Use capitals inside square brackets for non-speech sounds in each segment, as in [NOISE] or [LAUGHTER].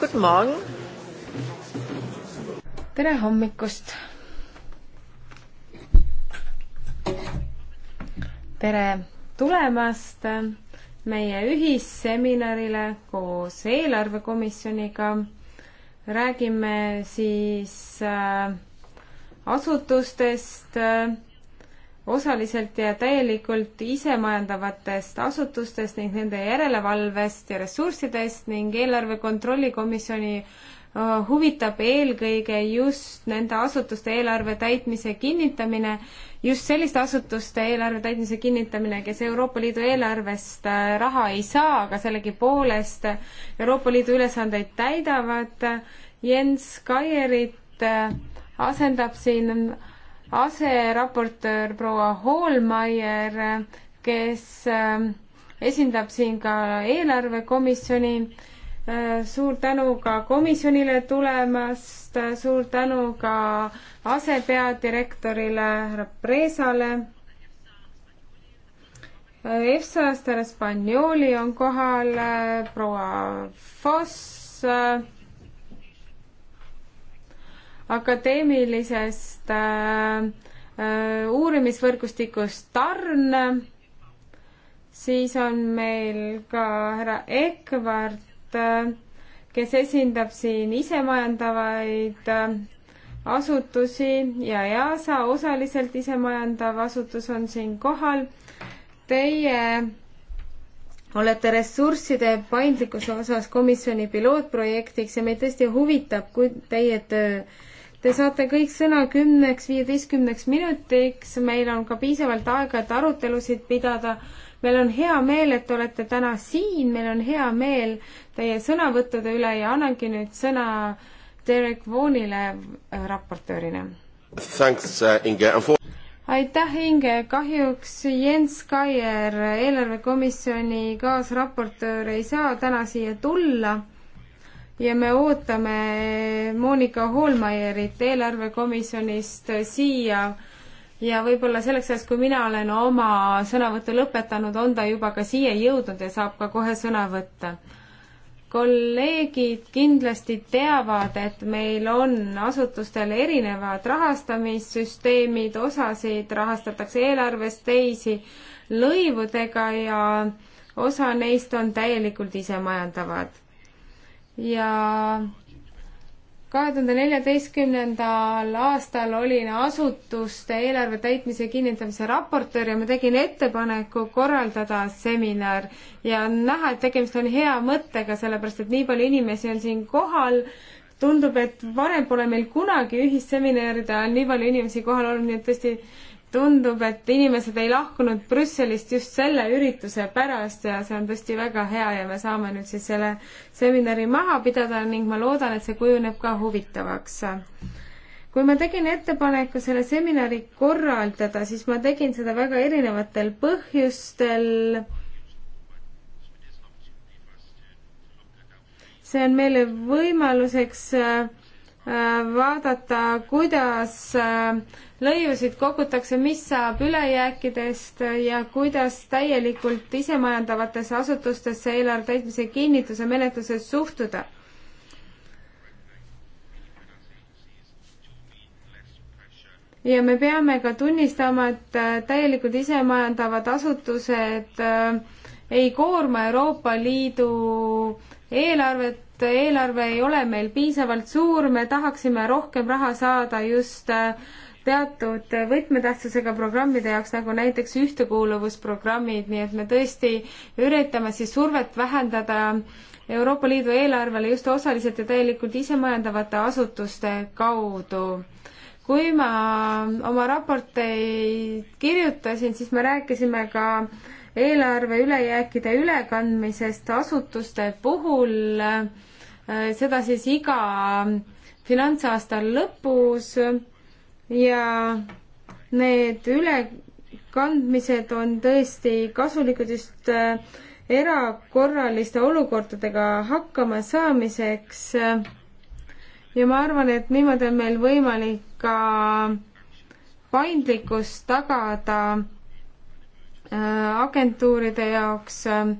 Guten Morgen. tere hommikust. tere tulemast meie ühisseminarile koos eelarvekomisjoniga. räägime siis äh, asutustest osaliselt ja täielikult isemajandavatest asutustest ning nende järelevalvest ja ressurssidest ning eelarve kontrollikomisjoni huvitab eelkõige just nende asutuste eelarve täitmise kinnitamine, just selliste asutuste eelarve täitmise kinnitamine, kes Euroopa Liidu eelarvest raha ei saa, aga sellegipoolest Euroopa Liidu ülesandeid täidavad. Jens Kaierit asendab siin aseraportöör proua Hoolmeier, kes äh, esindab siin ka eelarvekomisjoni. Äh, suur tänu ka komisjonile tulemast, suur tänu ka asepeadirektorile härra Preesale. Äh, EFSA-st härra Spanjoli on kohal, proua Foss akadeemilisest äh, äh, uurimisvõrgustikust Tarn, siis on meil ka härra Ekvart äh,, kes esindab siin isemajandavaid äh, asutusi ja EASA osaliselt isemajandav asutus on siin kohal. Teie olete ressursside paindlikkuse osas komisjoni pilootprojektiks ja meid tõesti huvitab, kui teie töö Te saate kõik sõna kümneks, viieteistkümneks minutiks, meil on ka piisavalt aega, et arutelusid pidada. meil on hea meel, et olete täna siin, meil on hea meel teie sõnavõttude üle ja annangi nüüd sõna Derek Voonile äh, raportöörina. Äh, aitäh, Inge, kahjuks Jens Kaier, eelarvekomisjoni kaasraportöör, ei saa täna siia tulla ja me ootame Monika Hoolmeierit eelarvekomisjonist siia ja võib-olla selleks ajaks, kui mina olen oma sõnavõttu lõpetanud, on ta juba ka siia jõudnud ja saab ka kohe sõna võtta. kolleegid kindlasti teavad, et meil on asutustel erinevad rahastamissüsteemid, osasid rahastatakse eelarvest, teisi lõivudega ja osa neist on täielikult isemajandavad ja kahe tuhande neljateistkümnendal aastal olin asutuste eelarve täitmise kinnitamise raportöör ja ma tegin ettepaneku korraldada seminar ja on näha, et tegemist on hea mõttega, sellepärast et nii palju inimesi on siin kohal. tundub, et varem pole meil kunagi ühisseminaride ajal nii palju inimesi kohal olnud, nii et tõesti tundub, et inimesed ei lahkunud Brüsselist just selle ürituse pärast ja see on tõesti väga hea ja me saame nüüd siis selle seminari maha pidada ning ma loodan, et see kujuneb ka huvitavaks. kui ma tegin ettepaneku selle seminari korraldada, siis ma tegin seda väga erinevatel põhjustel. see on meile võimaluseks äh, vaadata, kuidas äh, lõivusid kogutakse, mis saab ülejääkidest ja kuidas täielikult isemajandavatesse asutustesse eelarve täitmise kinnituse menetluses suhtuda. ja me peame ka tunnistama, et äh, täielikult isemajandavad asutused äh, ei koorma Euroopa Liidu eelarvet eelarve ei ole meil piisavalt suur, me tahaksime rohkem raha saada just äh, teatud võtmetähtsusega programmide jaoks, nagu näiteks ühtekuuluvusprogrammid, nii et me tõesti üritame siis survet vähendada Euroopa Liidu eelarvele just osaliselt ja täielikult isemajandavate asutuste kaudu kui ma oma raporteid kirjutasin, siis me rääkisime ka eelarve ülejääkide ülekandmisest asutuste puhul, seda siis iga finantsaasta lõpus ja need ülekandmised on tõesti kasulikud just äh, erakorraliste olukordadega hakkama saamiseks. ja ma arvan, et niimoodi on meil võimalik ka paindlikkust tagada äh, agentuuride jaoks äh,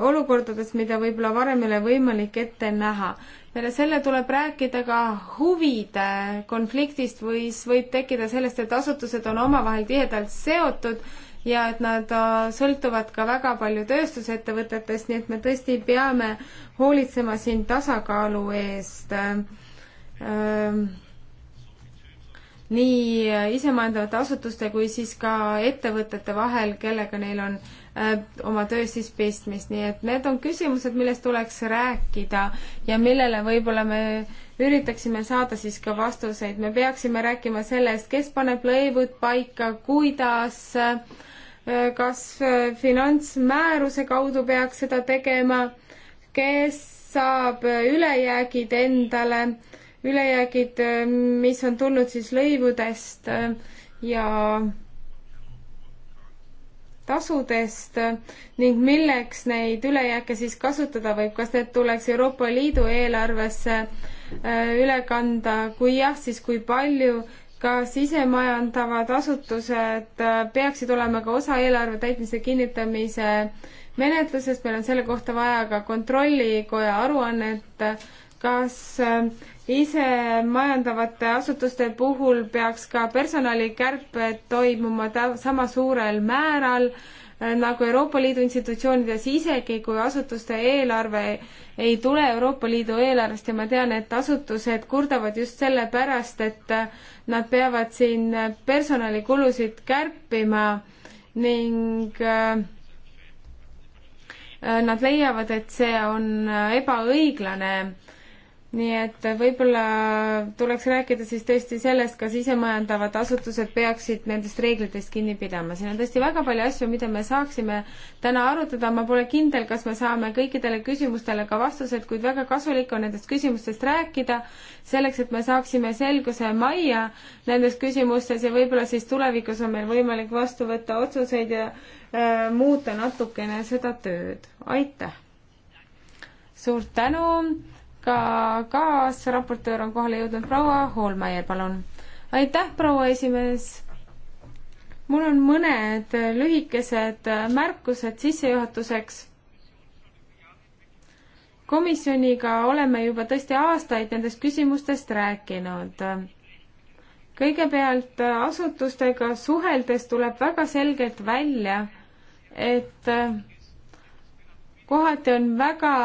olukordades, mida võib-olla varem ei ole võimalik ette näha peale selle tuleb rääkida ka huvide konfliktist või siis võib tekkida sellest, et asutused on omavahel tihedalt seotud ja et nad äh, sõltuvad ka väga palju tööstusettevõtetest, nii et me tõesti peame hoolitsema siin tasakaalu eest ähm, nii isemajandavate asutuste kui siis ka ettevõtete vahel, kellega neil on Äh, oma töös siis pistmist, nii et need on küsimused, millest tuleks rääkida ja millele võib-olla me üritaksime saada siis ka vastuseid. me peaksime rääkima sellest, kes paneb lõivud paika, kuidas, äh, kas äh, finantsmääruse kaudu peaks seda tegema, kes saab ülejäägid endale, ülejäägid, mis on tulnud siis lõivudest ja tasudest ning milleks neid ülejääke siis kasutada võib, kas need tuleks Euroopa Liidu eelarvesse äh, üle kanda, kui jah, siis kui palju, kas isemajandavad asutused äh, peaksid olema ka osa eelarve täitmise kinnitamise menetlusest, meil on selle kohta vaja ka kontrollikoja aruannet, kas äh, ise majandavate asutuste puhul peaks ka personalikärped toimuma sama suurel määral eh, nagu Euroopa Liidu institutsioonides, isegi kui asutuste eelarve ei tule Euroopa Liidu eelarvest ja ma tean, et asutused kurdavad just sellepärast, et eh, nad peavad siin personalikulusid kärpima ning eh, nad leiavad, et see on ebaõiglane nii et võib-olla tuleks rääkida siis tõesti sellest, kas isemajandavad asutused peaksid nendest reeglitest kinni pidama. siin on tõesti väga palju asju, mida me saaksime täna arutada, ma pole kindel, kas me saame kõikidele küsimustele ka vastused, kuid väga kasulik on nendest küsimustest rääkida, selleks et me saaksime selguse majja nendes küsimustes ja võib-olla siis tulevikus on meil võimalik vastu võtta otsuseid ja äh, muuta natukene seda tööd. aitäh! suur tänu! ka kaasraportöör on kohale jõudnud, proua Hoolmeier, palun. aitäh, proua esimees. mul on mõned lühikesed märkused sissejuhatuseks. komisjoniga oleme juba tõesti aastaid nendest küsimustest rääkinud. kõigepealt asutustega suheldes tuleb väga selgelt välja, et kohati on väga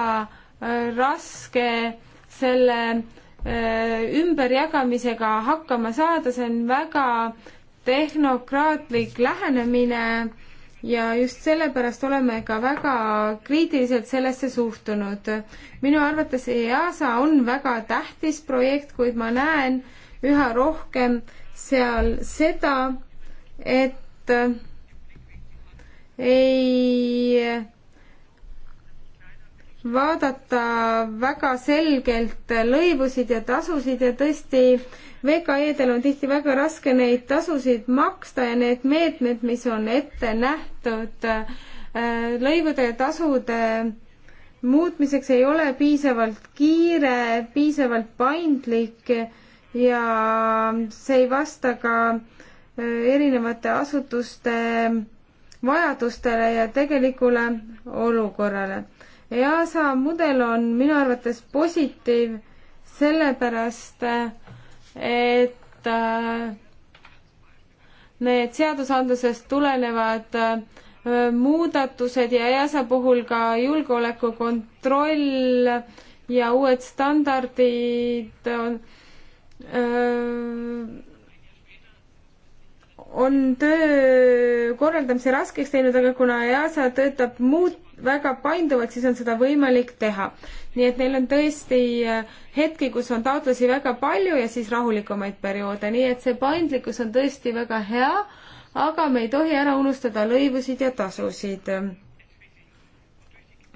raske selle eh, ümberjagamisega hakkama saada, see on väga tehnokraatlik lähenemine ja just sellepärast oleme ka väga kriitiliselt sellesse suhtunud. minu arvates EASA on väga tähtis projekt, kuid ma näen üha rohkem seal seda, et ei vaadata väga selgelt lõivusid ja tasusid ja tõesti VKE-del on tihti väga raske neid tasusid maksta ja need meetmed, mis on ette nähtud äh, lõivude ja tasude muutmiseks ei ole piisavalt kiire, piisavalt paindlik ja see ei vasta ka äh, erinevate asutuste vajadustele ja tegelikule olukorrale EASA mudel on minu arvates positiiv, sellepärast et äh, need seadusandlusest tulenevad äh, muudatused ja EASA puhul ka julgeolekukontroll ja uued standardid on, äh, on töö korraldamise raskeks teinud, aga kuna EASA töötab muut-, väga painduvad, siis on seda võimalik teha. nii et neil on tõesti äh, hetki, kus on taotlusi väga palju ja siis rahulikumaid perioode, nii et see paindlikkus on tõesti väga hea, aga me ei tohi ära unustada lõivusid ja tasusid.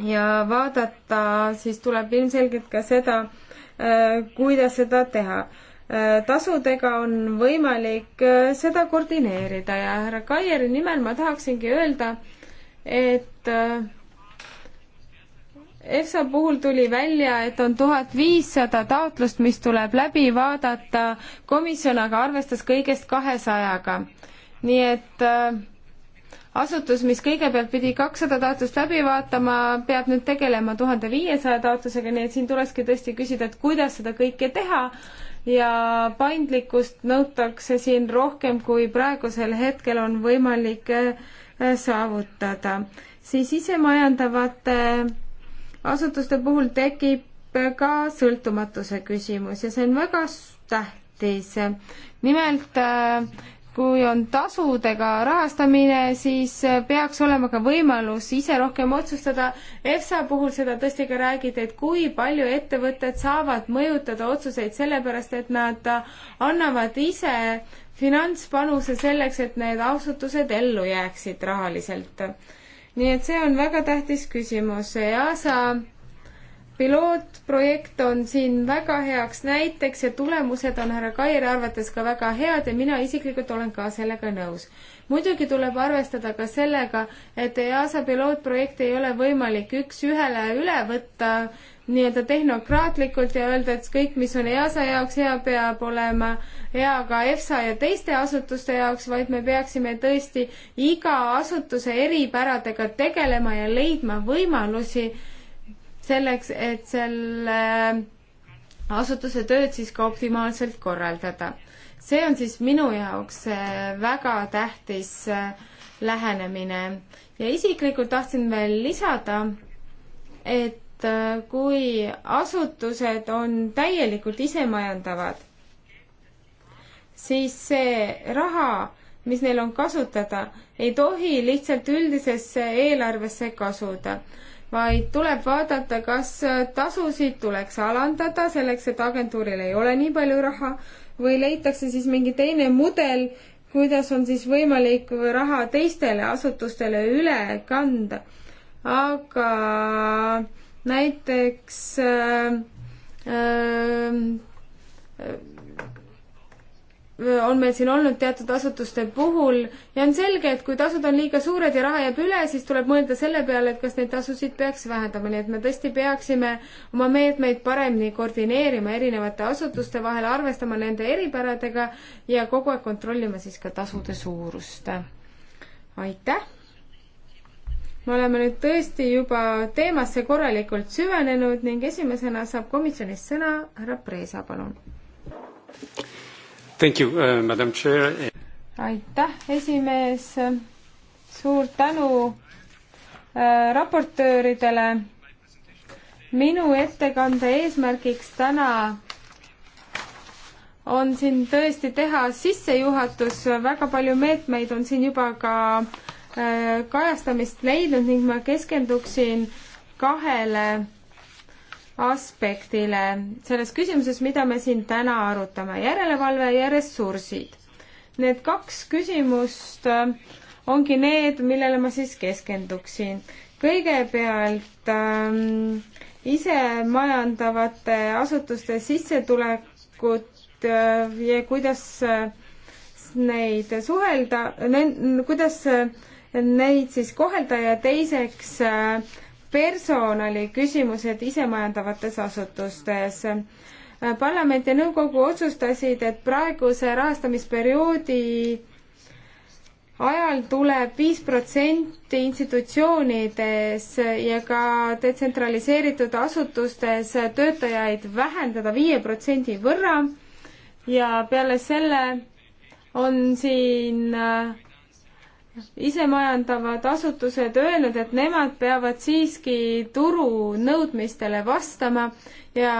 ja vaadata siis tuleb ilmselgelt ka seda, äh, kuidas seda teha äh, tasudega on võimalik seda koordineerida ja härra Kaieri nimel ma tahaksingi öelda, et äh, EFSA puhul tuli välja, et on tuhat viissada taotlust, mis tuleb läbi vaadata, komisjon aga arvestas kõigest kahesajaga. nii et äh, asutus, mis kõigepealt pidi kakssada taotlust läbi vaatama, peab nüüd tegelema tuhande viiesaja taotlusega, nii et siin tulekski tõesti küsida, et kuidas seda kõike teha ja paindlikkust nõutakse siin rohkem, kui praegusel hetkel on võimalik äh, saavutada. siis isemajandavate äh, asutuste puhul tekib ka sõltumatuse küsimus ja see on väga tähtis. nimelt äh, kui on tasudega rahastamine, siis äh, peaks olema ka võimalus ise rohkem otsustada. EFSA puhul seda tõesti ka räägiti, et kui palju ettevõtted saavad mõjutada otsuseid sellepärast, et nad äh, annavad ise finantspanuse selleks, et need asutused ellu jääksid rahaliselt nii et see on väga tähtis küsimus. EASA pilootprojekt on siin väga heaks näiteks ja tulemused on härra Kaire arvates ka väga head ja mina isiklikult olen ka sellega nõus. muidugi tuleb arvestada ka sellega, et EASA pilootprojekti ei ole võimalik üks-ühele üle võtta nii-öelda tehnokraatlikult ja öelda, et kõik, mis on EASA jaoks hea, peab olema hea ka EFSA ja teiste asutuste jaoks, vaid me peaksime tõesti iga asutuse eripäradega tegelema ja leidma võimalusi selleks, et selle asutuse tööd siis ka optimaalselt korraldada. see on siis minu jaoks väga tähtis äh, lähenemine ja isiklikult tahtsin veel lisada, et et äh, kui asutused on täielikult isemajandavad, siis see raha, mis neil on kasutada, ei tohi lihtsalt üldisesse eelarvesse kasuda, vaid tuleb vaadata, kas äh, tasusid tuleks alandada selleks, et agentuuril ei ole nii palju raha või leitakse siis mingi teine mudel, kuidas on siis võimalik raha teistele asutustele üle kanda. aga näiteks äh, äh, äh, on meil siin olnud teatud asutuste puhul ja on selge, et kui tasud on liiga suured ja raha jääb üle, siis tuleb mõelda selle peale, et kas neid tasusid peaks vähendama, nii et me tõesti peaksime oma meetmeid paremini koordineerima erinevate asutuste vahel, arvestama nende eripäradega ja kogu aeg kontrollima siis ka tasude suurust. aitäh! me oleme nüüd tõesti juba teemasse korralikult süvenenud ning esimesena saab komisjonist sõna härra Preesa, palun. Thank you uh,, madam chair. aitäh, esimees. suur tänu äh, raportööridele. minu ettekande eesmärgiks täna on siin tõesti teha sissejuhatus, väga palju meetmeid on siin juba ka äh, Äh, kajastamist leidnud ning ma keskenduksin kahele aspektile selles küsimuses, mida me siin täna arutame, järelevalve ja ressursid. Need kaks küsimust äh, ongi need, millele ma siis keskenduksin. kõigepealt ähm, isemajandavate asutuste sissetulekut äh, ja kuidas äh, neid suhelda, kuidas äh, neid siis kohelda ja teiseks personali küsimused isemajandavates asutustes. parlament ja nõukogu otsustasid, et praeguse rahastamisperioodi ajal tuleb viis protsenti institutsioonides ja ka detsentraliseeritud asutustes töötajaid vähendada viie protsendi võrra ja peale selle on siin äh, isemajandavad asutused öelnud, et nemad peavad siiski turu nõudmistele vastama ja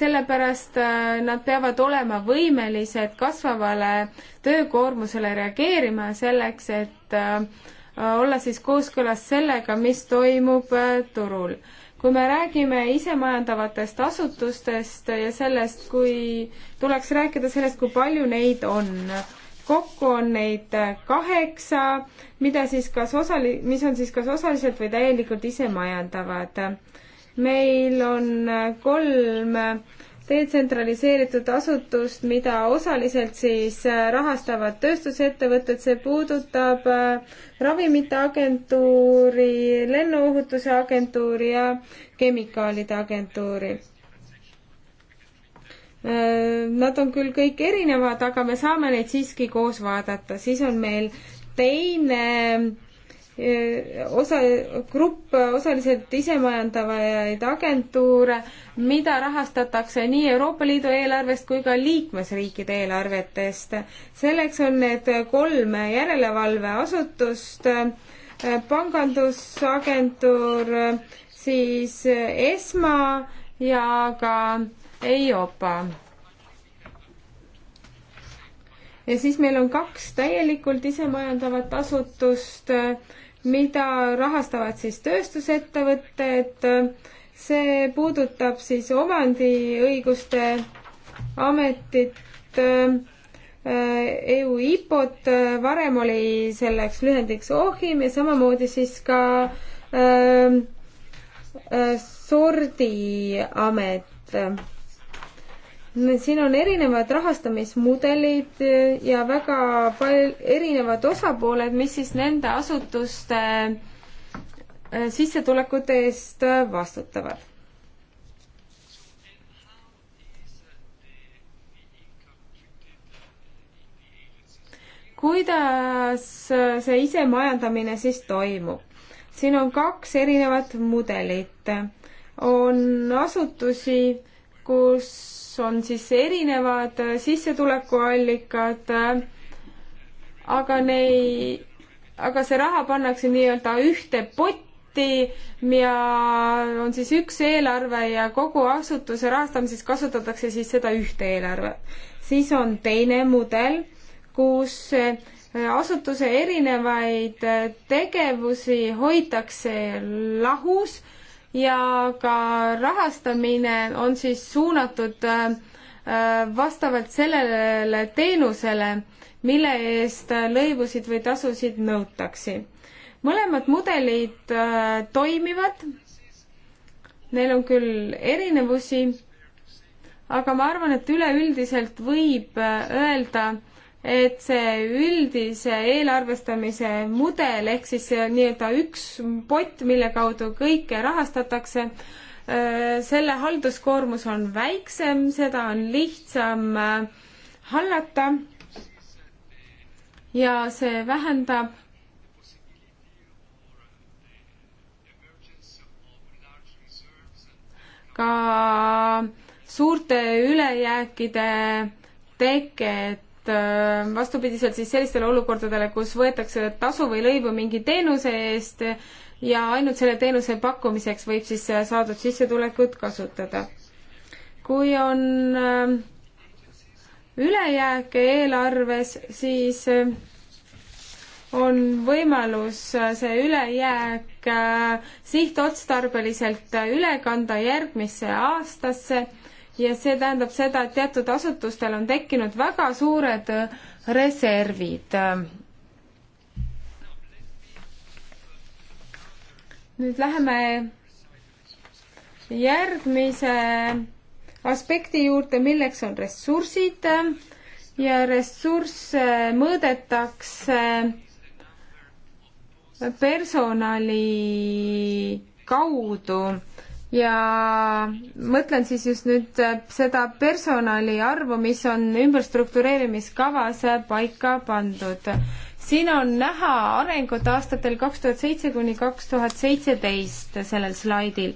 sellepärast äh, nad peavad olema võimelised kasvavale töökoormusele reageerima selleks, et äh, olla siis kooskõlas sellega, mis toimub äh, turul. kui me räägime isemajandavatest asutustest ja sellest, kui tuleks rääkida sellest, kui palju neid on kokku on neid äh, kaheksa, mida siis kas osali-, mis on siis kas osaliselt või täielikult ise majandavad. meil on äh, kolm äh, detsentraliseeritud asutust, mida osaliselt siis rahastavad tööstusettevõtted, see puudutab ravimite agentuuri, lennuohutuse agentuuri ja kemikaalide agentuuri Äh, nad on küll kõik erinevad, aga me saame neid siiski koos vaadata, siis on meil teine äh, osa, grupp äh, osaliselt isemajandavaid agentuure, mida rahastatakse nii Euroopa Liidu eelarvest kui ka liikmesriikide eelarvetest. selleks on need kolm järelevalveasutust, pangandusagentuur, siis ESMA ja ka äh, EIOPA. ja siis meil on kaks täielikult isemajandavat asutust, mida rahastavad siis tööstusettevõtted. see puudutab siis omandiõiguste ametit äh, EU IPO-t, varem oli selleks lühendiks OHIM ja samamoodi siis ka äh, äh, sordiamet siin on erinevad rahastamismudelid eh, ja väga pal-, erinevad osapooled, mis siis nende asutuste eh, sissetulekute eest eh, vastutavad. kuidas see isemajandamine siis toimub? siin on kaks erinevat mudelit. on asutusi, kus on siis erinevad äh, sissetulekuallikad, äh, aga nei, aga see raha pannakse nii-öelda ühte potti ja on siis üks eelarve ja kogu asutuse rahastamises kasutatakse siis seda ühte eelarvet. siis on teine mudel, kus äh, asutuse erinevaid tegevusi hoitakse lahus ja ka rahastamine on siis suunatud äh, äh, vastavalt sellele teenusele, mille eest lõivusid või tasusid nõutakse. mõlemad mudelid äh, toimivad, neil on küll erinevusi, aga ma arvan, et üleüldiselt võib öelda, et see üldise eelarvestamise mudel ehk siis nii-öelda üks pott, mille kaudu kõike rahastatakse, selle halduskoormus on väiksem, seda on lihtsam hallata ja see vähendab ka suurte ülejääkide teket Äh, vastupidiselt siis sellistele olukordadele, kus võetakse tasu või lõivu mingi teenuse eest ja ainult selle teenuse pakkumiseks võib siis äh, saadud sissetulekut kasutada. kui on äh, ülejääke eelarves, siis on võimalus see ülejääk sihtotstarbeliselt üle kanda järgmisse aastasse ja see tähendab seda, et teatud asutustel on tekkinud väga suured äh, reservid. nüüd läheme järgmise aspekti juurde, milleks on ressursid ja ressursse mõõdetakse personali kaudu ja mõtlen siis just nüüd äh, seda personali arvu, mis on ümberstruktureerimiskavas paika pandud. siin on näha arengut aastatel kaks tuhat seitse kuni kaks tuhat seitseteist sellel slaidil.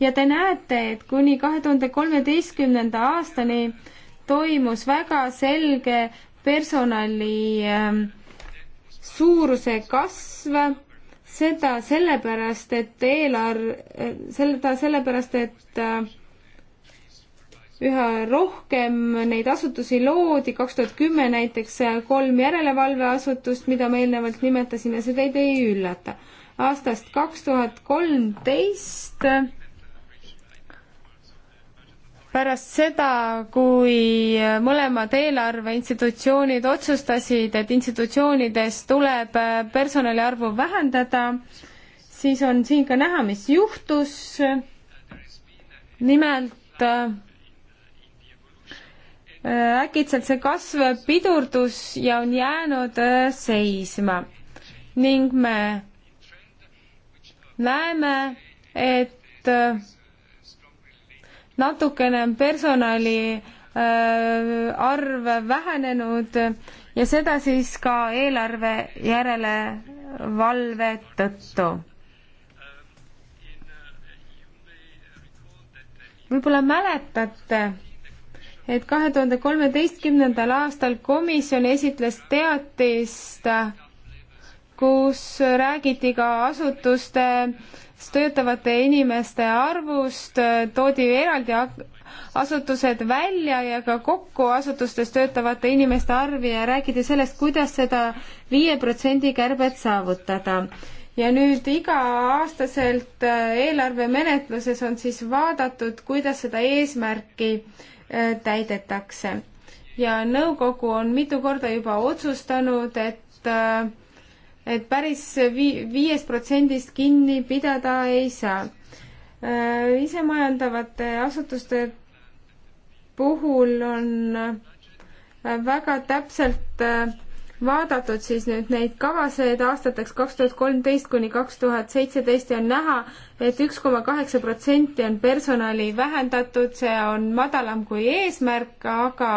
ja te näete, et kuni kahe tuhande kolmeteistkümnenda aastani toimus väga selge personali ähm, suuruse kasv seda sellepärast, et eelarve, seda sellepärast, et äh, üha rohkem neid asutusi loodi, kaks tuhat kümme näiteks äh, kolm järelevalveasutust, mida ma eelnevalt nimetasin ja see teid ei üllata. aastast kaks tuhat kolmteist pärast seda, kui mõlemad eelarveinstitutsioonid otsustasid, et institutsioonides tuleb personali arvu vähendada, siis on siin ka näha, mis juhtus. nimelt äh, äkitselt see kasv pidurdus ja on jäänud äh, seisma ning me näeme, et äh, natukene on personali äh, arv vähenenud ja seda siis ka eelarve järelevalve tõttu. võib-olla mäletate, et kahe tuhande kolmeteistkümnendal aastal komisjon esitles teatist äh, kus räägiti ka asutustes töötavate inimeste arvust, toodi eraldi asutused välja ja ka kokku asutustes töötavate inimeste arvi ja räägiti sellest, kuidas seda viie protsendi kärbet saavutada. ja nüüd iga-aastaselt äh, eelarvemenetluses on siis vaadatud, kuidas seda eesmärki äh, täidetakse. ja nõukogu on mitu korda juba otsustanud, et äh, et päris vii-, viiest protsendist kinni pidada ei saa. Äh, isemajandavate asutuste puhul on äh, väga täpselt äh, vaadatud siis nüüd neid kavasid aastateks kaks tuhat kolmteist kuni kaks tuhat seitseteist ja on näha et, et üks koma kaheksa protsenti on personali vähendatud, see on madalam kui eesmärk, aga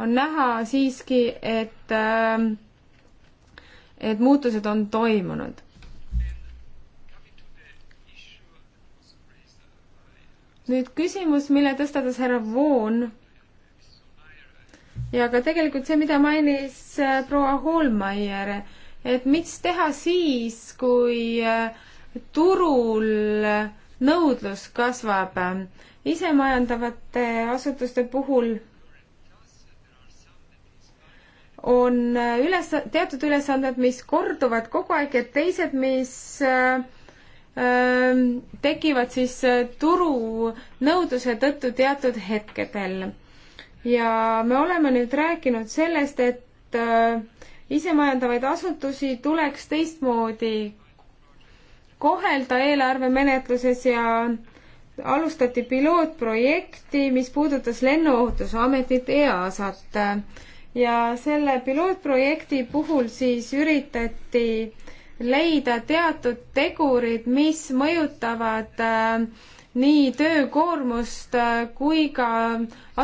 on näha siiski, et äh, et muutused on toimunud. nüüd küsimus, mille tõstatas härra Voon ja ka tegelikult see, mida mainis äh, proua Hoolmeier, et mis teha siis, kui äh, turul äh, nõudlus kasvab isemajandavate asutuste puhul on üles, teatud ülesanded, mis korduvad kogu aeg ja teised, mis äh, äh, tekivad siis äh, turu nõudluse tõttu teatud hetkedel. ja me oleme nüüd rääkinud sellest, et äh, isemajandavaid asutusi tuleks teistmoodi kohelda eelarvemenetluses ja alustati pilootprojekti, mis puudutas Lennuohutusametit EASat ja selle pilootprojekti puhul siis üritati leida teatud tegurid, mis mõjutavad äh, nii töökoormust äh, kui ka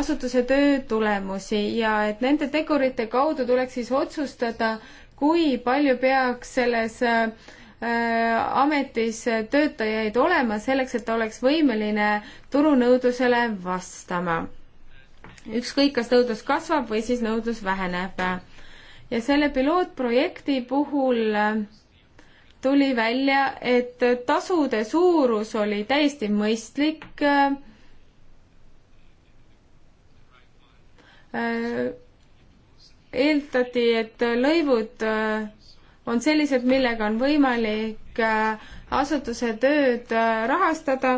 asutuse töö tulemusi ja et nende tegurite kaudu tuleks siis otsustada, kui palju peaks selles äh, äh ametis töötajaid olema selleks, et ta oleks võimeline turunõudlusele vastama ükskõik, kas nõudlus kasvab või siis nõudlus väheneb. ja selle pilootprojekti puhul äh, tuli välja, et tasude suurus oli täiesti mõistlik. Äh, äh, eeldati, et lõivud on sellised, millega on võimalik asutuse tööd rahastada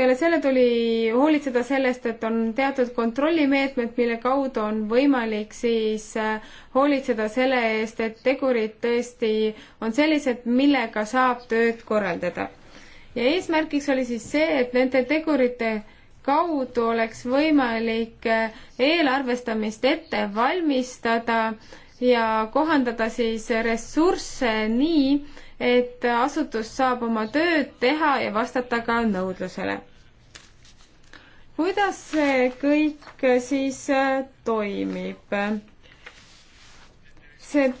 peale selle tuli hoolitseda sellest, et on teatud kontrollimeetmed, mille kaudu on võimalik siis äh, hoolitseda selle eest, et tegurid tõesti on sellised, millega saab tööd korraldada. ja eesmärgiks oli siis see, et nende tegurite kaudu oleks võimalik äh, eelarvestamist ette valmistada ja kohandada siis ressursse nii, et asutus saab oma tööd teha ja vastata ka nõudlusele kuidas see kõik siis äh, toimib? see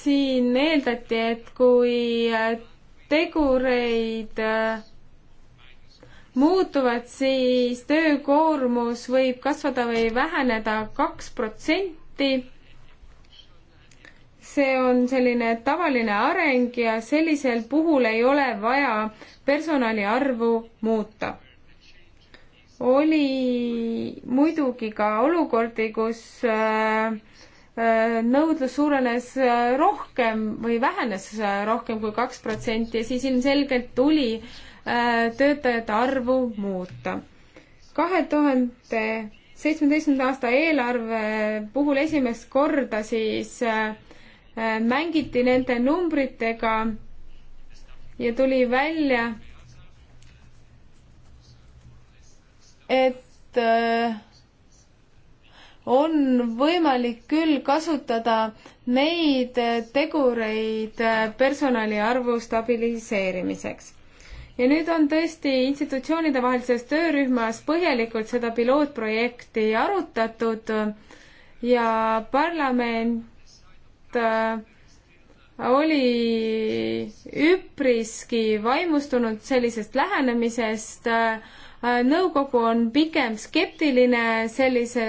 siin eeldati, et kui äh, tegureid äh, muutuvad, siis töökoormus võib kasvada või väheneda kaks protsenti see on selline tavaline areng ja sellisel puhul ei ole vaja personali arvu muuta. oli muidugi ka olukordi, kus äh, äh, nõudlus suurenes äh, rohkem või vähenes rohkem kui kaks protsenti ja siis ilmselgelt tuli töötajate arvu muuta. kahe tuhande seitsmeteistkümnenda aasta eelarve puhul esimest korda siis äh, Äh, mängiti nende numbritega ja tuli välja, et äh, on võimalik küll kasutada neid tegureid äh, personali arvu stabiliseerimiseks. ja nüüd on tõesti institutsioonide vahelises töörühmas põhjalikult seda pilootprojekti arutatud ja parlament Äh, oli üpriski vaimustunud sellisest lähenemisest. Äh, äh, nõukogu on pigem skeptiline sellise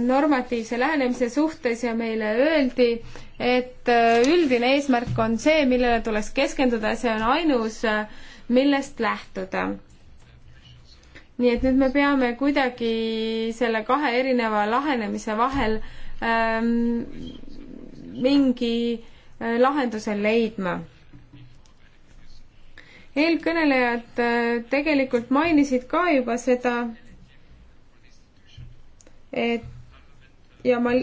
normatiivse lähenemise suhtes ja meile öeldi, et üldine eesmärk on see, millele tuleks keskenduda, see on ainus, millest lähtuda. nii et nüüd me peame kuidagi selle kahe erineva lahenemise vahel ähm, mingi äh, lahenduse leidma. eelkõnelejad äh, tegelikult mainisid ka juba seda, et ja ma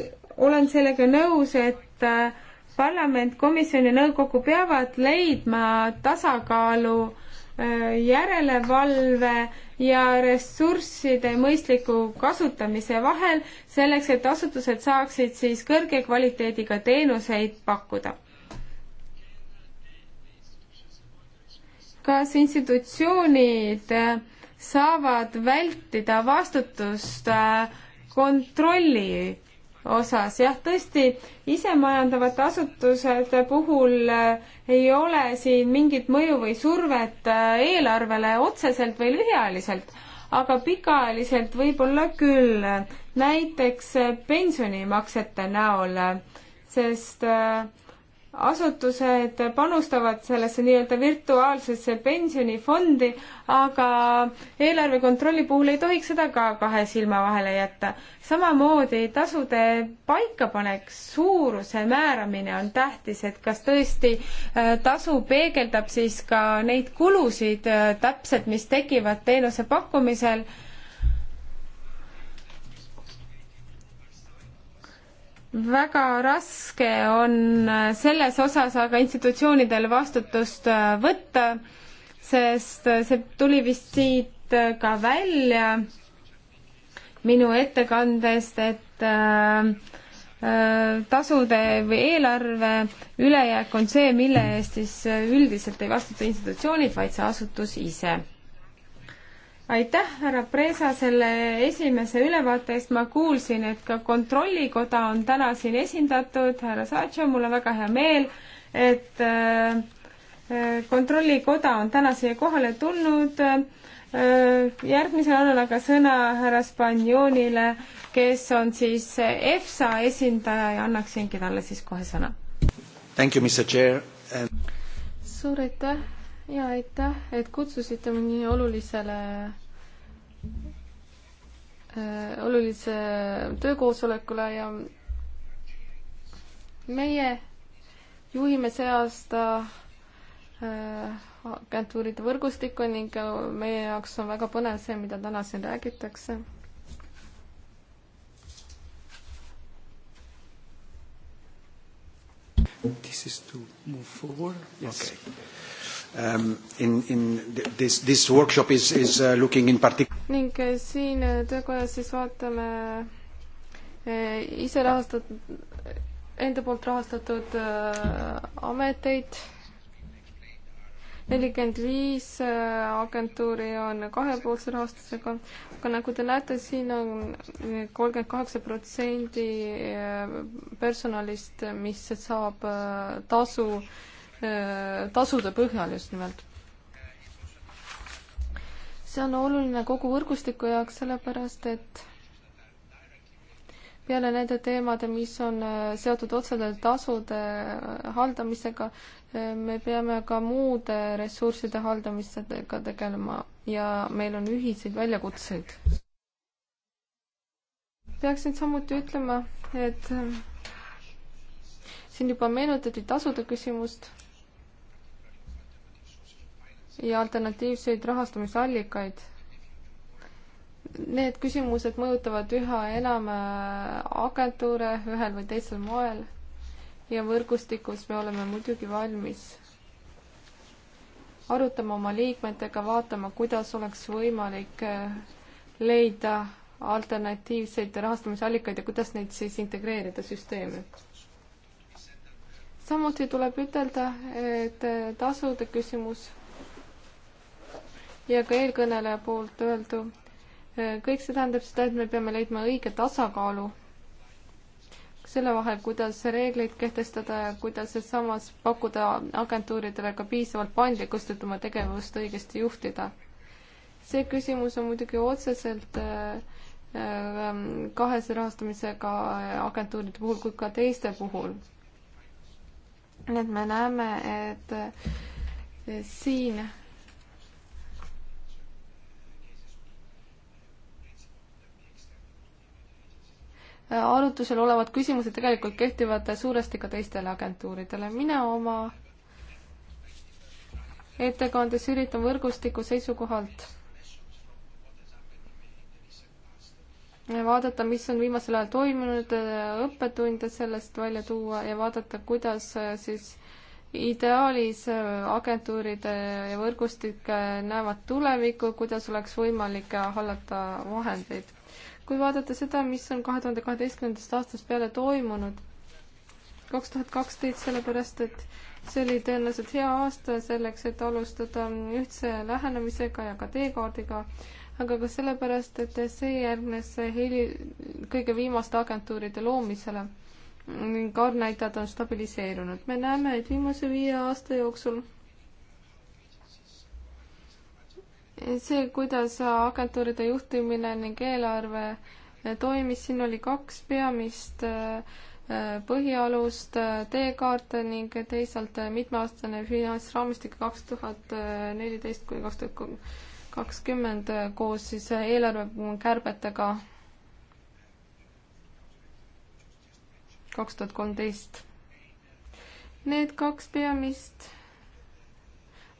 olen sellega nõus, et äh, parlament, komisjon ja nõukogu peavad leidma tasakaalu järelevalve ja ressursside mõistliku kasutamise vahel, selleks et asutused saaksid siis kõrge kvaliteediga teenuseid pakkuda. kas institutsioonid saavad vältida vastutust äh, kontrolli osas. jah, tõesti, isemajandavate asutuste puhul eh, ei ole siin mingit mõju või survet eh, eelarvele otseselt või lühiajaliselt, aga pikaajaliselt võib-olla küll, näiteks eh, pensionimaksete näol, sest äh, asutused panustavad sellesse nii-öelda virtuaalsesse pensionifondi, aga eelarve kontrolli puhul ei tohiks seda ka kahe silma vahele jätta. samamoodi tasude paikapanek, suuruse määramine on tähtis, et kas tõesti äh, tasu peegeldab siis ka neid kulusid äh, täpselt, mis tekivad teenuse pakkumisel väga raske on selles osas aga institutsioonidel vastutust äh, võtta, sest äh, see tuli vist siit äh, ka välja minu ettekandest, et äh, tasude või eelarve ülejääk on see, mille eest siis üldiselt ei vastuta institutsioonid, vaid see asutus ise aitäh, härra Preesa, selle esimese ülevaate eest, ma kuulsin, et ka Kontrollikoda on täna siin esindatud, härra Saatšo, mul on väga hea meel, et äh, äh, Kontrollikoda on täna siia kohale tulnud, äh, järgmisel annan aga sõna härra Spanjonile, kes on siis EFSA esindaja ja annaksingi talle siis kohe sõna. And... suur aitäh ja aitäh, et kutsusite mind nii olulisele äh,, olulise töökoosolekule ja meie juhime see aasta äh, agentuuride võrgustikku ning äh, meie jaoks on väga põnev see, mida täna siin räägitakse. This is to move forward. Yes. Okay um, in, in this, this workshop is, is uh, looking in particular. ning eh, siin eh, töökojas siis vaatame eh, ise rahastatud, enda poolt rahastatud ameteid. nelikümmend viis agentuuri on kahepoolse rahastusega, aga nagu te näete, siin on kolmkümmend kaheksa protsendi personalist, mis saab tasu äh, Äh, tasude põhjal just nimelt. see on oluline kogu võrgustiku jaoks, sellepärast et peale nende teemade, mis on äh, seotud otseselt tasude äh, haldamisega, me peame ka muude ressursside haldamisega tegelema ja meil on ühiseid väljakutseid. peaksin samuti ütlema, et siin juba meenutati tasude küsimust ja alternatiivseid rahastamisallikaid. Need küsimused mõjutavad üha enam äh, agentuure ühel või teisel moel ja võrgustikus me oleme muidugi valmis arutama oma liikmetega, vaatama, kuidas oleks võimalik äh, leida alternatiivseid rahastamisallikaid ja kuidas neid siis integreerida süsteemi. samuti tuleb ütelda, et äh, tasude küsimus ja ka eelkõneleja poolt öeldu. kõik see tähendab seda, et me peame leidma õige tasakaalu selle vahel, kuidas reegleid kehtestada ja kuidas samas pakkuda agentuuridele ka piisavalt paindlikkust, et oma tegevust õigesti juhtida. see küsimus on muidugi otseselt äh, ähm, kahese rahastamisega agentuuride puhul kui ka teiste puhul. nii et me näeme, et äh, siin arutusel olevad küsimused tegelikult kehtivad suuresti ka teistele agentuuridele. mina oma ettekandes üritan võrgustiku seisukohalt vaadata, mis on viimasel ajal toimunud, õppetunde sellest välja tuua ja vaadata, kuidas äh, siis ideaalis äh, agentuuride ja võrgustik äh, näevad tulevikku, kuidas oleks võimalik hallata vahendeid kui vaadata seda, mis on kahe tuhande kaheteistkümnendast aastast peale toimunud, kaks tuhat kaksteist, sellepärast et see oli tõenäoliselt hea aasta selleks, et alustada ühtse lähenemisega ja ka teekaardiga, aga ka sellepärast, et see järgnes heli, kõige viimaste agentuuride loomisele ning arvnäitajad on stabiliseerunud. me näeme, et viimase viie aasta jooksul see, kuidas agentuuride juhtimine ning eelarve eh, toimis, siin oli kaks peamist eh, eh, põhialust, teekaart ning teisalt mitmeaastane finantsraamistik kaks tuhat neliteist kuni kaks tuhat kakskümmend koos siis eelarvekärbetega kaks tuhat kolmteist. Need kaks peamist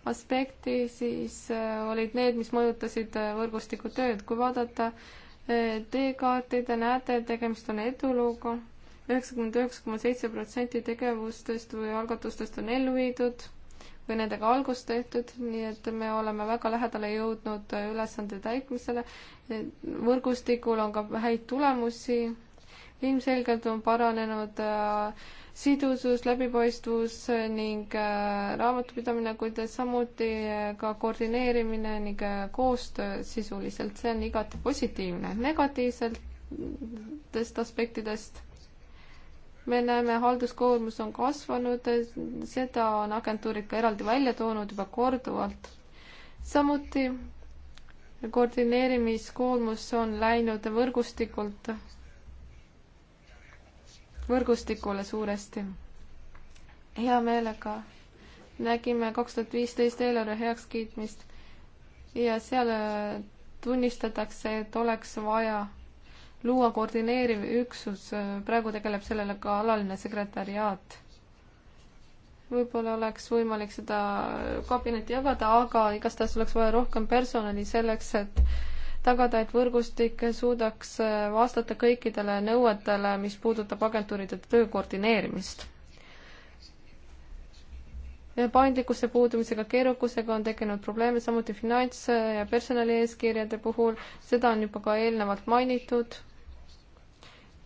aspekti, siis äh, olid need, mis mõjutasid äh, võrgustiku tööd. kui vaadata äh, teekaarti, te näete, tegemist on edulugu. üheksakümmend üheksa koma seitse protsenti tegevustest või algatustest on ellu viidud või nendega algust tehtud, nii et me oleme väga lähedale jõudnud ülesande täitmisele. võrgustikul on ka häid tulemusi ilmselgelt on paranenud äh, sidusus, läbipaistvus äh, ning äh, raamatupidamine, kuid samuti ka koordineerimine ning koostöö sisuliselt, see on igati positiivne. negatiivsetest aspektidest me näeme, halduskoormus on kasvanud, seda on agentuurid ka eraldi välja toonud juba korduvalt. samuti koordineerimiskoormus on läinud võrgustikult võrgustikule suuresti. hea meelega nägime kaks tuhat viisteist eelarve heakskiitmist ja seal äh, tunnistatakse, et oleks vaja luua koordineeriv üksus, praegu tegeleb sellele ka alaline sekretäriaat. võib-olla oleks võimalik seda kabinetti jagada, aga igastahes oleks vaja rohkem personali selleks, et tagada, et võrgustik suudaks äh, vastata kõikidele nõuetele, mis puudutab agentuuride töö koordineerimist. paindlikkuse puudumisega, keerukusega on tekkinud probleeme, samuti finants- ja personalieeskirjade puhul, seda on juba ka eelnevalt mainitud.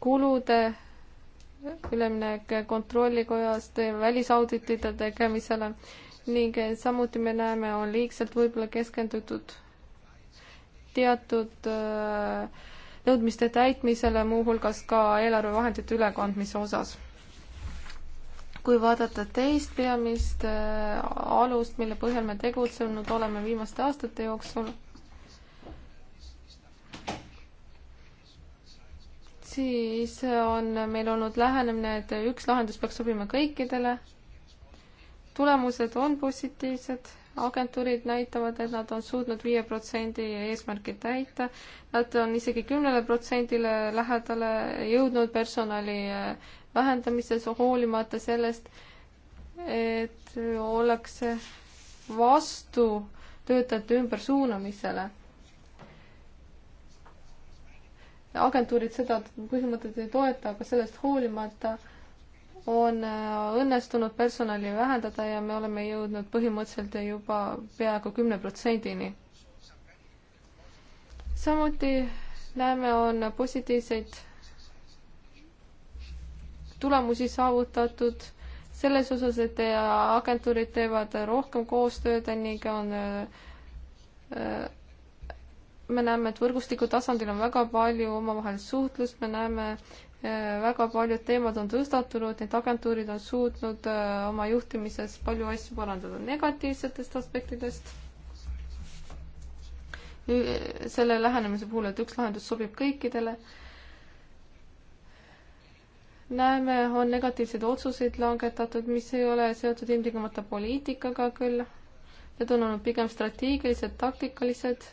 kulude üleminek kontrollikojast välisauditite tegemisele ning samuti me näeme, on liigselt võib-olla keskendutud teatud äh, nõudmiste täitmisele, muuhulgas ka eelarvevahendite ülekandmise osas. kui vaadata teist peamist äh, alust, mille põhjal me tegutsenud oleme viimaste aastate jooksul, siis on meil olnud lähenemine, et üks lahendus peaks sobima kõikidele. tulemused on positiivsed agentuurid näitavad, et nad on suutnud viie protsendi eesmärki täita. Nad on isegi kümnele protsendile lähedale jõudnud personali äh, vähendamises, hoolimata sellest, et ollakse vastu töötajate ümbersuunamisele agentuurid seda põhimõtet ei toeta, aga sellest hoolimata äh, on äh, õnnestunud personali vähendada ja me oleme jõudnud põhimõtteliselt juba peaaegu kümne protsendini. samuti näeme, on positiivseid tulemusi saavutatud selles osas, et agentuurid teevad rohkem koostööd ning on äh, äh, me näeme, et võrgustiku tasandil on väga palju omavahelist suhtlust, me näeme, väga paljud teemad on tõstatunud, need agentuurid on suutnud äh, oma juhtimises palju asju parandada negatiivsetest aspektidest. selle lähenemise puhul, et üks lahendus sobib kõikidele. näeme, on negatiivseid otsuseid langetatud, mis ei ole seotud ilmtingimata poliitikaga küll. Need on olnud pigem strateegilised, taktikalised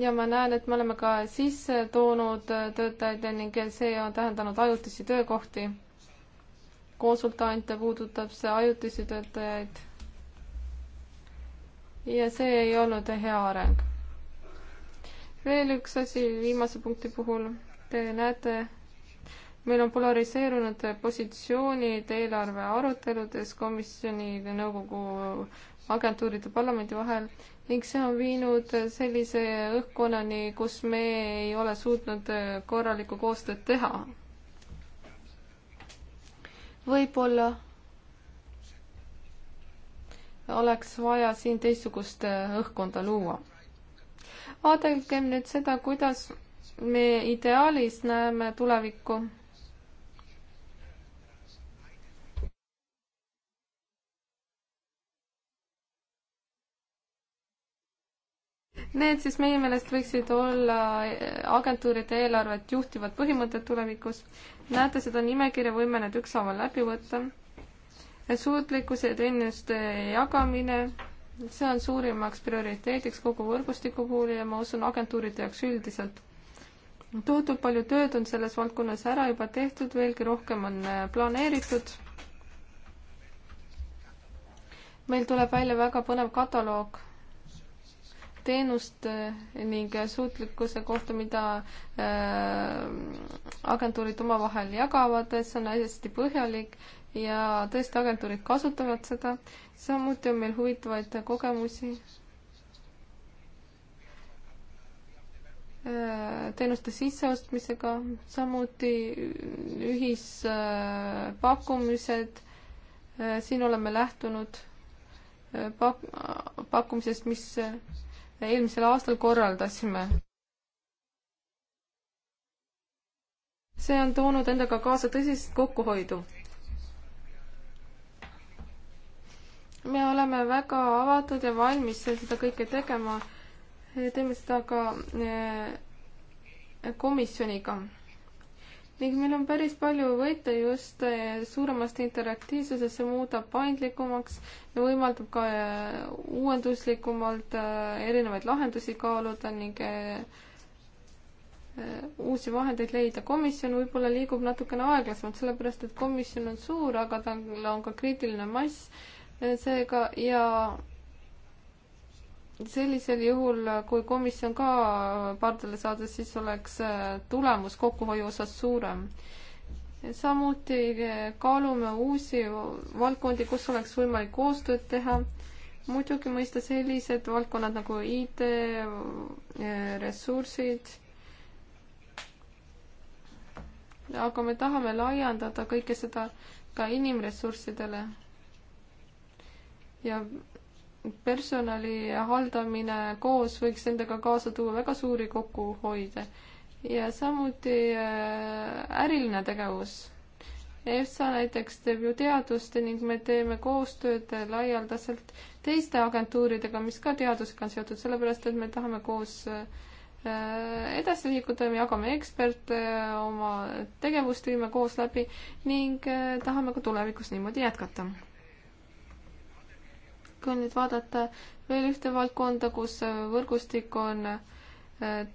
ja ma näen, et me oleme ka sisse toonud töötajaid ning see on tähendanud ajutisi töökohti. konsultante puudutab see ajutisi töötajaid. ja see ei olnud hea areng. veel üks asi viimase punkti puhul. Te näete, meil on polariseerunud positsioonid eelarve aruteludes komisjoni, nõukogu, agentuuride, parlamendi vahel ning see on viinud sellise õhkkonnani, kus me ei ole suutnud äh, korralikku koostööd teha. võib-olla oleks vaja siin teistsugust äh, õhkkonda luua. vaadelgem nüüd seda, kuidas me ideaalis näeme tulevikku Need siis meie meelest võiksid olla eh, agentuuride eelarvet juhtivad põhimõtted tulevikus. näete seda nimekirja, võime need ükshaaval läbi võtta. suutlikkuse ja teenuste jagamine, see on suurimaks prioriteediks kogu võrgustiku puhul ja ma usun agentuuride jaoks üldiselt. tohutult palju tööd on selles valdkonnas ära juba tehtud, veelgi rohkem on eh, planeeritud. meil tuleb välja väga põnev kataloog teenuste eh, ning eh, suutlikkuse kohta, mida eh, agentuurid omavahel jagavad, see on hästi põhjalik ja tõesti, agentuurid kasutavad seda. samuti on meil huvitavaid kogemusi teenuste sisseostmisega, samuti ühispakkumised. siin oleme lähtunud pak-, pakkumisest, mis eelmisel aastal korraldasime. see on toonud endaga kaasa tõsist kokkuhoidu. me oleme väga avatud ja valmis seda kõike tegema. teeme seda ka eh, komisjoniga ning meil on päris palju võita just eh, suuremast interaktiivsusest, see muudab paindlikumaks ja võimaldab ka eh, uuenduslikumalt eh, erinevaid lahendusi kaaluda ning uusi vahendeid leida. komisjon võib-olla liigub natukene aeglasemalt, sellepärast et komisjon on suur, aga tal on ka kriitiline mass seega ja sellisel juhul, kui komisjon ka pardale saades, siis oleks äh, tulemus kokkuhoiu osas suurem. samuti äh, kaalume uusi valdkondi, kus oleks võimalik koostööd teha. muidugi mõista sellised valdkonnad nagu IT, äh, ressursid. aga me tahame laiendada kõike seda ka inimressurssidele ja personali haldamine koos võiks endaga kaasa tuua väga suuri kokkuhoide ja samuti äh, äriline tegevus. EFSA näiteks teeb ju teadust ning me teeme koostööd laialdaselt teiste agentuuridega, mis ka teadusega on seotud, sellepärast et me tahame koos äh, edasi liikuda, me jagame eksperte, oma tegevust viime koos läbi ning äh, tahame ka tulevikus niimoodi jätkata kui nüüd vaadata veel ühte valdkonda, kus võrgustik on äh,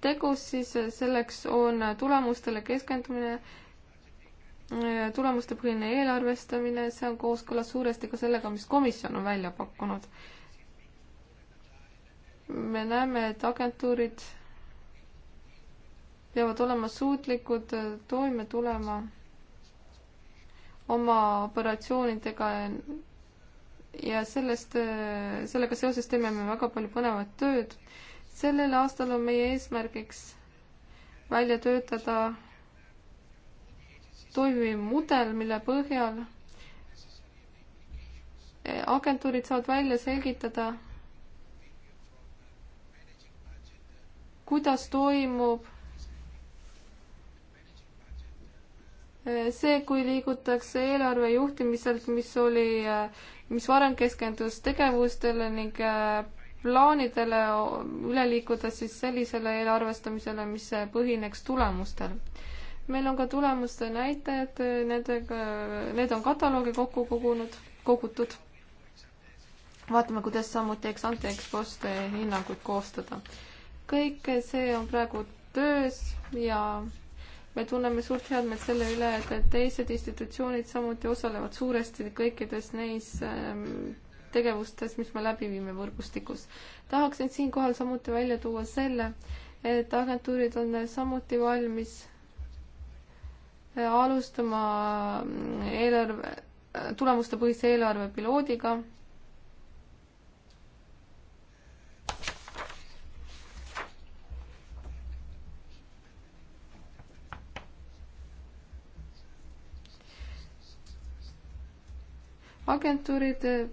tegus, siis selleks on tulemustele keskendumine, äh, tulemustepõhine eelarvestamine, see on kooskõlas suuresti ka sellega, mis komisjon on välja pakkunud. me näeme, et agentuurid peavad olema suutlikud äh, toime tulema oma operatsioonidega ja sellest, äh, sellega seoses teeme me väga palju põnevat tööd. sellel aastal on meie eesmärgiks välja töötada toimiv mudel, mille põhjal äh, agentuurid saavad välja selgitada, kuidas toimub äh, see, kui liigutakse eelarve juhtimiselt, mis oli äh, mis varem keskendus tegevustele ning äh, plaanidele üle liikuda siis sellisele eelarvestamisele, mis põhineks tulemustel. meil on ka tulemuste näitajad, nendega, need on kataloogi kokku kogunud, kogutud. vaatame, kuidas samuti ex-ante ex-post hinnanguid koostada. kõik see on praegu töös ja me tunneme suurt headmeelt selle üle, et teised institutsioonid samuti osalevad suuresti kõikides neis ähm, tegevustes, mis me läbi viime võrgustikus. tahaksin siinkohal samuti välja tuua selle, et agentuurid on samuti valmis äh, alustama eelarve, äh, tulemustepõhise eelarve piloodiga agentuurid äh,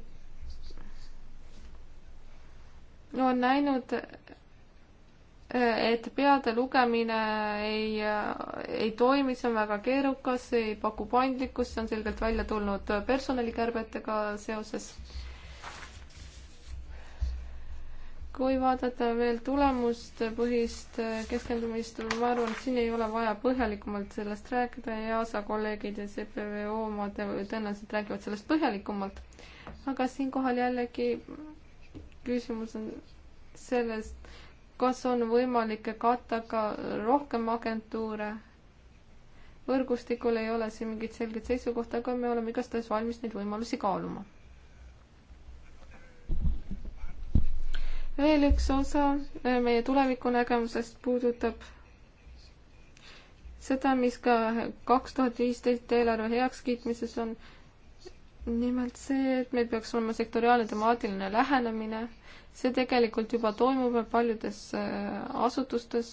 on näinud, äh, et peade lugemine ei, äh, ei toimi, see on väga keerukas, ei paku paindlikkust, see on selgelt välja tulnud personalikärbetega seoses kui vaadata veel tulemustepõhist äh, keskendumist, ma arvan, et siin ei ole vaja põhjalikumalt sellest rääkida, EASA kolleegid ja CPVO omad tõenäoliselt räägivad sellest põhjalikumalt. aga siinkohal jällegi küsimus on sellest, kas on võimalik katta ka rohkem agentuure. võrgustikul ei ole siin mingit selget seisukohta, aga me oleme igastahes valmis neid võimalusi kaaluma veel üks osa äh, meie tulevikunägemusest puudutab seda, mis ka kaks tuhat viisteist eelarve heakskiitmises on, nimelt see, et meil peaks olema sektoriaalne temaatiline lähenemine, see tegelikult juba toimub paljudes äh, asutustes,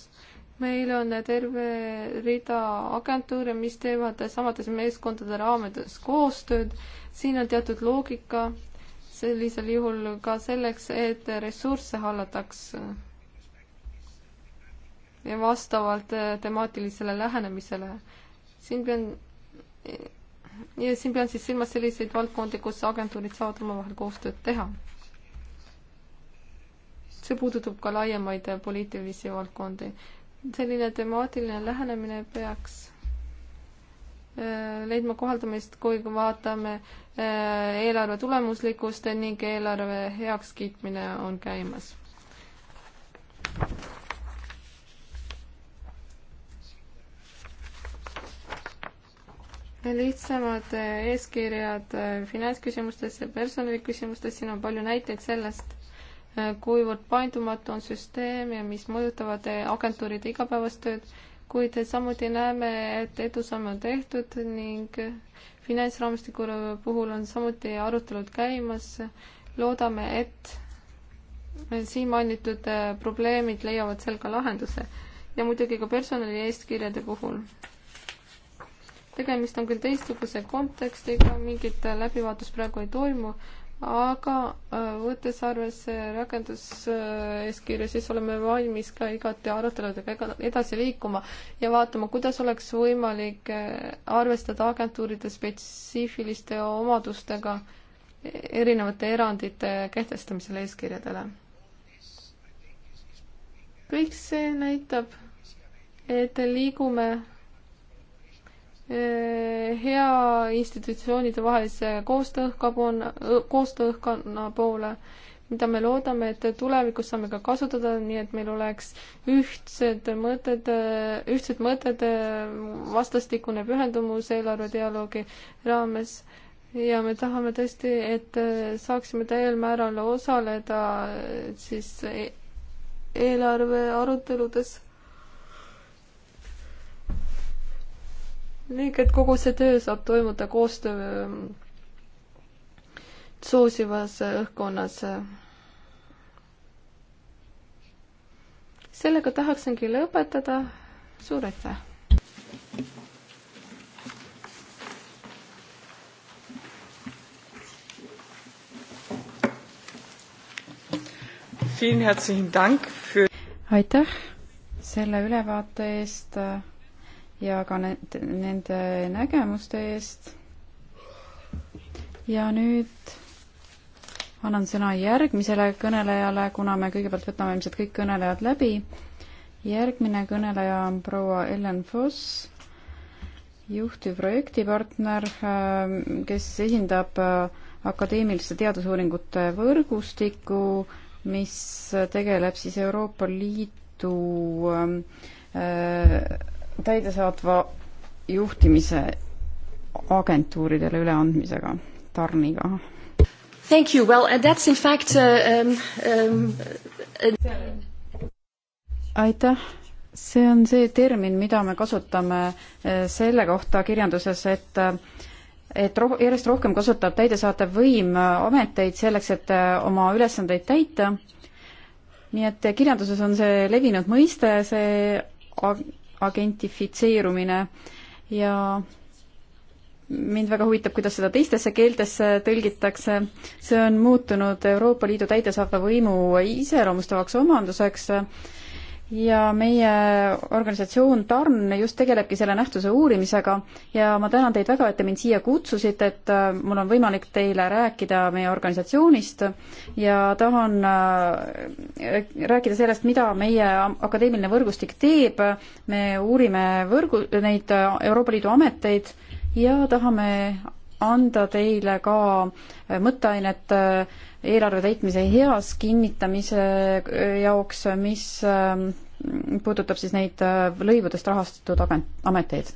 meil on terve rida agentuure, mis teevad samades meeskondade raamides koostööd, siin on teatud loogika sellisel juhul ka selleks, et ressursse hallataks ja vastavalt äh, temaatilisele lähenemisele. siin pean ja siin pean siis silmas selliseid valdkondi, kus agentuurid saavad omavahel koostööd teha. see puudutab ka laiemaid poliitilisi valdkondi. selline temaatiline lähenemine peaks Äh, leidma kohaldamist, kui vaatame äh, eelarve tulemuslikkust ning eelarve heakskiitmine on käimas. lihtsamad äh, eeskirjad finantsküsimustes ja personaliküsimustes, siin on palju näiteid sellest, kuivõrd paindumatu on süsteem ja mis mõjutavad agentuuride igapäevast tööd kuid samuti näeme, et edusamme on tehtud ning finantsraamistiku puhul on samuti arutelud käimas. loodame, et siin mainitud probleemid leiavad seal ka lahenduse ja muidugi ka personali eeskirjade puhul. tegemist on küll teistsuguse kontekstiga, mingit läbivaatust praegu ei toimu aga äh, võttes arvesse rakenduseeskirja, siis oleme valmis ka igati aruteludega edasi liikuma ja vaatama, kuidas oleks võimalik äh, arvestada agentuuride spetsiifiliste omadustega erinevate erandite kehtestamisel eeskirjadele. kõik see näitab, et liigume hea institutsioonide vahelise koostööõhkkonna, koostööõhkkonna poole, mida me loodame, et tulevikus saame ka kasutada, nii et meil oleks ühtsed mõtted, ühtsed mõtted, vastastikune pühendumus eelarvedialoogi raames ja me tahame tõesti, et saaksime täiel määral osaleda siis e-, eelarve aruteludes ning et kogu see töö saab toimuda koostöö ähm, soosivas äh, õhkkonnas. sellega tahaksingi lõpetada. suur aitäh! aitäh selle ülevaate eest ja ka need, nende nägemuste eest. ja nüüd annan sõna järgmisele kõnelejale, kuna me kõigepealt võtame ilmselt kõik kõnelejad läbi. järgmine kõneleja on proua Ellen Foss, juhtivprojektipartner, ähm, kes esindab äh, akadeemiliste teadusuuringute võrgustikku, mis tegeleb siis Euroopa Liidu ähm, äh, täidesaatva juhtimise agentuuridele üleandmisega, tarniga. Thank you, well that's in fact uh, um, uh, aitäh, see on see termin, mida me kasutame eh, selle kohta kirjanduses, et eh, et roh-, järjest rohkem kasutab täidesaatev võim eh, ameteid selleks, et oma ülesandeid täita, nii et kirjanduses on see levinud mõiste, see agentifitseerumine ja mind väga huvitab, kuidas seda teistesse keeltesse tõlgitakse. see on muutunud Euroopa Liidu täidesaatva võimu iseloomustavaks omanduseks äh, ja meie organisatsioon TARN just tegelebki selle nähtuse uurimisega ja ma tänan teid väga, et te mind siia kutsusite, et äh, mul on võimalik teile rääkida meie organisatsioonist ja tahan äh, rääkida sellest, mida meie akadeemiline võrgustik teeb. me uurime võrgu, neid äh, Euroopa Liidu ameteid ja tahame anda teile ka mõtteainet äh, eelarve täitmise heas kinnitamise jaoks, mis ähm, puudutab siis neid äh, lõivudest rahastatud ameteid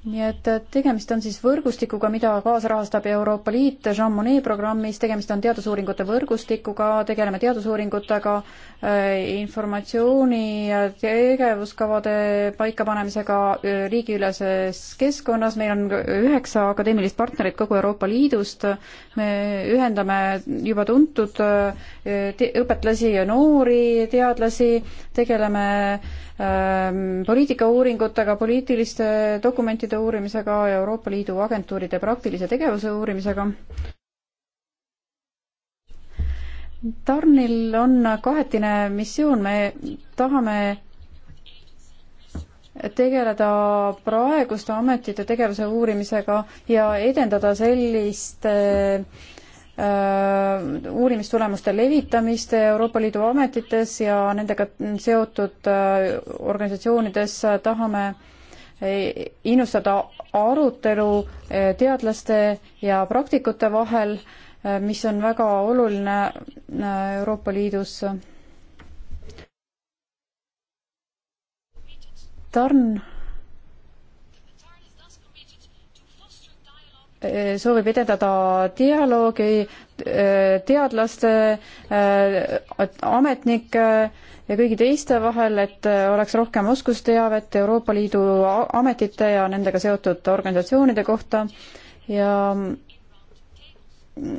nii et tegemist on siis võrgustikuga, mida kaasrahastab Euroopa Liit Jean Monnet programmis, tegemist on teadusuuringute võrgustikuga, tegeleme teadusuuringutega, äh, informatsiooni ja tegevuskavade paikapanemisega äh, riigiüleses keskkonnas, meil on üheksa akadeemilist partnerit kogu Euroopa Liidust, me ühendame juba tuntud äh, õpetlasi ja noori teadlasi, tegeleme Ehm, poliitikauuringutega, poliitiliste dokumentide uurimisega, Euroopa Liidu agentuuride praktilise tegevuse uurimisega. Tarnil on kahetine missioon, me tahame tegeleda praeguste ametite tegevuse uurimisega ja edendada sellist äh, Äh, uurimistulemuste levitamist Euroopa Liidu ametites ja nendega seotud äh, organisatsioonides tahame äh, innustada arutelu teadlaste ja praktikute vahel, mis on väga oluline Euroopa Liidus. tarn soovib edendada dialoogi äh, teadlaste, äh, ametnike ja kõigi teiste vahel, et äh, oleks rohkem oskusteavet Euroopa Liidu ametite ja nendega seotud organisatsioonide kohta ja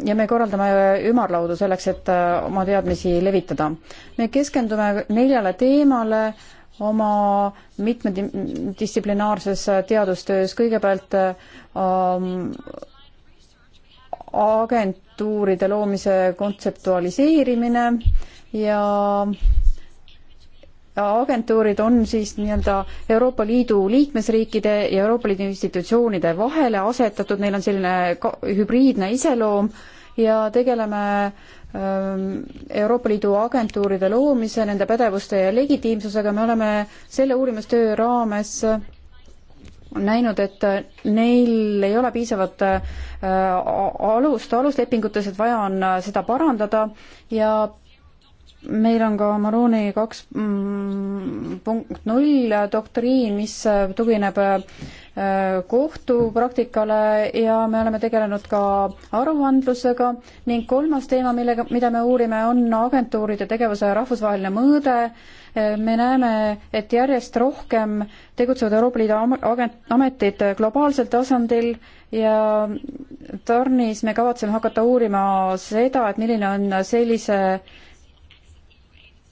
ja me korraldame ümarlaudu selleks, et oma teadmisi levitada. me keskendume neljale teemale äh,, oma mitmedistsiplinaarses teadustöös kõigepealt ähm, agentuuride loomise kontseptualiseerimine ja agentuurid on siis nii-öelda Euroopa Liidu liikmesriikide ja Euroopa Liidu institutsioonide vahele asetatud, neil on selline hübriidne iseloom äh,, ja tegeleme ähm, Euroopa Liidu agentuuride loomise, nende pädevuste ja legitiimsusega, me oleme selle uurimistöö raames näinud, et neil ei ole piisavat äh, alust aluslepingutes, et vaja on äh, seda parandada ja meil on ka Maroni kaks mm, punkt null doktriin, mis äh, tugineb äh, kohtupraktikale ja me oleme tegelenud ka aruandlusega ning kolmas teema, millega, mida me uurime, on agentuuride tegevuse rahvusvaheline mõõde. Äh, me näeme, et järjest rohkem tegutsevad Euroopa Liidu agent, ametid globaalsel tasandil ja tarnis me kavatseme hakata uurima seda, et milline on sellise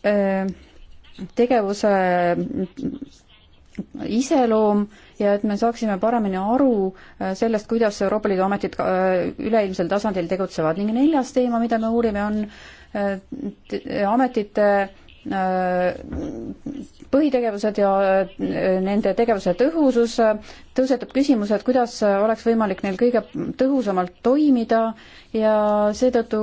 Äh, tegevuse äh, iseloom ja et me saaksime paremini aru äh, sellest, kuidas Euroopa Liidu ametid üleilmsel tasandil tegutsevad ning neljas teema, mida me uurime, on ametite põhitegevused ja nende tegevuse tõhusus, tõusetub küsimus, et kuidas oleks võimalik neil kõige tõhusamalt toimida ja seetõttu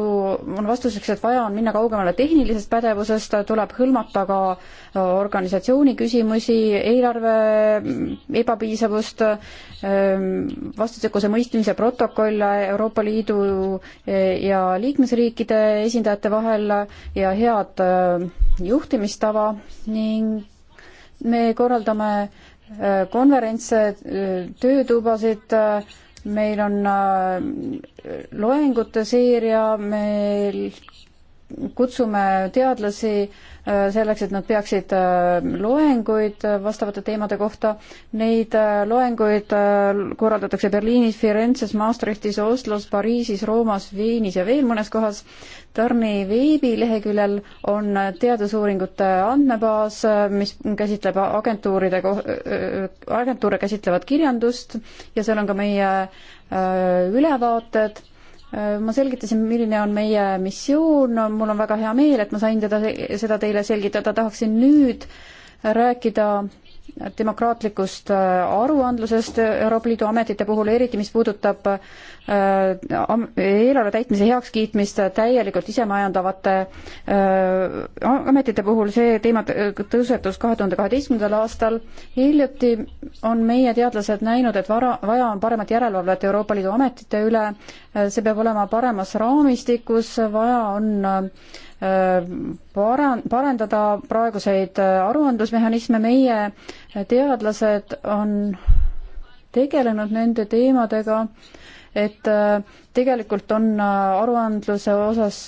on vastuseks, et vaja on minna kaugemale tehnilisest pädevusest, tuleb hõlmata ka äh, organisatsiooni küsimusi, eelarve mm, ebapiisavust, ähm, vastusekuse mõistmise protokolle Euroopa Liidu äh, ja liikmesriikide esindajate vahel ja head äh, juhtimistava ning me korraldame konverentse, töötubasid, meil on äh, loengute seeria, meil kutsume teadlasi äh, selleks, et nad peaksid äh, loenguid äh, vastavate teemade kohta. Neid loenguid korraldatakse Berliinis, Firenzes, Maastrichtis, Oslos, Pariisis, Roomas, Viinis ja veel mõnes kohas. Tarni veebileheküljel on teadusuuringute andmebaas, mis käsitleb agentuuride, agentuure käsitlevat kirjandust ja seal on ka meie ülevaated Äh, ma selgitasin, milline on meie missioon, mul on väga hea meel, et ma sain teda, seda teile selgitada, tahaksin nüüd rääkida demokraatlikust äh, aruandlusest äh, Euroopa Liidu ametite puhul, eriti mis puudutab äh, eelarve täitmise heakskiitmist täielikult isemajandavate ametite puhul, see teema tõusetus kahe tuhande kaheteistkümnendal aastal. hiljuti on meie teadlased näinud, et vara, vaja on paremat järelevalvet Euroopa Liidu ametite üle, see peab olema paremas raamistikus, vaja on äh, paran-, parendada praeguseid äh, aruandlusmehhanisme, meie teadlased on tegelenud nende teemadega, et äh, tegelikult on äh, aruandluse osas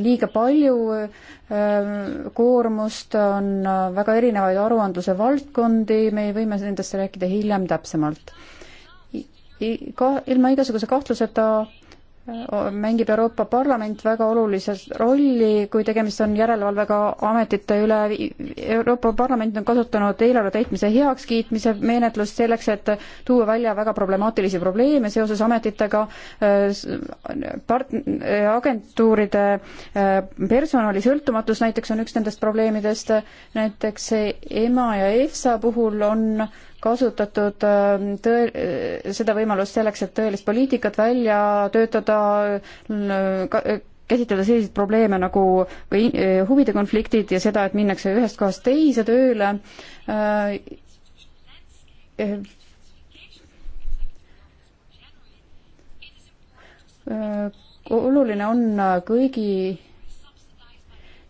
liiga palju koormust, on väga erinevaid aruandluse valdkondi, me võime nendest rääkida hiljem täpsemalt. ka ilma igasuguse kahtluseta mängib Euroopa Parlament väga olulises rolli, kui tegemist on järelevalvega ametite üle. Euroopa Parlament on kasutanud eelarve täitmise heakskiitmise meenetlust selleks, et tuua välja väga problemaatilisi probleeme seoses ametitega, part-, agentuuride personali sõltumatus näiteks on üks nendest probleemidest, näiteks EMA ja EFSA puhul on kasutatud äh, tõe-, äh, seda võimalust selleks, et tõelist poliitikat välja töötada, käsitleda selliseid probleeme nagu või äh, huvide konfliktid ja seda, et minnakse ühest kohast teise tööle, oluline on kõigi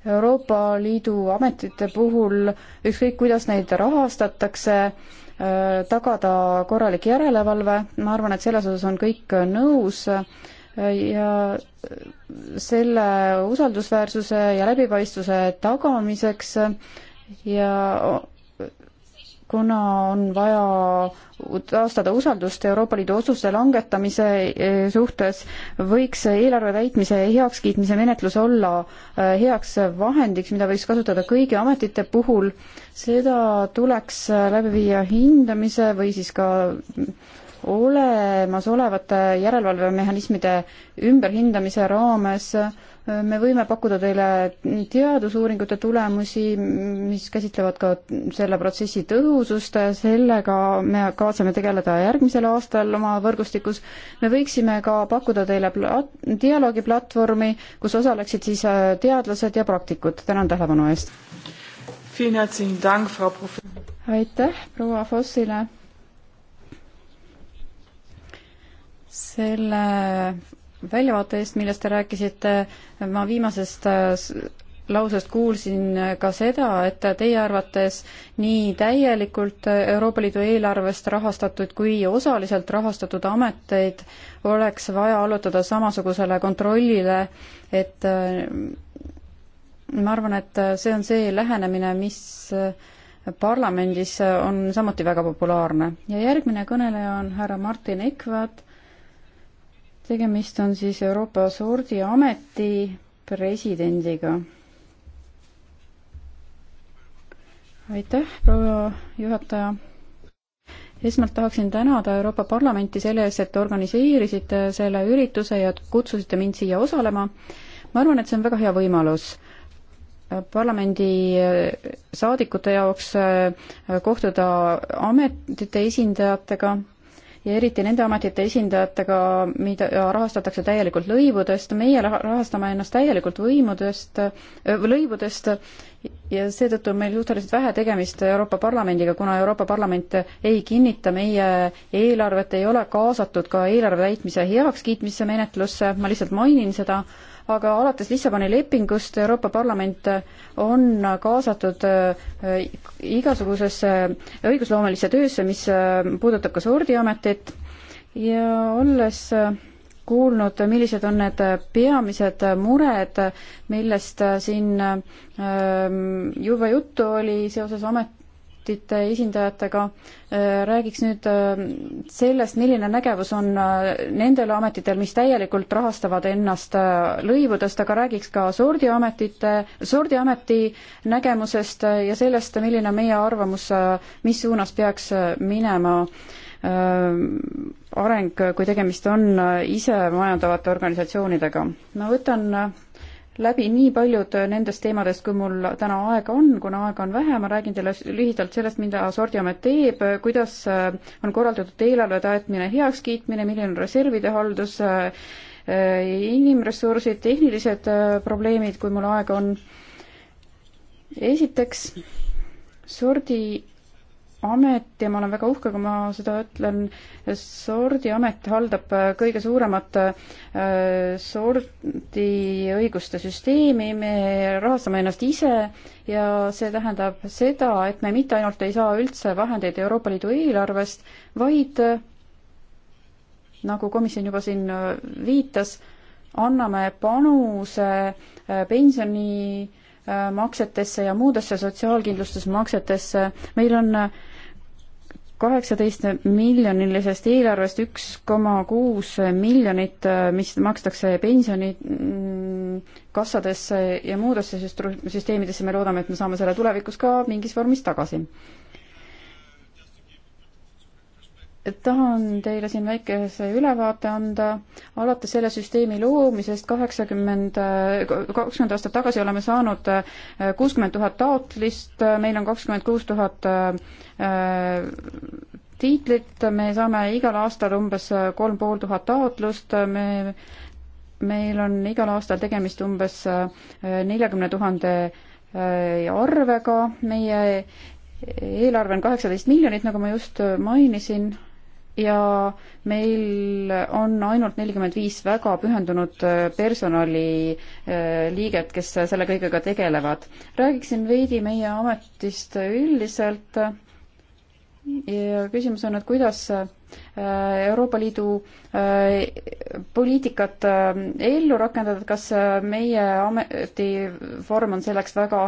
Euroopa Liidu ametite puhul, ükskõik kuidas neid rahastatakse, Äh, tagada korralik järelevalve, ma arvan, et selles osas on kõik äh, nõus äh, ja selle usaldusväärsuse ja läbipaistvuse tagamiseks ja kuna on vaja taastada usaldust Euroopa Liidu otsuste langetamise eh, suhtes, võiks eelarve täitmise heakskiitmise menetlus olla eh, heaks vahendiks, mida võiks kasutada kõigi ametite puhul. seda tuleks eh, läbi viia hindamise või siis ka olemasolevate järelevalvemehhanismide ümberhindamise raames me võime pakkuda teile teadusuuringute tulemusi, mis käsitlevad ka selle protsessi tõhusust, sellega me kavatseme tegeleda järgmisel aastal oma võrgustikus. me võiksime ka pakkuda teile plat-, dialoogiplatvormi, kus osaleksid siis äh, teadlased ja praktikud. tänan tähelepanu eest! aitäh proua Fossile! selle väljavaate eest, millest te rääkisite. ma viimasest äh, lausest kuulsin äh, ka seda, et teie arvates nii täielikult Euroopa Liidu eelarvest rahastatud kui osaliselt rahastatud ameteid oleks vaja allutada samasugusele kontrollile, et äh, ma arvan, et see on see lähenemine, mis parlamendis on samuti väga populaarne. ja järgmine kõneleja on härra Martin Ikvat, tegemist on siis Euroopa sordiameti presidendiga. aitäh, proua juhataja. esmalt tahaksin tänada Euroopa Parlamenti selle eest, et organiseerisite selle ürituse ja kutsusite mind siia osalema. ma arvan, et see on väga hea võimalus parlamendi saadikute jaoks kohtuda ametite esindajatega ja eriti nende ametite esindajatega, mida rahastatakse täielikult lõivudest, meie rahastame ennast täielikult võimudest, äh, lõivudest ja seetõttu on meil suhteliselt vähe tegemist Euroopa Parlamendiga, kuna Euroopa Parlament ei kinnita meie eelarvet, ei ole kaasatud ka eelarve täitmise heakskiitmise menetlusse, ma lihtsalt mainin seda aga alates Lissaboni lepingust Euroopa Parlament on kaasatud äh, igasugusesse õigusloomelisse töösse, mis äh, puudutab ka sordiametit ja olles äh, kuulnud, millised on need peamised mured, millest siin juba juttu oli seoses amet, instituutide esindajatega. Äh, räägiks nüüd äh, sellest, milline nägevus on äh, nendel ametitel, mis täielikult rahastavad ennast lõivudest, aga räägiks ka sordiametite, sordiameti nägemusest ja sellest, milline on meie arvamus, mis suunas peaks minema areng, kui tegemist on ise majandavate organisatsioonidega. ma võtan läbi nii paljud nendest teemadest, kui mul täna aega on, kuna aega on vähe, ma räägin teile lühidalt sellest, mida Sordiamet teeb, kuidas on korraldatud eelarve taetmine, heakskiitmine, milline on reservide haldus, inimressursid, tehnilised probleemid, kui mul aega on. esiteks, sordi amet ja ma olen väga uhke, kui ma seda ütlen, sordiamet haldab kõige suuremat äh, sordiõiguste süsteemi, me rahastame ennast ise ja see tähendab seda, et me mitte ainult ei saa üldse vahendeid Euroopa Liidu eelarvest, vaid äh, nagu komisjon juba siin äh, viitas, anname panuse pensioni äh, maksetesse ja muudesse sotsiaalkindlustusmaksetesse. meil on kaheksateist miljonilisest eelarvest üks koma kuus miljonit, mis makstakse pensionikassadesse mm, ja muudesse süsteemidesse, me loodame, et me saame selle tulevikus ka mingis vormis tagasi tahan teile siin väikese ülevaate anda. alates selle süsteemi loomisest kaheksakümmend, kakskümmend aastat tagasi oleme saanud äh, kuuskümmend tuhat taotlist, meil on kakskümmend kuus tuhat äh, tiitlit, me saame igal aastal umbes kolm pool tuhat taotlust, me, meil on igal aastal tegemist umbes äh, neljakümne tuhande arvega, meie eelarve on kaheksateist miljonit, nagu ma just mainisin, ja meil on ainult nelikümmend viis väga pühendunud äh, personaliliiget, äh, kes selle kõigega tegelevad. räägiksin veidi meie ametist üldiselt ja küsimus on, et kuidas äh, Euroopa Liidu äh, poliitikat äh, ellu rakendada, et kas meie ametivorm on selleks väga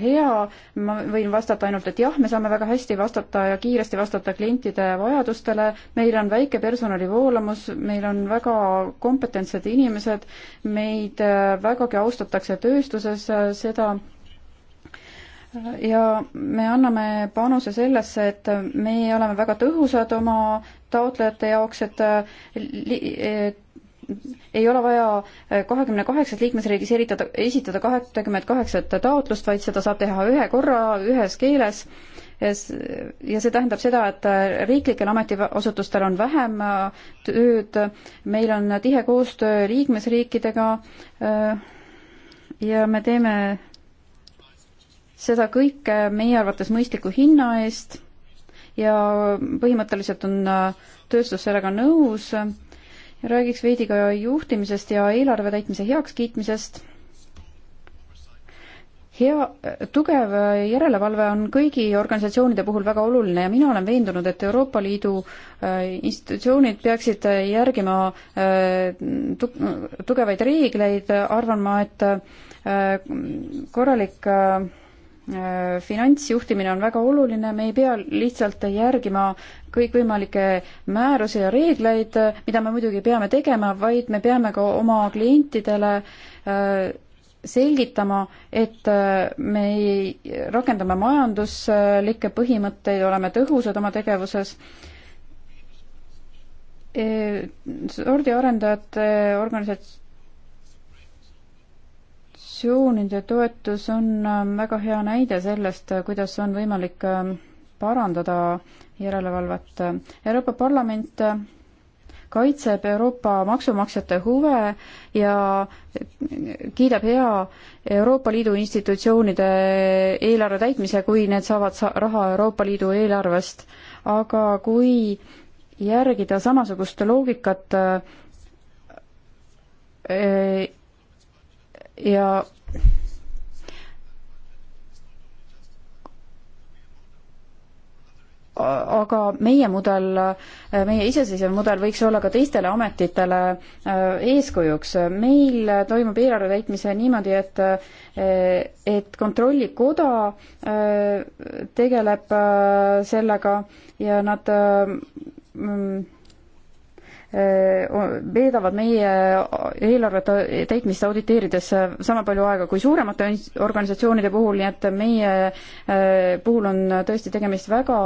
hea, ma võin vastata ainult, et jah, me saame väga hästi vastata ja kiiresti vastata klientide vajadustele, meil on väike personali voolamus, meil on väga kompetentsed inimesed, meid vägagi austatakse tööstuses, seda ja me anname panuse sellesse, et meie oleme väga tõhusad oma taotlejate jaoks, et ei ole vaja kahekümne kaheksas liikmesriigis eritada, esitada kahtekümmet kaheksat taotlust, vaid seda saab teha ühe korra ühes keeles. ja see tähendab seda, et riiklikel ametiasutustel on vähem äh, tööd, meil on tihe koostöö liikmesriikidega äh, ja me teeme seda kõike meie arvates mõistliku hinna eest ja põhimõtteliselt on äh, tööstus sellega nõus. räägiks veidi ka juhtimisest ja eelarve täitmise heakskiitmisest. hea, tugev järelevalve on kõigi organisatsioonide puhul väga oluline ja mina olen veendunud, et Euroopa Liidu äh, institutsioonid peaksid äh, järgima tugevaid reegleid, arvan ma, et korralik Äh, finantsjuhtimine on väga oluline, me ei pea lihtsalt järgima kõikvõimalikke määrusi ja reegleid, mida me muidugi peame tegema, vaid me peame ka oma klientidele äh, selgitama, et äh, me rakendame majanduslikke põhimõtteid, oleme tõhusad oma tegevuses sordiarendajate organisats-, sanktsioonide toetus on ähm, väga hea näide sellest, äh, kuidas on võimalik ähm, parandada järelevalvet. Euroopa Parlament äh, kaitseb Euroopa maksumaksjate huve ja äh, kiidab hea Euroopa Liidu institutsioonide eelarve täitmise, kui need saavad sa raha Euroopa Liidu eelarvest. aga kui järgida samasugust loogikat äh, ja aga meie mudel, meie iseseisev mudel võiks olla ka teistele ametitele äh, eeskujuks. meil toimub eelarve täitmise niimoodi, et, äh, et kontrollikoda äh, tegeleb sellega ja nad mm, veedavad meie eelarvete täitmist auditeerides äh, sama palju aega kui suuremate organisatsioonide puhul, nii et meie äh, puhul on tõesti tegemist väga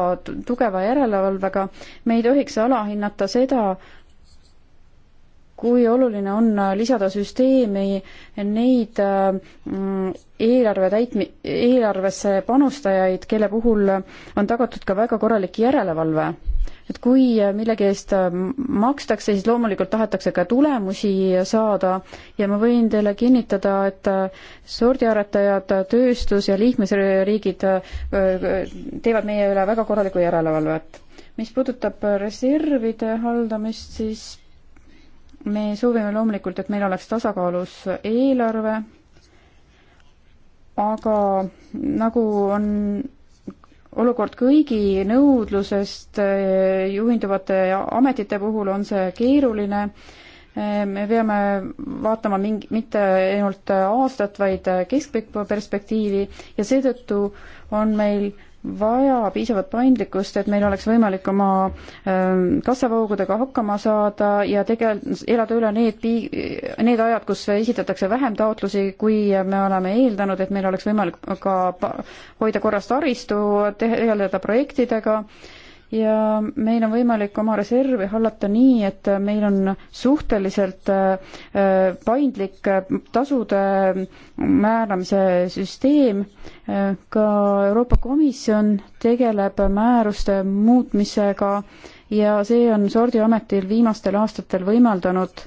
tugeva järelevalvega. me ei tohiks alahinnata seda, kui oluline on lisada süsteemi neid äh, eelarve täitmi-, eelarvesse panustajaid, kelle puhul on tagatud ka väga korralik järelevalve et kui millegi eest äh, makstakse, siis loomulikult tahetakse ka tulemusi saada ja ma võin teile kinnitada, et äh, sordiaretajad, äh, tööstus ja liikmesriigid teevad meie üle väga korralikku järelevalvet. mis puudutab reservide haldamist, siis me soovime loomulikult, et meil oleks tasakaalus eelarve, aga nagu on olukord kõigi nõudlusest eh, juhinduvate ametite puhul on see keeruline. Eh, me peame vaatama mingi, mitte ainult aastat, vaid keskpikku perspektiivi ja seetõttu on meil äh, vaja piisavat paindlikkust, et meil oleks võimalik oma ähm, kassavoogudega hakkama saada ja tegel-, elada üle need pii-, need ajad, kus esitatakse vähem taotlusi, kui me oleme eeldanud, et meil oleks võimalik ka hoida korras taristu, tegeleda projektidega äh, ja meil on võimalik oma reservi hallata nii, et meil on suhteliselt äh, äh, paindlik äh, tasude määramise süsteem. ka Euroopa Komisjon tegeleb määruste muutmisega ja see on sordiametil viimastel aastatel võimaldanud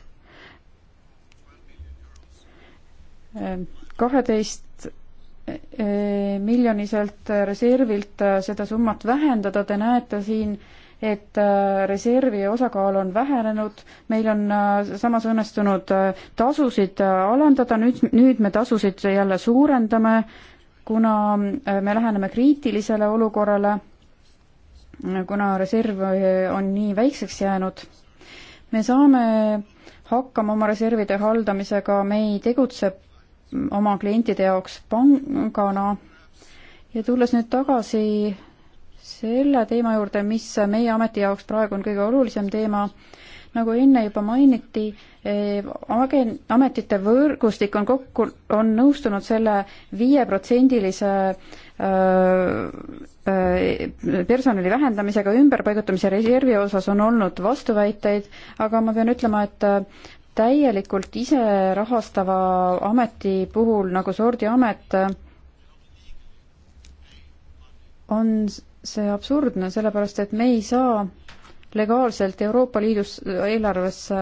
kaheteist E, miljoniselt reservilt äh, seda summat vähendada, te näete siin, et äh, reservi osakaal on vähenenud, meil on äh, samas õnnestunud tasusid alandada, nüüd, nüüd me tasusid jälle suurendame, kuna me läheneme kriitilisele olukorrale, kuna reserv on nii väikseks jäänud. me saame hakkama oma reservide haldamisega, me ei tegutse oma klientide jaoks pangana. ja tulles nüüd tagasi selle teema juurde, mis meie ameti jaoks praegu on kõige olulisem teema, nagu enne juba mainiti, eh, ametite võrgustik on kokku, on nõustunud selle viieprotsendilise äh, äh, personali vähendamisega, ümberpaigutamise reservi osas on olnud vastuväiteid, aga ma pean ütlema, et täielikult ise rahastava ameti puhul nagu sordiamet on see absurdne, sellepärast et me ei saa legaalselt Euroopa Liidus eelarvesse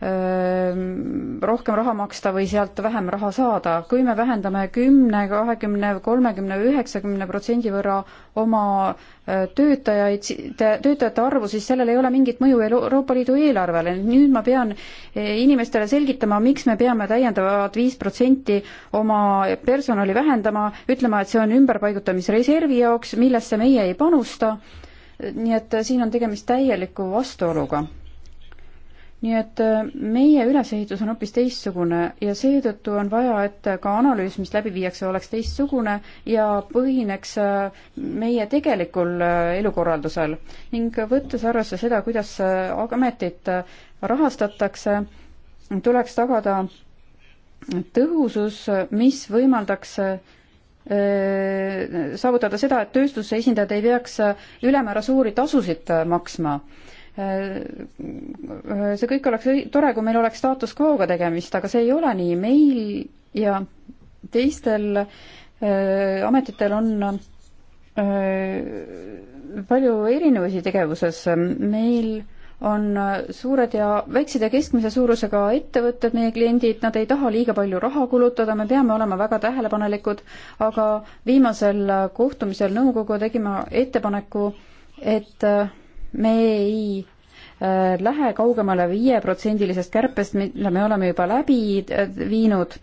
rohkem raha maksta või sealt vähem raha saada. kui me vähendame kümne, kahekümne, kolmekümne, üheksakümne protsendi võrra oma töötajaid, töötajate arvu, siis sellel ei ole mingit mõju Euroopa Liidu eelarvele. nüüd ma pean e, inimestele selgitama, miks me peame täiendavat viis protsenti oma personali vähendama, ütlema, et see on ümberpaigutamisreservi jaoks, millesse meie ei panusta. nii et siin on tegemist täieliku vastuoluga nii et äh, meie ülesehitus on hoopis teistsugune ja seetõttu on vaja, et ka analüüs, mis läbi viiakse, oleks teistsugune ja põhineks äh, meie tegelikul äh, elukorraldusel ning võttes arvesse seda, kuidas ametit rahastatakse, tuleks tagada tõhusus, mis võimaldaks saavutada seda, et tööstuse esindajad ei peaks ülemäära suuri tasusid maksma Äh, see kõik oleks tore, kui meil oleks status quo'ga tegemist, aga see ei ole nii. meil ja teistel äh, ametitel on äh, palju erinevusi tegevuses. meil on suured ja väiksed ja keskmise suurusega ettevõtted, meie kliendid, nad ei taha liiga palju raha kulutada, me peame olema väga tähelepanelikud, aga viimasel kohtumisel nõukogu tegime ettepaneku, et äh, me ei äh, lähe kaugemale viieprotsendilisest kärpest, mille me oleme juba läbi äh, viinud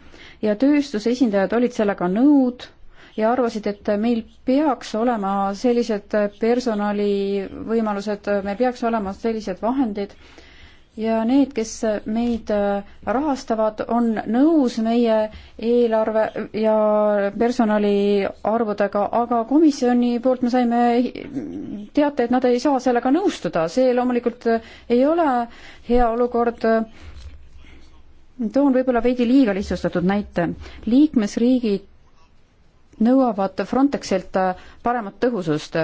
ja tööstuse esindajad olid sellega nõud ja arvasid, et meil peaks olema sellised personalivõimalused, äh, meil peaks olema sellised vahendid ja need, kes meid äh, rahastavad, on nõus meie eelarve ja personaliarvudega, aga komisjoni poolt me saime teate, et nad ei saa sellega nõustuda, see loomulikult äh, ei ole hea olukord. toon võib-olla veidi liiga lihtsustatud näite. liikmesriigid nõuavad Frontexilt äh, paremat tõhusust.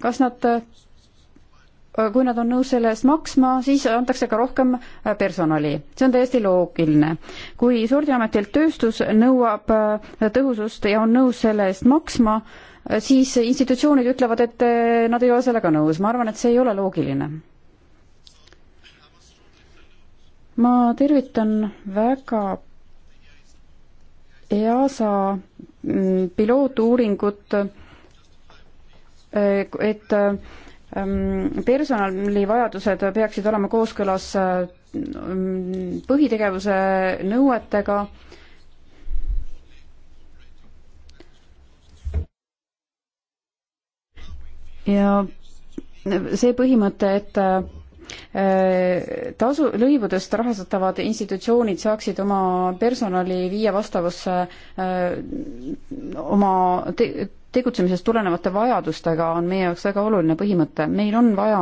kas nad kui nad on nõus selle eest maksma, siis antakse ka rohkem äh, personali. see on täiesti loogiline. kui sordiametilt tööstus nõuab äh, tõhusust ja on nõus selle eest maksma, äh, siis institutsioonid ütlevad, et nad ei ole sellega nõus. ma arvan, et see ei ole loogiline. ma tervitan väga EASA mm, pilootuuringut, et Ehm, personalivajadused peaksid olema kooskõlas ehm, põhitegevuse nõuetega. ja see põhimõte, et Äh, tasu, lõivudest rahastatavad institutsioonid saaksid oma personali viia vastavusse äh, oma te tegutsemisest tulenevate vajadustega, on meie jaoks väga oluline põhimõte. meil on vaja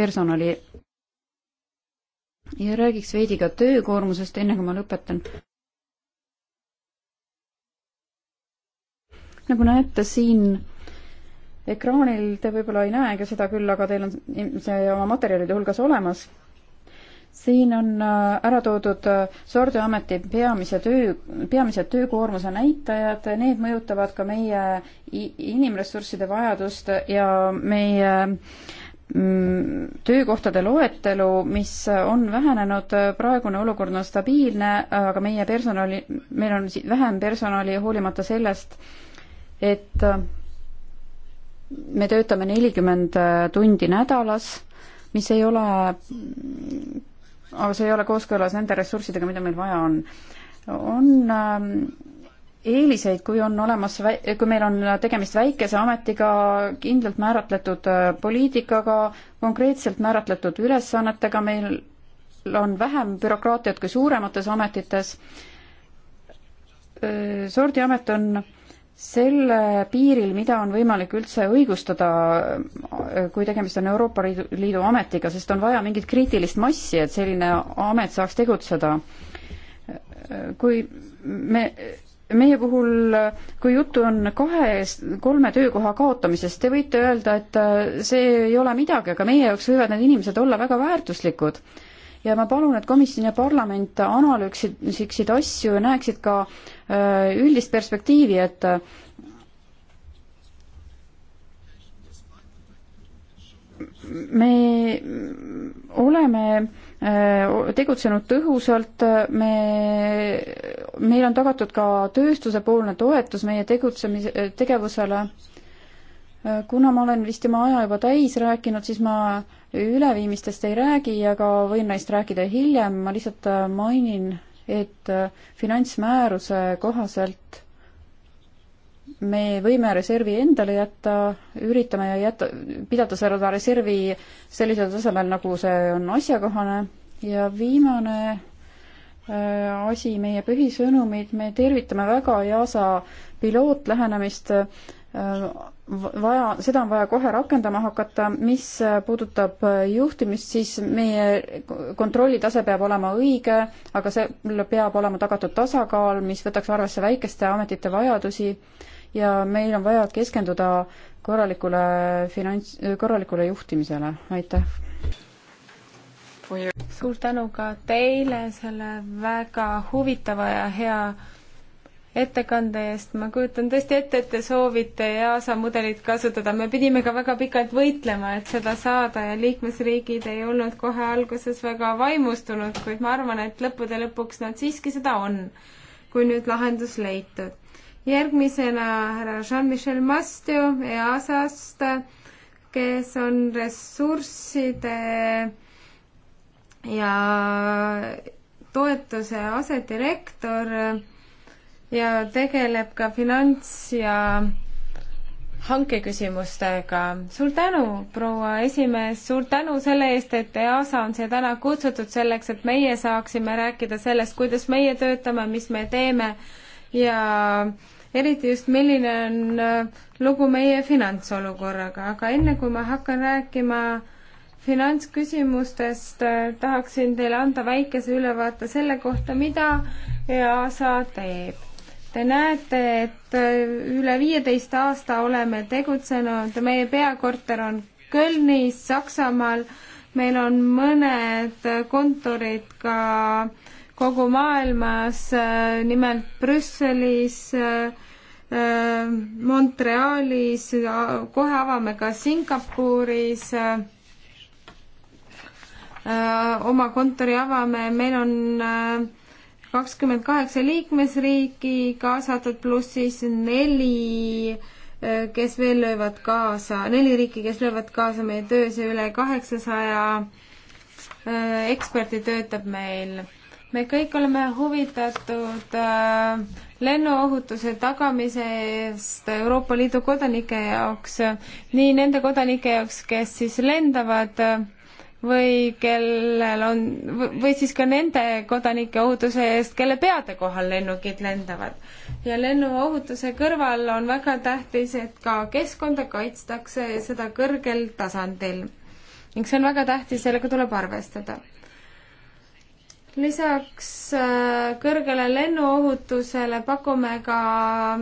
personali ja räägiks veidi ka töökoormusest, enne kui ma lõpetan. nagu näete, siin ekraanil te võib-olla ei näegi seda küll, aga teil on see oma materjalide hulgas olemas. siin on äh, ära toodud äh, sordiameti peamise töö, peamised töökoormuse näitajad, need mõjutavad ka meie inimressursside vajadust ja meie mm, töökohtade loetelu, mis on vähenenud, praegune olukord on stabiilne, aga meie personali, meil on vähem personali hoolimata sellest, et äh, me töötame nelikümmend äh, tundi nädalas, mis ei ole, aga see ei ole kooskõlas nende ressurssidega, mida meil vaja on. on ähm, eeliseid, kui on olemas, kui meil on tegemist väikese ametiga, kindlalt määratletud äh, poliitikaga, konkreetselt määratletud ülesannetega, meil on vähem bürokraatiat kui suuremates ametites. Äh, sordiamet on selle piiril, mida on võimalik üldse õigustada, kui tegemist on Euroopa Liidu, Liidu ametiga, sest on vaja mingit kriitilist massi, et selline amet saaks tegutseda. kui me, meie puhul, kui juttu on kahe, kolme töökoha kaotamisest, te võite öelda, et see ei ole midagi, aga meie jaoks võivad need inimesed olla väga väärtuslikud ja ma palun, et komisjon ja parlament analüüsiksid asju ja näeksid ka äh, üldist perspektiivi, et me oleme äh, tegutsenud tõhusalt, me, meil on tagatud ka tööstusepoolne toetus meie tegutsemise, tegevusele äh, Äh, kuna ma olen vist oma aja juba täis rääkinud, siis ma üleviimistest ei räägi, aga võin neist rääkida hiljem, ma lihtsalt äh, mainin, et äh, finantsmääruse kohaselt me võime reservi endale jätta, üritame jätta, pidada seda reservi sellisel tasemel, nagu see on asjakohane ja viimane asi, meie põhisõnumid, me tervitame väga EASA pilootlähenemist vaja, seda on vaja kohe rakendama hakata, mis puudutab juhtimist, siis meie kontrollitase peab olema õige, aga seal peab olema tagatud tasakaal, mis võtaks arvesse väikeste ametite vajadusi ja meil on vaja keskenduda korralikule finants, korralikule juhtimisele, aitäh! suur tänu ka teile selle väga huvitava ja hea ettekande eest, ma kujutan tõesti ette, et te soovite EASA mudelit kasutada, me pidime ka väga pikalt võitlema, et seda saada ja liikmesriigid ei olnud kohe alguses väga vaimustunud, kuid ma arvan, et lõppude lõpuks nad siiski seda on, kui nüüd lahendus leitud. järgmisena härra Jean-Michel Mastio EASA-st, kes on ressursside ja toetuse asedirektor ja tegeleb ka finants ja hankeküsimustega. suur tänu, proua esimees, suur tänu selle eest, et EASA on siia täna kutsutud selleks, et meie saaksime rääkida sellest, kuidas meie töötame, mis me teeme ja eriti just, milline on äh, lugu meie finantsolukorraga, aga enne kui ma hakkan rääkima finantsküsimustest äh, tahaksin teile anda väikese ülevaate selle kohta, mida EASA teeb Te näete, et äh, üle viieteist aasta oleme tegutsenud, meie peakorter on Kölnis, Saksamaal, meil on mõned kontorid ka kogu maailmas, äh, nimelt Brüsselis, äh, Montrealis, kohe avame ka Singapuris oma kontori avame, meil on kakskümmend kaheksa liikmesriiki kaasatud, pluss siis neli, äh, kes veel löövad kaasa, neli riiki, kes löövad kaasa meie töös ja üle kaheksasaja äh, eksperti töötab meil. me kõik oleme huvitatud äh, lennuohutuse tagamisest Euroopa Liidu kodanike jaoks, nii nende kodanike jaoks, kes siis lendavad või kellel on, või siis ka nende kodanike ohutuse eest, kelle peade kohal lennukid lendavad. ja lennuohutuse kõrval on väga tähtis, et ka keskkonda kaitstakse ja seda kõrgel tasandil. ning see on väga tähtis, sellega tuleb arvestada. lisaks äh, kõrgele lennuohutusele pakume ka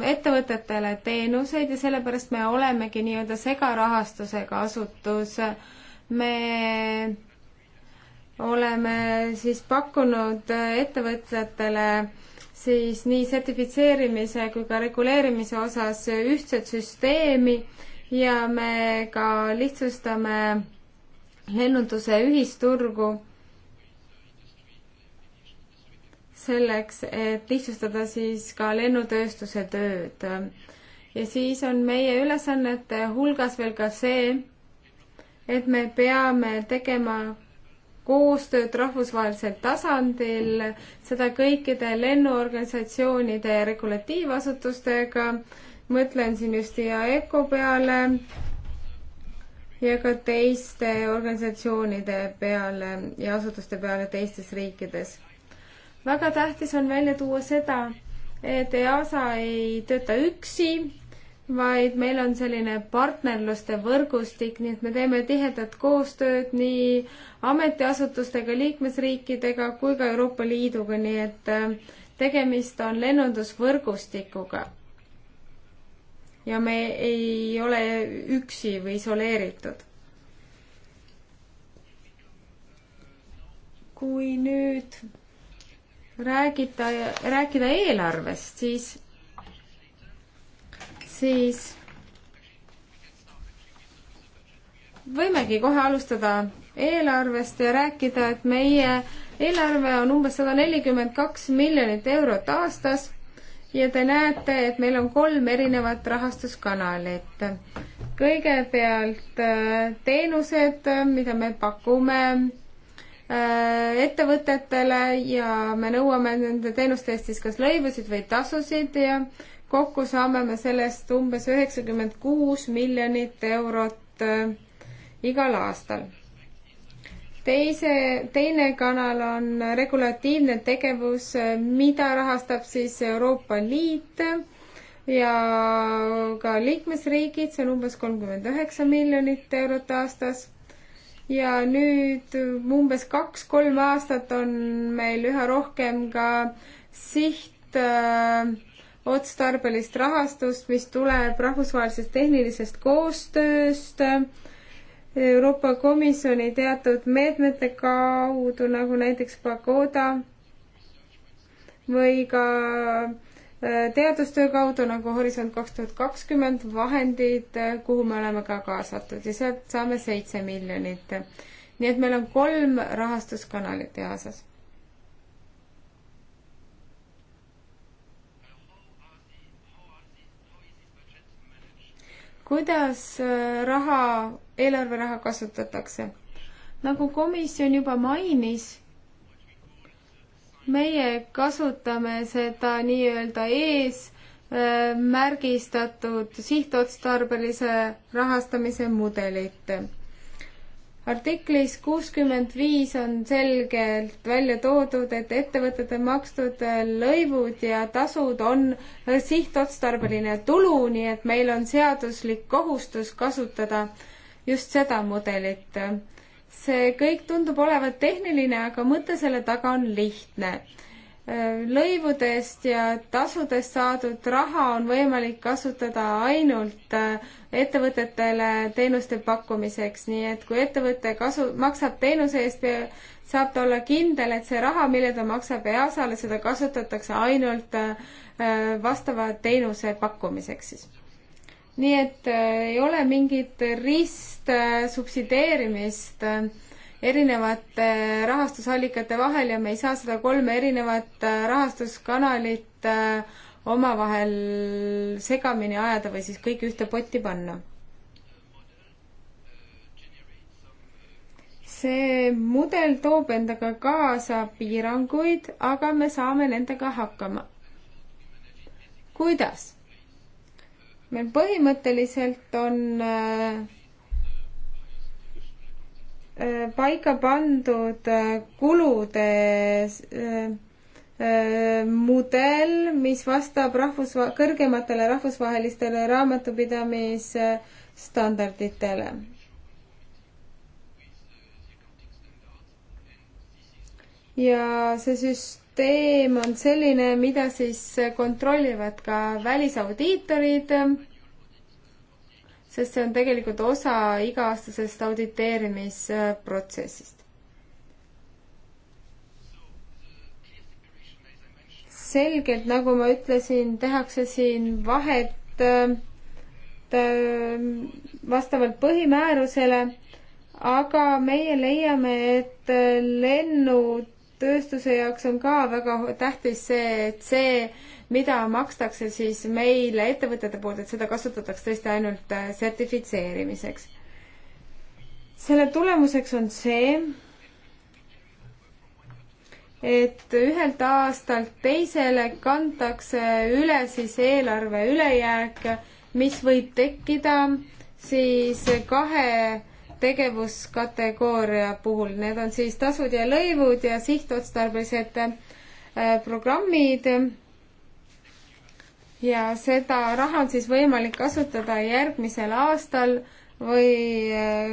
ettevõtetele teenuseid ja sellepärast me olemegi nii-öelda segarahastusega asutus me oleme siis pakkunud ettevõtjatele siis nii sertifitseerimise kui ka reguleerimise osas ühtset süsteemi ja me ka lihtsustame lennunduse ühisturgu selleks, et lihtsustada siis ka lennutööstuse tööd. ja siis on meie ülesannete hulgas veel ka see, et me peame tegema koostööd rahvusvahelisel tasandil, seda kõikide lennuorganisatsioonide ja regulatiivasutustega, mõtlen siin just IAECO peale ja ka teiste organisatsioonide peale ja asutuste peale teistes riikides. väga tähtis on välja tuua seda, et EASA ei tööta üksi, vaid meil on selline partnerluste võrgustik, nii et me teeme tihedat koostööd nii ametiasutustega, liikmesriikidega kui ka Euroopa Liiduga, nii et äh, tegemist on lennundusvõrgustikuga. ja me ei ole üksi või isoleeritud. kui nüüd räägida, rääkida eelarvest, siis siis võimegi kohe alustada eelarvest ja rääkida, et meie eelarve on umbes sada nelikümmend kaks miljonit eurot aastas ja te näete, et meil on kolm erinevat rahastuskanalit. kõigepealt äh, teenused, mida me pakume äh, ettevõtetele ja me nõuame nende teenuste eest siis kas lõivusid või tasusid ja kokku saame me sellest umbes üheksakümmend kuus miljonit eurot äh, igal aastal. teise, teine kanal on regulatiivne tegevus, äh, mida rahastab siis Euroopa Liit ja ka liikmesriigid, see on umbes kolmkümmend üheksa miljonit eurot aastas ja nüüd umbes kaks-kolm aastat on meil üha rohkem ka siht äh, otstarbelist rahastust, mis tuleb rahvusvahelisest tehnilisest koostööst, Euroopa Komisjoni teatud meetmete kaudu, nagu näiteks Pagoda või ka äh, teadustöö kaudu nagu Horisont kaks tuhat kakskümmend vahendid, kuhu me oleme ka kaasatud ja sealt saame seitse miljonit. nii et meil on kolm rahastuskanalit EASA-s kuidas äh, raha, eelarveraha kasutatakse. nagu komisjon juba mainis, meie kasutame seda nii-öelda ees äh, märgistatud sihtotstarbelise rahastamise mudelit artiklis kuuskümmend viis on selgelt välja toodud, et ettevõtete makstud äh, lõivud ja tasud on äh, sihtotstarbeline tulu, nii et meil on seaduslik kohustus kasutada just seda mudelit. see kõik tundub olevat tehniline, aga mõte selle taga on lihtne lõivudest ja tasudest saadud raha on võimalik kasutada ainult äh, ettevõtetele teenuste pakkumiseks, nii et kui ettevõte kasu, maksab teenuse eest, saab ta olla kindel, et see raha, mille ta maksab EASA-le, seda kasutatakse ainult äh, vastava teenuse pakkumiseks siis. nii et äh, ei ole mingit ristsubsideerimist äh, erinevate rahastusallikate vahel ja me ei saa seda kolme erinevat äh, rahastuskanalit äh, omavahel segamini ajada või siis kõik ühte potti panna. see mudel toob endaga kaasa piiranguid, aga me saame nendega hakkama. kuidas? meil põhimõtteliselt on äh, Äh, paika pandud äh, kulude äh, mudel, mis vastab rahvus, kõrgematele rahvusvahelistele raamatupidamisstandarditele. ja see süsteem on selline, mida siis kontrollivad ka välisaudiitorid sest see on tegelikult osa iga-aastasest auditeerimisprotsessist. selgelt, nagu ma ütlesin, tehakse siin vahet äh, vastavalt põhimäärusele, aga meie leiame, et äh, lennutööstuse jaoks on ka väga tähtis see, et see mida makstakse siis meile ettevõtete poolt, et seda kasutatakse tõesti ainult äh, sertifitseerimiseks. selle tulemuseks on see, et ühelt aastalt teisele kantakse üle siis eelarve ülejääk, mis võib tekkida siis kahe tegevuskategooria puhul, need on siis tasud ja lõivud ja sihtotstarbelised äh, programmid ja seda raha on siis võimalik kasutada järgmisel aastal või äh,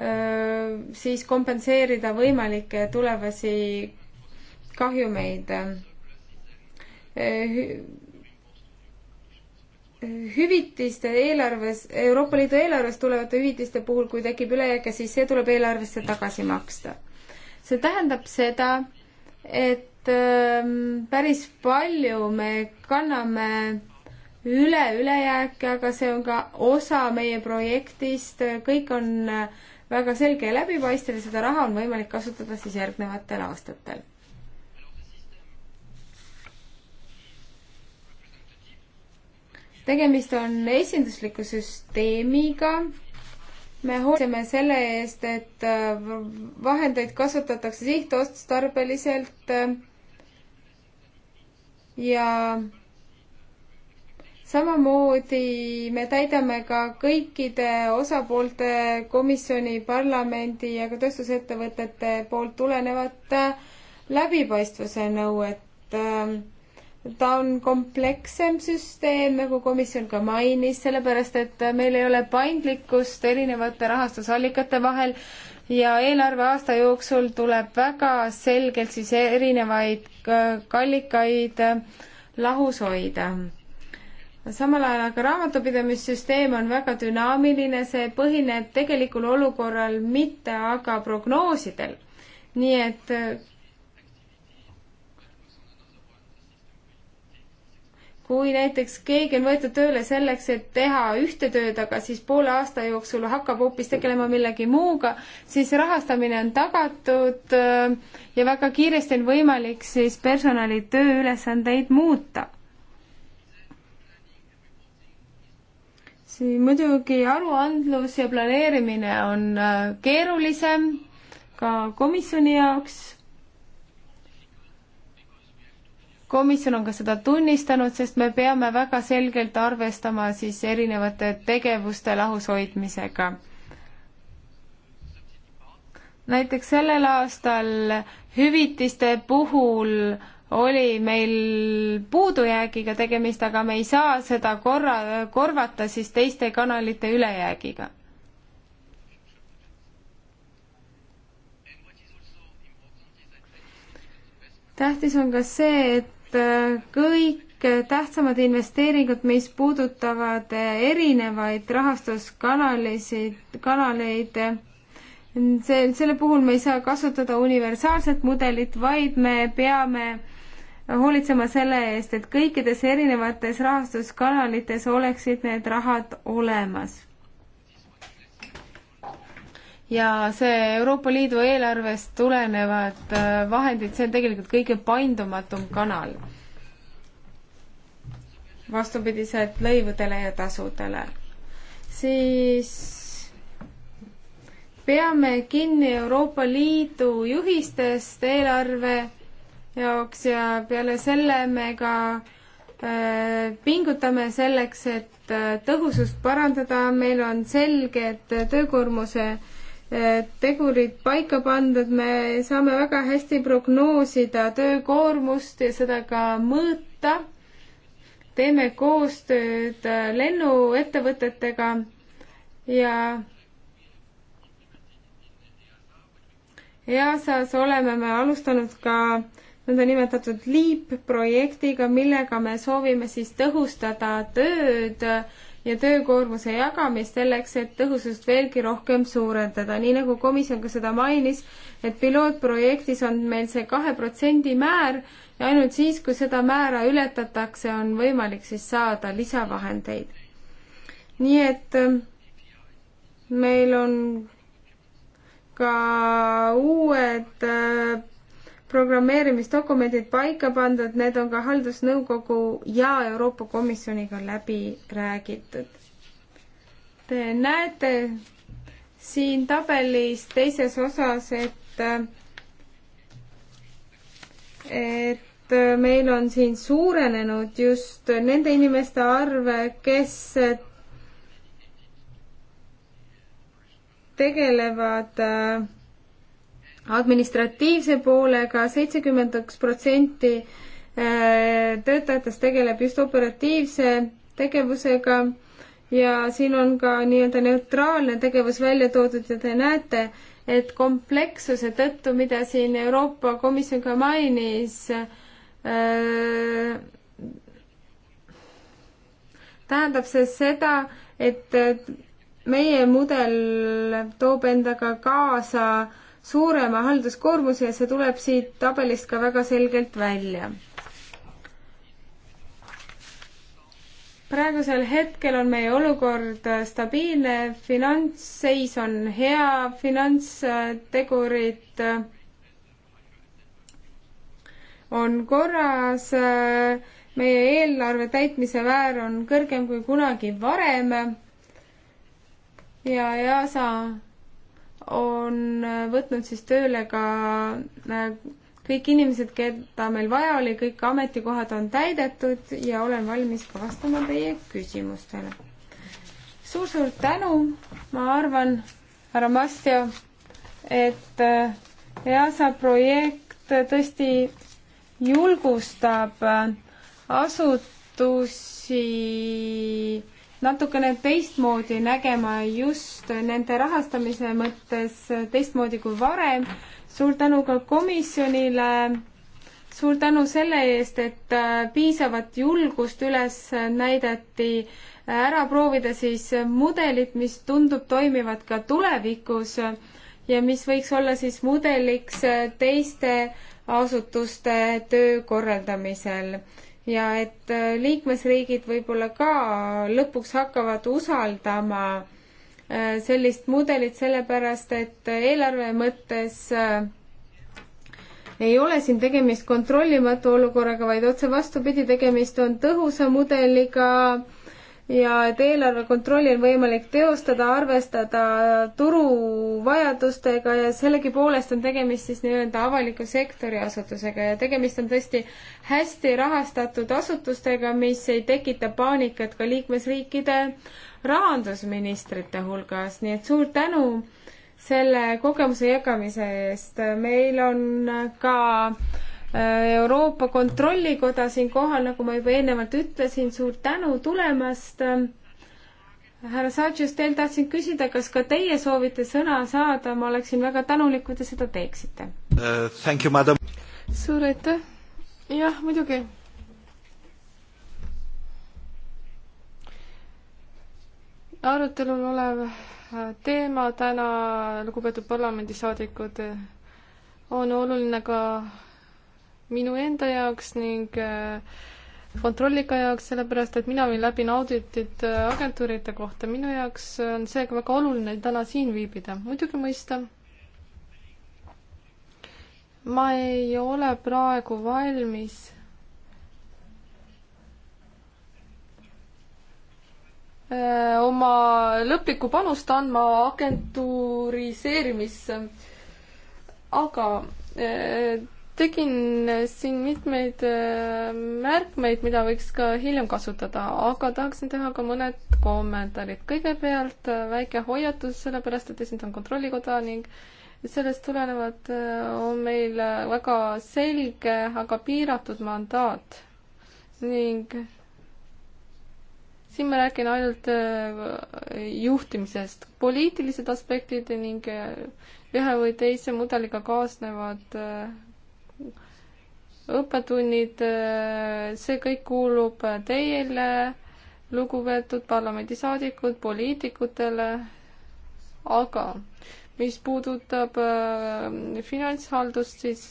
äh, siis kompenseerida võimalikke tulevasi kahjumeid. Äh, hüvitiste eelarves, Euroopa Liidu eelarvest tulevate hüvitiste puhul, kui tekib ülejääke, siis see tuleb eelarvesse tagasi maksta. see tähendab seda, et Ähm, päris palju me kanname üle ülejääke, aga see on ka osa meie projektist, kõik on äh, väga selge ja läbipaistev ja seda raha on võimalik kasutada siis järgnevatel aastatel. tegemist on esindusliku süsteemiga, me hoolitseme selle eest, et äh, vahendeid kasutatakse sihtotstarbeliselt äh, ja samamoodi me täidame ka kõikide osapoolte, komisjoni, parlamendi ja ka tööstusettevõtete poolt tulenevat äh, läbipaistvuse nõuet. Äh, ta on komplekssem süsteem, nagu komisjon ka mainis, sellepärast et meil ei ole paindlikkust erinevate rahastusallikate vahel ja eelarveaasta jooksul tuleb väga selgelt siis erinevaid äh, kallikaid äh, lahus hoida. samal ajal aga raamatupidamissüsteem on väga dünaamiline, see põhineb tegelikul olukorral, mitte aga prognoosidel. nii et äh, kui näiteks keegi on võetud tööle selleks, et teha ühte tööd, aga siis poole aasta jooksul hakkab hoopis tegelema millegi muuga, siis rahastamine on tagatud äh, ja väga kiiresti on võimalik siis personali tööülesandeid muuta. siin muidugi aruandlus ja planeerimine on äh, keerulisem ka komisjoni jaoks komisjon on ka seda tunnistanud, sest me peame väga selgelt arvestama siis erinevate tegevuste lahushoidmisega. näiteks sellel aastal hüvitiste puhul oli meil puudujäägiga tegemist, aga me ei saa seda korra, korvata siis teiste kanalite ülejäägiga tähtis on ka see, et et äh, kõik tähtsamad investeeringud, mis puudutavad äh, erinevaid rahastuskanalisid, kanaleid, see, selle puhul me ei saa kasutada universaalset mudelit, vaid me peame hoolitsema selle eest, et kõikides erinevates rahastuskanalites oleksid need rahad olemas ja see Euroopa Liidu eelarvest tulenevad äh, vahendid, see on tegelikult kõige paindumatum kanal. vastupidiselt lõivudele ja tasudele. siis peame kinni Euroopa Liidu juhistest eelarve jaoks ja peale selle me ka äh, pingutame selleks, et äh, tõhusust parandada, meil on selged töökoormuse äh, Eh, tegurid paika pandud, me saame väga hästi prognoosida töökoormust ja seda ka mõõta. teeme koostööd eh, lennuettevõtetega ja EASA-s oleme me alustanud ka nõndanimetatud LEAP projektiga, millega me soovime siis tõhustada tööd ja töökoormuse jagamist selleks, et tõhusust veelgi rohkem suurendada, nii nagu komisjon ka seda mainis, et pilootprojektis on meil see kahe protsendi määr ja ainult siis, kui seda määra ületatakse, on võimalik siis saada lisavahendeid. nii et ähm, meil on ka uued äh, programmeerimisdokumendid paika pandud, need on ka Haldusnõukogu ja Euroopa Komisjoniga läbi räägitud. Te näete siin tabelis teises osas, et et meil on siin suurenenud just nende inimeste arv, kes tegelevad äh, administratiivse poolega, seitsekümmend üks protsenti äh, töötajatest tegeleb just operatiivse tegevusega ja siin on ka nii-öelda neutraalne tegevus välja toodud ja te näete, et komplekssuse tõttu, mida siin Euroopa Komisjon ka mainis, äh, tähendab see seda, et meie mudel toob endaga kaasa äh, suurema halduskoormuse ja see tuleb siit tabelist ka väga selgelt välja. praegusel hetkel on meie olukord stabiilne, finantsseis on hea, finantstegurid on korras, meie eelarve täitmise väär on kõrgem kui kunagi varem ja EASA on võtnud siis tööle ka äh, kõik inimesed, keda meil vaja oli, kõik ametikohad on täidetud ja olen valmis ka vastama teie küsimustele suur,. suur-suur tänu, ma arvan, härra Mastja, et äh, EASA projekt tõesti julgustab äh, asutusi natukene teistmoodi nägema just nende rahastamise mõttes, teistmoodi kui varem. suur tänu ka komisjonile, suur tänu selle eest, et äh, piisavat julgust üles näidati, ära proovida siis mudelit, mis tundub toimivat ka tulevikus ja mis võiks olla siis mudeliks äh, teiste asutuste töö korraldamisel ja et äh, liikmesriigid võib-olla ka lõpuks hakkavad usaldama äh, sellist mudelit, sellepärast et eelarve mõttes äh, ei ole siin tegemist kontrollimatu olukorraga, vaid otse vastupidi, tegemist on tõhusa mudeliga äh, ja et eelarvekontrolli on võimalik teostada, arvestada turuvajadustega ja sellegipoolest on tegemist siis nii-öelda avaliku sektori asutusega ja tegemist on tõesti hästi rahastatud asutustega, mis ei tekita paanikat ka liikmesriikide rahandusministrite hulgas, nii et suur tänu selle kogemuse jagamise eest. meil on ka äh, Äh, Euroopa Kontrollikoda siinkohal, nagu ma juba eelnevalt ütlesin, suur tänu tulemast. härra Saatšus, teil tahtsin küsida, kas ka teie soovite sõna saada, ma oleksin väga tänulik, kui te seda teeksite uh,. Thank you, madam. suur aitäh. jah, muidugi. arutelul olev äh, teema täna, lugupeetud parlamendisaadikud, on oluline ka minu enda jaoks ning äh, kontrollika jaoks, sellepärast et mina viin läbi auditit äh, agentuuride kohta. minu jaoks on seega väga oluline täna siin viibida. muidugi mõista, ma ei ole praegu valmis äh, oma lõplikku panust andma agentuuriseerimisse. aga tegin siin mitmeid äh, märkmeid, mida võiks ka hiljem kasutada, aga tahaksin teha ka mõned kommentaarid. kõigepealt äh, väike hoiatus, sellepärast et esindan Kontrollikoda ning sellest tulenevalt äh, on meil väga selge, aga piiratud mandaat ning siin ma räägin ainult juhtimisest, poliitilised aspektid ning ühe või teise mudeliga kaasnevad äh, õppetunnid, äh, see kõik kuulub teile, lugupeetud parlamendisaadikud, poliitikutele, aga mis puudutab äh, finantshaldust, siis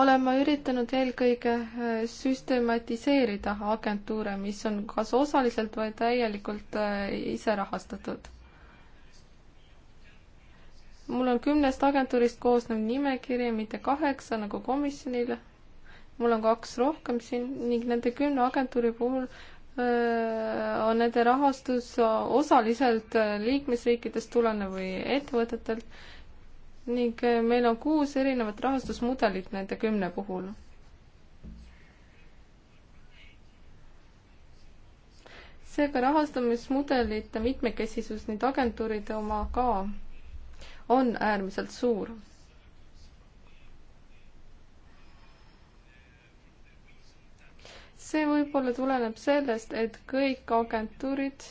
olen ma üritanud eelkõige äh, süstematiseerida agentuure, mis on kas osaliselt või täielikult ise rahastatud mul on kümnest agentuurist koosnev nimekiri, mitte kaheksa nagu komisjonil. mul on kaks rohkem siin ning nende kümne agentuuri puhul öö, on nende rahastus osaliselt liikmesriikidest tulenev või ettevõtetelt ning meil on kuus erinevat rahastusmudelit nende kümne puhul. seega rahastamismudelite mitmekesisus, need agentuurid oma ka on äärmiselt suur. see võib-olla tuleneb sellest, et kõik agentuurid,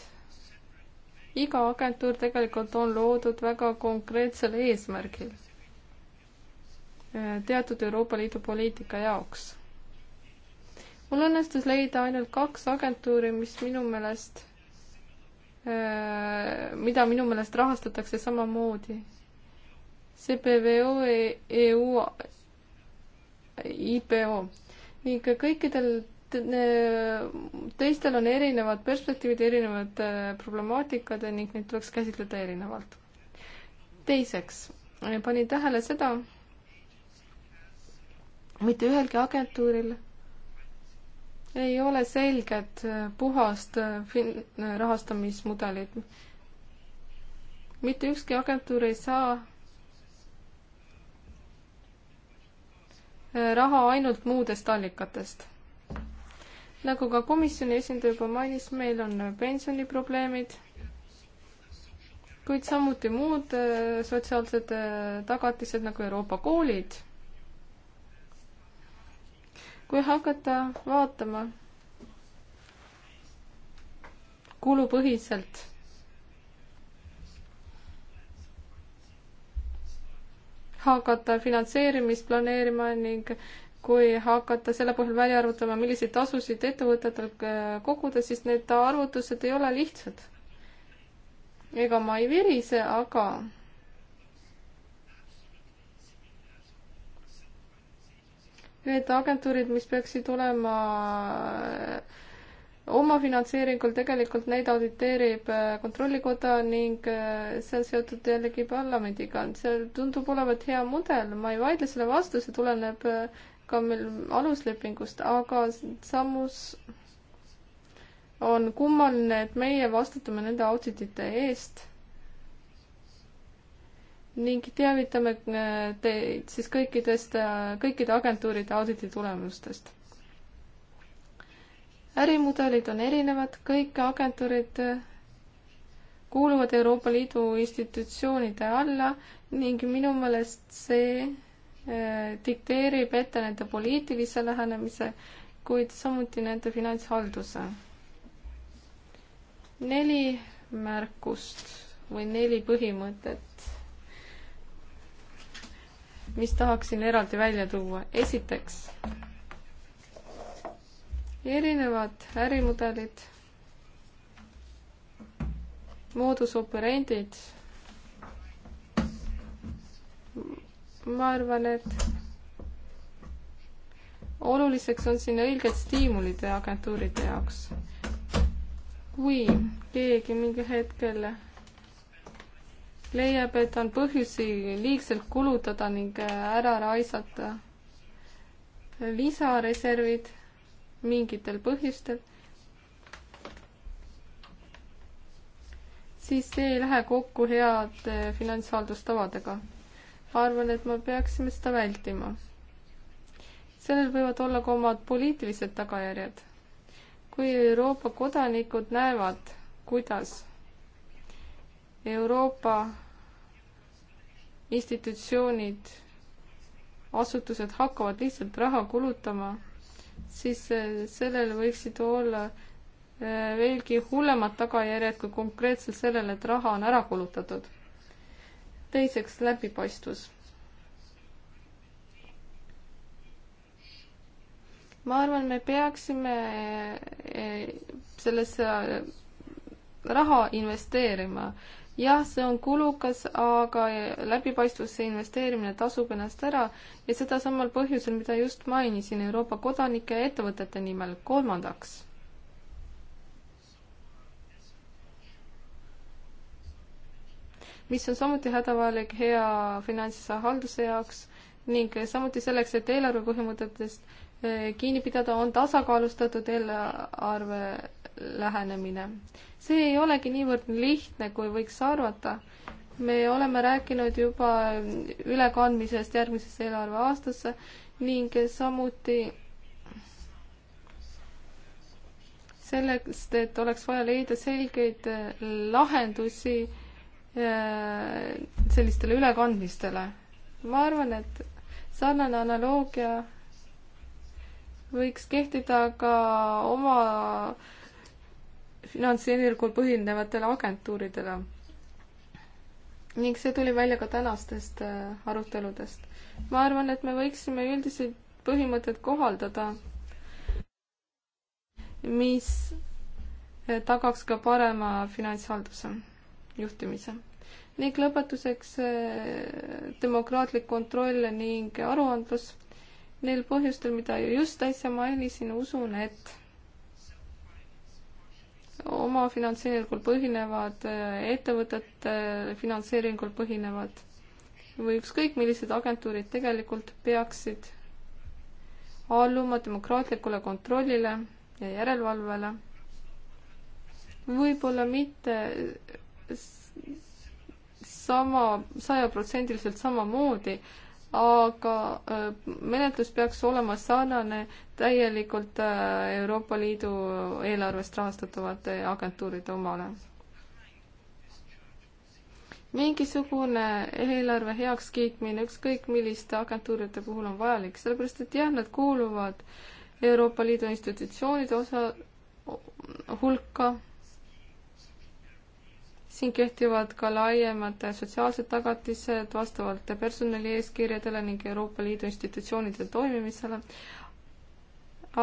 iga agentuur tegelikult on loodud väga konkreetsel eesmärgil äh, teatud Euroopa Liidu poliitika jaoks. mul õnnestus leida ainult kaks agentuuri, mis minu meelest, äh, mida minu meelest rahastatakse samamoodi CPVO e, EU, IPO ning kõikidel teistel on erinevad perspektiivid, erinevad äh, problemaatikad ning neid tuleks käsitleda erinevalt. teiseks, äh, panin tähele seda, mitte ühelgi agentuuril ei ole selget äh, puhast fin-, rahastamismudelit. mitte ükski agentuur ei saa Äh, raha ainult muudest allikatest. nagu ka komisjoni esindaja juba mainis, meil on pensioniprobleemid, kuid samuti muud äh, sotsiaalsed äh, tagatised nagu Euroopa koolid. kui hakata vaatama kulupõhiselt hakata finantseerimist planeerima ning kui hakata selle põhjal välja arvutama, milliseid tasusid ettevõtetel äh, koguda, siis need arvutused ei ole lihtsad. ega ma ei virise, aga need agentuurid, mis peaksid olema omafinantseeringul tegelikult neid auditeerib äh, Kontrollikoda ning äh, see on seotud jällegi parlamendiga. see tundub olevat hea mudel, ma ei vaidle selle vastu, see tuleneb äh, ka meil aluslepingust, aga samus on kummaline, et meie vastutame nende auditite eest ning teavitame teid siis kõikidest, kõikide agentuuride auditi tulemustest ärimudelid on erinevad, kõik agentuurid äh, kuuluvad Euroopa Liidu institutsioonide alla ning minu meelest see äh, dikteerib ette nende poliitilise lähenemise, kuid samuti nende finantshalduse. neli märkust või neli põhimõtet, mis tahaksin eraldi välja tuua. esiteks erinevad ärimudelid, moodus operandid. ma arvan, et oluliseks on siin õiged stiimulid agentuuride jaoks. kui keegi mingil hetkel leiab, et on põhjusi liigselt kulutada ning ära raisata lisareservid mingitel põhjustel, siis see ei lähe kokku heade finantshaldustavadega. ma arvan, et me peaksime seda vältima. sellel võivad olla ka omad poliitilised tagajärjed. kui Euroopa kodanikud näevad, kuidas Euroopa institutsioonid, asutused hakkavad lihtsalt raha kulutama siis eh, sellel võiksid olla eh, veelgi hullemad tagajärjed kui konkreetselt sellele, et raha on ära kulutatud. teiseks, läbipaistvus. ma arvan, me peaksime eh, sellesse raha investeerima jah, see on kulukas, aga läbipaistvusse investeerimine tasub ennast ära ja seda samal põhjusel, mida just mainisin Euroopa kodanike ja ettevõtete nimel. kolmandaks. mis on samuti hädavajalik hea finantshalduse jaoks ning samuti selleks, et eelarve põhimõtetest kinni pidada, on tasakaalustatud eelarve lähenemine. see ei olegi niivõrd lihtne, kui võiks arvata. me oleme rääkinud juba ülekandmisest järgmisesse eelarveaastasse ning samuti sellest, et oleks vaja leida selgeid lahendusi äh, sellistele ülekandmistele. ma arvan, et sarnane analoogia võiks kehtida ka oma finantseeringul põhinevatele agentuuridele. ning see tuli välja ka tänastest äh, aruteludest. ma arvan, et me võiksime üldiseid põhimõtteid kohaldada, mis äh, tagaks ka parema finantshalduse, juhtimise. ning lõpetuseks äh, demokraatlik kontroll ning aruandlus Neil põhjustel, mida just äsja mainisin, usun, et oma finantseeringul põhinevad, äh, ettevõtete finantseeringul põhinevad või ükskõik millised agentuurid tegelikult peaksid alluma demokraatlikule kontrollile ja järelevalvele. võib-olla mitte sama, sajaprotsendiliselt samamoodi, aga äh, menetlus peaks olema sarnane täielikult äh, Euroopa Liidu eelarvest rahastatavate agentuuride omale. mingisugune eelarve heakskiitmine ükskõik milliste agentuuride puhul on vajalik, sellepärast et jah, nad kuuluvad Euroopa Liidu institutsioonide osa hulka siin kehtivad ka laiemad sotsiaalsed tagatised vastavalt personalieeskirjadele ning Euroopa Liidu institutsioonide toimimisele.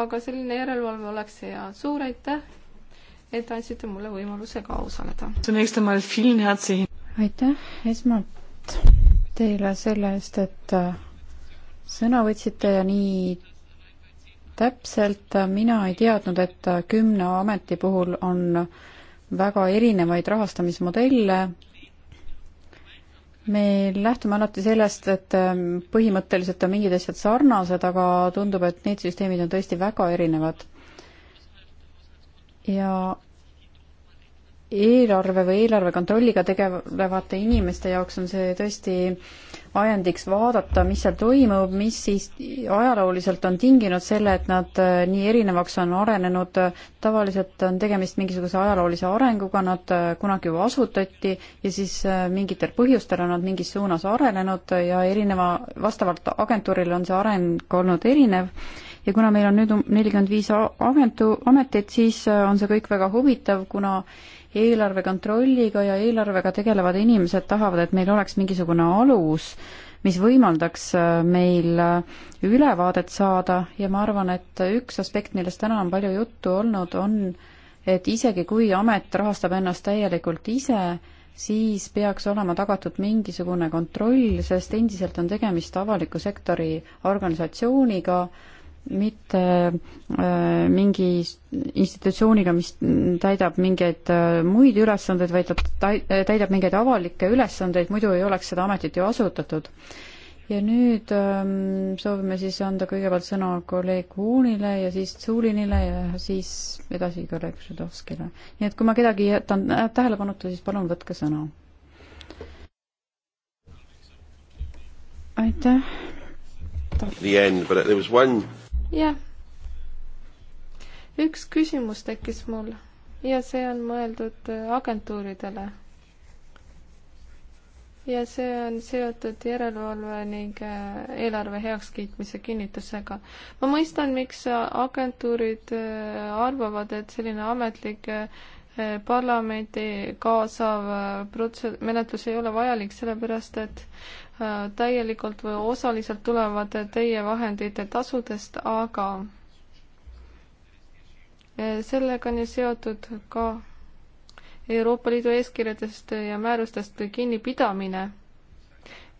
aga selline järelevalve oleks hea. suur aitäh, et andsite mulle võimaluse ka osaleda. aitäh esmalt teile selle eest, et äh, sõna võtsite ja nii täpselt mina ei teadnud, et äh, kümne ameti puhul on väga erinevaid rahastamismodelle. me lähtume alati sellest, et ähm, põhimõtteliselt on mingid asjad sarnased, aga tundub, et need süsteemid on tõesti väga erinevad. ja eelarve või eelarve kontrolliga tegelevate inimeste jaoks on see tõesti äh, ajendiks vaadata, mis seal toimub, mis siis ajalooliselt on tinginud selle, et nad äh, nii erinevaks on arenenud. tavaliselt on tegemist mingisuguse ajaloolise arenguga, nad äh, kunagi juba asutati ja siis äh, mingitel põhjustel on nad mingis suunas arenenud ja erineva, vastavalt agentuurile on see areng olnud erinev ja kuna meil on nüüd um-, nelikümmend viis agentu-, ametit, siis on see kõik väga huvitav, kuna äh, eelarve kontrolliga ja eelarvega tegelevad inimesed tahavad, et meil oleks mingisugune alus, mis võimaldaks äh, meil äh, ülevaadet saada ja ma arvan, et üks aspekt, millest täna on palju juttu olnud, on et isegi kui amet rahastab ennast täielikult ise, siis peaks olema tagatud mingisugune kontroll, sest endiselt on tegemist avaliku sektori organisatsiooniga, mitte äh, mingi institutsiooniga, mis täidab mingeid äh, muid ülesandeid, vaid ta äh, täidab mingeid avalikke ülesandeid, muidu ei oleks seda ametit ju asutatud. ja nüüd ähm, soovime siis anda kõigepealt sõna kolleeg Uunile ja siis Tsuulinile ja siis edasi kolleeg Žudovskile. nii et kui ma kedagi jätan tähelepanuta, siis palun võtke sõna. aitäh. The end, but there was one jah. üks küsimus tekkis mul ja see on mõeldud äh, agentuuridele. ja see on seotud järelevalve ning äh, eelarve heakskiitmise kinnitusega. ma mõistan, miks agentuurid äh, arvavad, et selline ametlik parlamendi kaasav äh, protse-, menetlus ei ole vajalik, sellepärast et äh, täielikult või osaliselt tulevad teie vahendite tasudest, aga äh, sellega on ju seotud ka Euroopa Liidu eeskirjadest ja määrustest kinnipidamine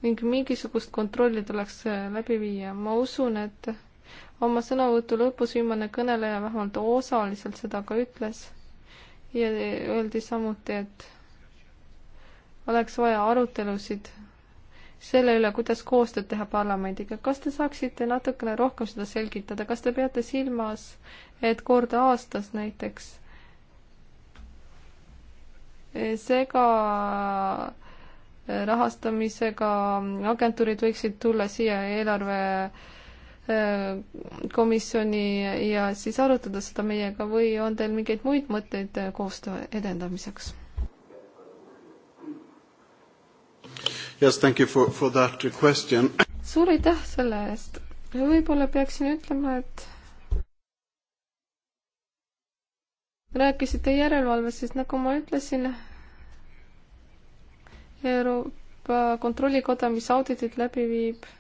ning mingisugust kontrolli tuleks läbi viia. ma usun, et oma sõnavõtu lõpus viimane kõneleja vähemalt osaliselt seda ka ütles ja öeldi samuti, et oleks vaja arutelusid selle üle, kuidas koostööd teha parlamendiga. kas te saaksite natukene rohkem seda selgitada, kas te peate silmas, et kord aastas näiteks sega rahastamisega agentuurid võiksid tulla siia eelarve äh, Äh, komisjoni ja siis arutada seda meiega või on teil mingeid muid mõtteid äh, koostöö edendamiseks? Yes, thank you for, for that question. suur aitäh selle eest. võib-olla peaksin ütlema, et rääkisite järelevalvest, siis nagu ma ütlesin, Euroopa Kontrollikoda, mis auditit läbi viib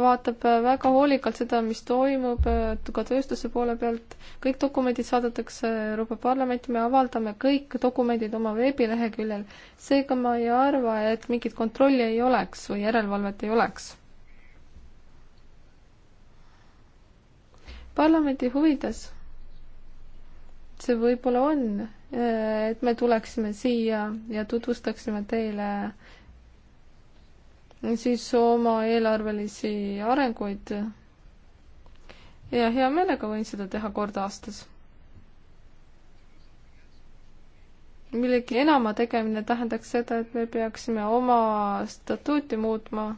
vaatab äh, väga hoolikalt seda, mis toimub äh, ka tööstuse poole pealt. kõik dokumendid saadetakse Euroopa Parlamenti, me avaldame kõik dokumendid oma veebileheküljel. seega ma ei arva, et mingit kontrolli ei oleks või järelevalvet ei oleks. parlamendi huvides see võib-olla on, äh, et me tuleksime siia ja tutvustaksime teile siis oma eelarvelisi arenguid. ja hea meelega võin seda teha kord aastas. millegi enama tegemine tähendaks seda, et me peaksime oma statuuti muutma.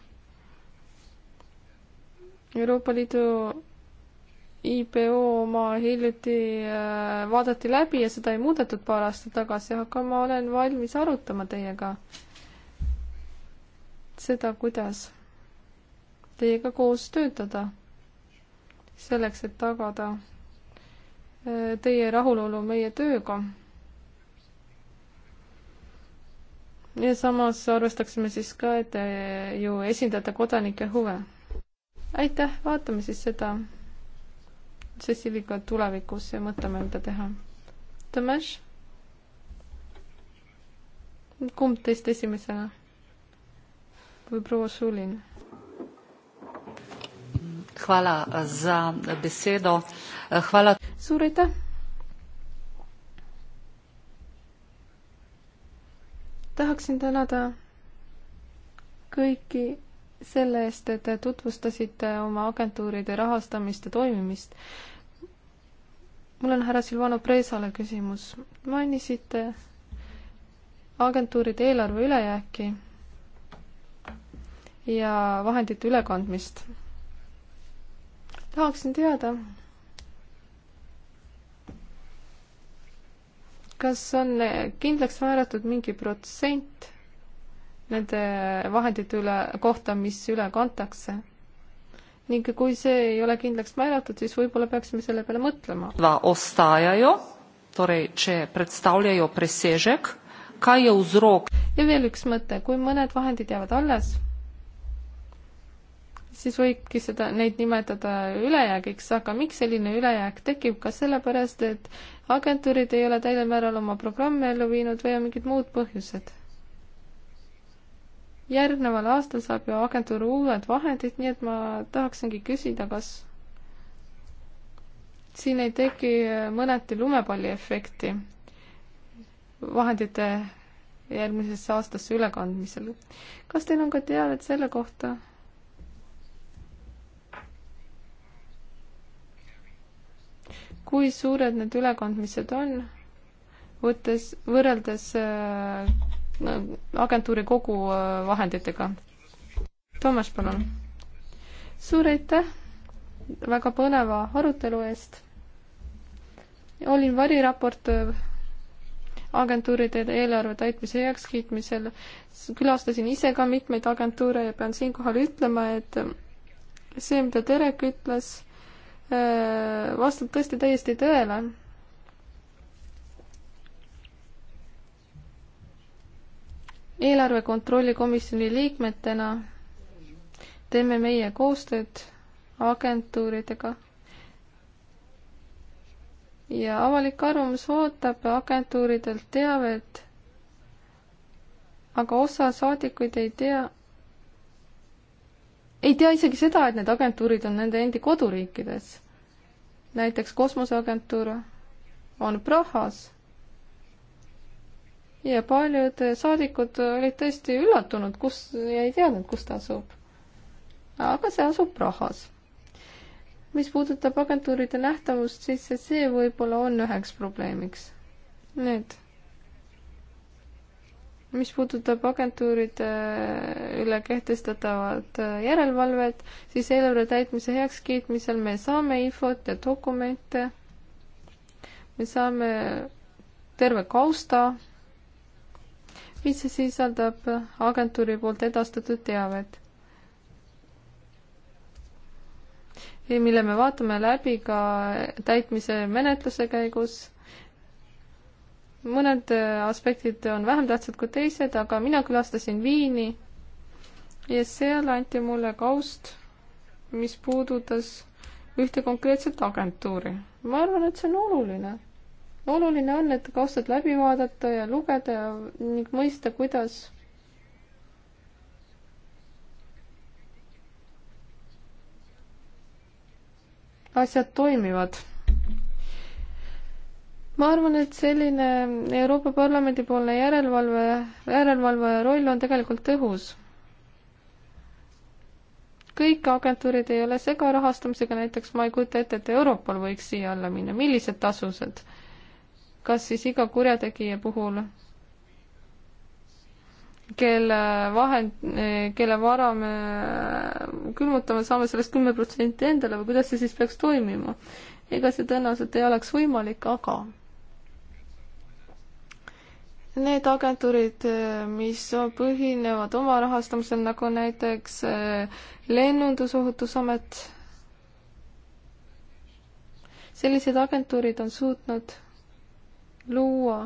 Euroopa Liidu IPO oma hiljuti äh, vaadati läbi ja seda ei muudetud paar aastat tagasi, aga ma olen valmis arutama teiega seda, kuidas teiega koos töötada selleks, et tagada äh, teie rahulolu meie tööga. ja samas arvestaksime siis ka, et te ju esindate kodanike huve. aitäh, vaatame siis seda Ceciliga tulevikus ja mõtleme, mida teha. Tomas? kumb teist esimesena? või proua Sulin? Hvala eh, za besedo. Eh, hvala. Suur aitäh. tahaksin tänada kõiki selle eest, et te tutvustasite oma agentuuride rahastamist ja toimimist. mul on härra Silvano Preisale küsimus. mainisite agentuuride eelarve ülejääki ja vahendite ülekandmist. tahaksin teada, kas on kindlaks määratud mingi protsent nende vahendite üle, kohta, mis üle kantakse? ning kui see ei ole kindlaks määratud, siis võib-olla peaksime selle peale mõtlema. ja veel üks mõte, kui mõned vahendid jäävad alles siis võibki seda, neid nimetada ülejäägiks, aga miks selline ülejääk tekib, kas sellepärast, et agentuurid ei ole täiel määral oma programme ellu viinud või on mingid muud põhjused? järgneval aastal saab ju agentuur uued vahendid, nii et ma tahaksingi küsida, kas siin ei teki mõneti lumepalli efekti vahendite järgmisesse aastasse ülekandmisel. kas teil on ka teavet selle kohta? kui suured need ülekandmised on, võttes, võrreldes äh, agentuuri kogu äh, vahenditega. Toomas, palun. suur aitäh väga põneva arutelu eest. olin variraportöör agentuuride eelarve täitmise heakskiitmisel. külastasin ise ka mitmeid agentuure ja pean siinkohal ütlema, et see, mida Terek ütles, vastab tõesti täiesti tõele. eelarve kontrolli komisjoni liikmetena teeme meie koostööd agentuuridega. ja avalik arvamus ootab agentuuridelt teavet, aga osa saadikuid ei tea ei tea isegi seda, et need agentuurid on nende endi koduriikides. näiteks kosmoseagentuur on Prahas. ja paljud saadikud olid tõesti üllatunud, kus, ei teadnud, kus ta asub. aga see asub Prahas. mis puudutab agentuuride nähtavust, siis see võib-olla on üheks probleemiks. Need mis puudutab agentuuride äh, üle kehtestatavat äh, järelevalvet, siis eelarve täitmise heakskiitmisel me saame infot ja dokumente. me saame terve kausta, mis sisaldab agentuuri poolt edastatud teavet. mille me vaatame läbi ka täitmise menetluse käigus mõned äh, aspektid on vähem tähtsad kui teised, aga mina külastasin Viini ja seal anti mulle kaust, mis puudutas ühte konkreetset agentuuri. ma arvan, et see on oluline. oluline on, et kaustad läbi vaadata ja lugeda ja ning mõista, kuidas asjad toimivad ma arvan, et selline Euroopa Parlamendi poolne järelevalve, järelevalve roll on tegelikult tõhus. kõik agentuurid ei ole segarahastamisega, näiteks ma ei kujuta ette, et Europol võiks siia alla minna, millised tasused? kas siis iga kurjategija puhul, kelle vahend, kelle vara me külmutame, saame sellest kümme protsenti endale või kuidas see siis peaks toimima? ega see tõenäoliselt ei oleks võimalik, aga Need agentuurid, mis põhinevad oma rahastamisel, nagu näiteks eh, Lennundusohutusamet, sellised agentuurid on suutnud luua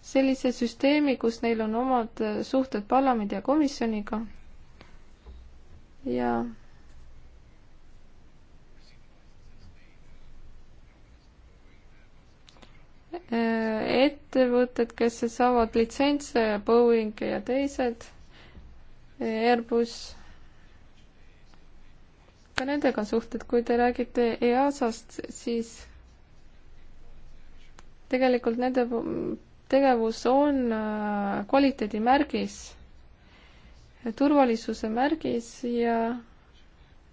sellise süsteemi, kus neil on omad eh, suhted parlamendi ja komisjoniga ja Äh, ettevõtted, kes saavad litsentse, Boeing ja teised, äh, Airbus, ka nendega on suhted, kui te räägite EASA-st, siis tegelikult nende tegevus on äh, kvaliteedimärgis, turvalisuse märgis ja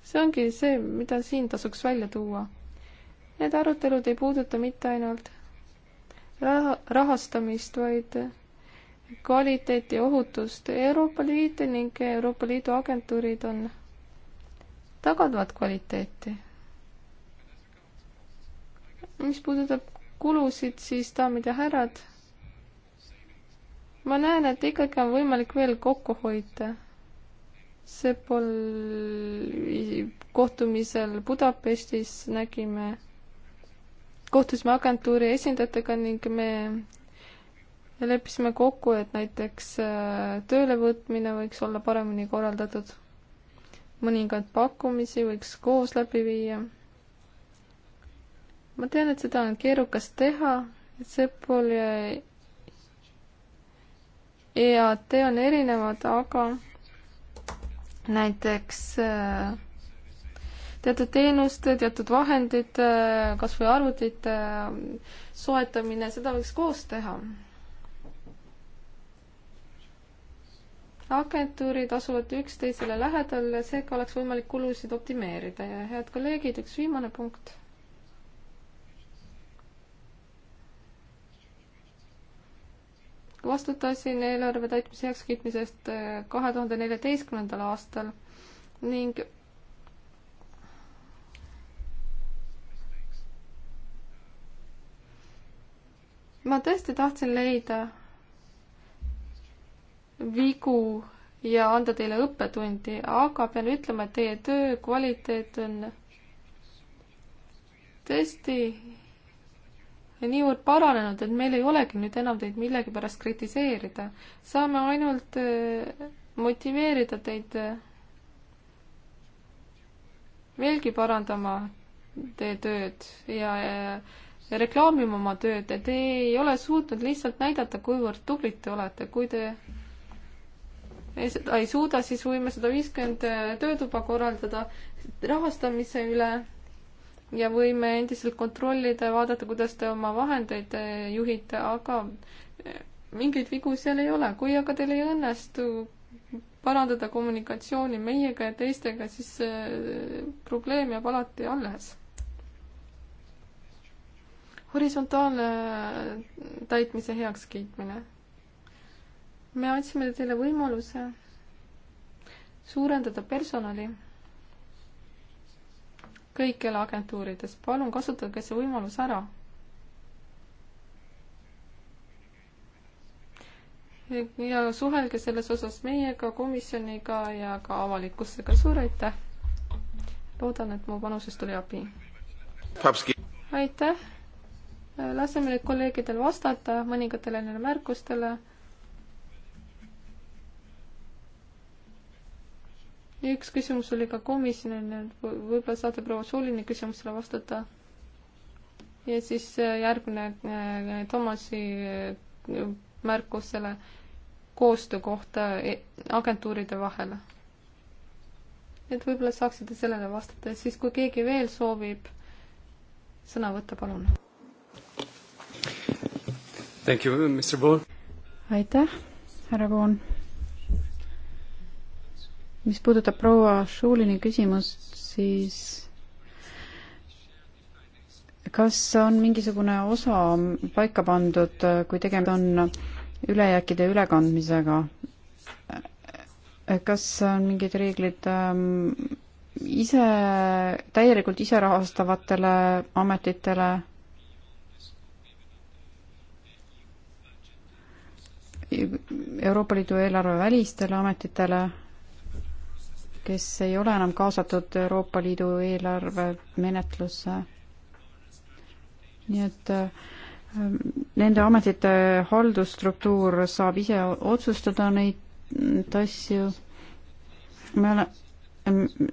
see ongi see, mida siin tasuks välja tuua. Need arutelud ei puuduta mitte ainult raha, rahastamist, vaid kvaliteeti ja ohutust. Euroopa Liit ning Euroopa Liidu agentuurid on, tagavad kvaliteeti. mis puudutab kulusid, siis daamid ja härrad, ma näen, et ikkagi on võimalik veel kokku hoida. Sepol kohtumisel Budapestis nägime kohtusime agentuuri esindajatega ning me leppisime kokku, et näiteks äh, töölevõtmine võiks olla paremini korraldatud. mõningaid pakkumisi võiks koos läbi viia. ma tean, et seda on keerukas teha, et Sepol ja EAT on erinevad, aga näiteks äh, teatud teenuste, teatud vahendite, kas või arvutite soetamine, seda võiks koos teha. agentuurid asuvad üksteisele lähedal, seega oleks võimalik kulusid optimeerida ja head kolleegid, üks viimane punkt vastutasin eelarve täitmise heakskiitmisest eh, kahe tuhande neljateistkümnendal aastal ning ma tõesti tahtsin leida vigu ja anda teile õppetundi, aga pean ütlema, et teie töö kvaliteet on tõesti niivõrd paranenud, et meil ei olegi nüüd enam teid millegipärast kritiseerida. saame ainult äh, motiveerida teid äh, veelgi parandama teie tööd ja, ja reklaamima oma tööd ja te ei ole suutnud lihtsalt näidata, kuivõrd tublid te olete, kui te ei, seda ei suuda, siis võime sada viiskümmend äh, töötuba korraldada rahastamise üle ja võime endiselt kontrollida ja vaadata, kuidas te oma vahendeid äh, juhite, aga äh, mingeid vigu seal ei ole. kui aga teil ei õnnestu parandada kommunikatsiooni meiega ja teistega, siis probleem jääb alati alles horisontaalne äh, täitmise heakskiitmine. me andsime teile võimaluse suurendada personali kõikjal agentuurides. palun kasutage see võimalus ära. ja suhelge selles osas meiega, komisjoniga ja ka avalikkusega. suur aitäh! loodan, et mu panusest oli abi. aitäh! laseme nüüd kolleegidel vastata mõningatele nendele märkustele. üks küsimus oli ka komisjonil, võib-olla saate proua Suuline küsimusele vastata. ja siis äh, järgmine äh, Tomasi äh, märkusele koostöö kohta e, agentuuride vahel. et võib-olla saaksite sellele vastata, siis kui keegi veel soovib sõna võtta, palun aitäh, härra Voon. mis puudutab proua Šulini küsimust, siis kas on mingisugune osa paika pandud, kui tegemist on ülejääkide ülekandmisega? kas on mingid reeglid ähm, ise, täielikult ise rahastavatele ametitele? Euroopa Liidu eelarve välistele ametitele, kes ei ole enam kaasatud Euroopa Liidu eelarve menetlusse. nii et äh, nende ametite haldusstruktuur saab ise otsustada neid asju. me ole-,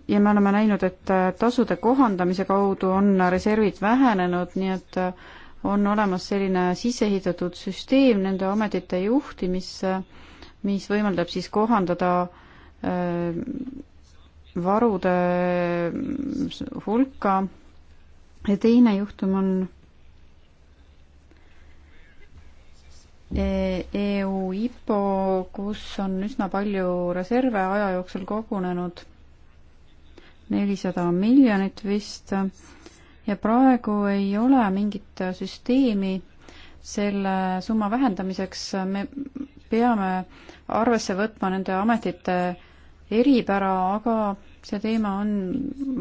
ja me oleme näinud, et tasude kohandamise kaudu on reservid vähenenud, nii et äh, on olemas selline sisseehitatud süsteem nende ametite juhtimisse, mis võimaldab siis kohandada äh, varude äh, hulka ja teine juhtum on EU e IPO, kus on üsna palju reserve aja jooksul kogunenud, nelisada miljonit vist ja praegu ei ole mingit süsteemi selle summa vähendamiseks, me peame arvesse võtma nende ametite eripära, aga see teema on,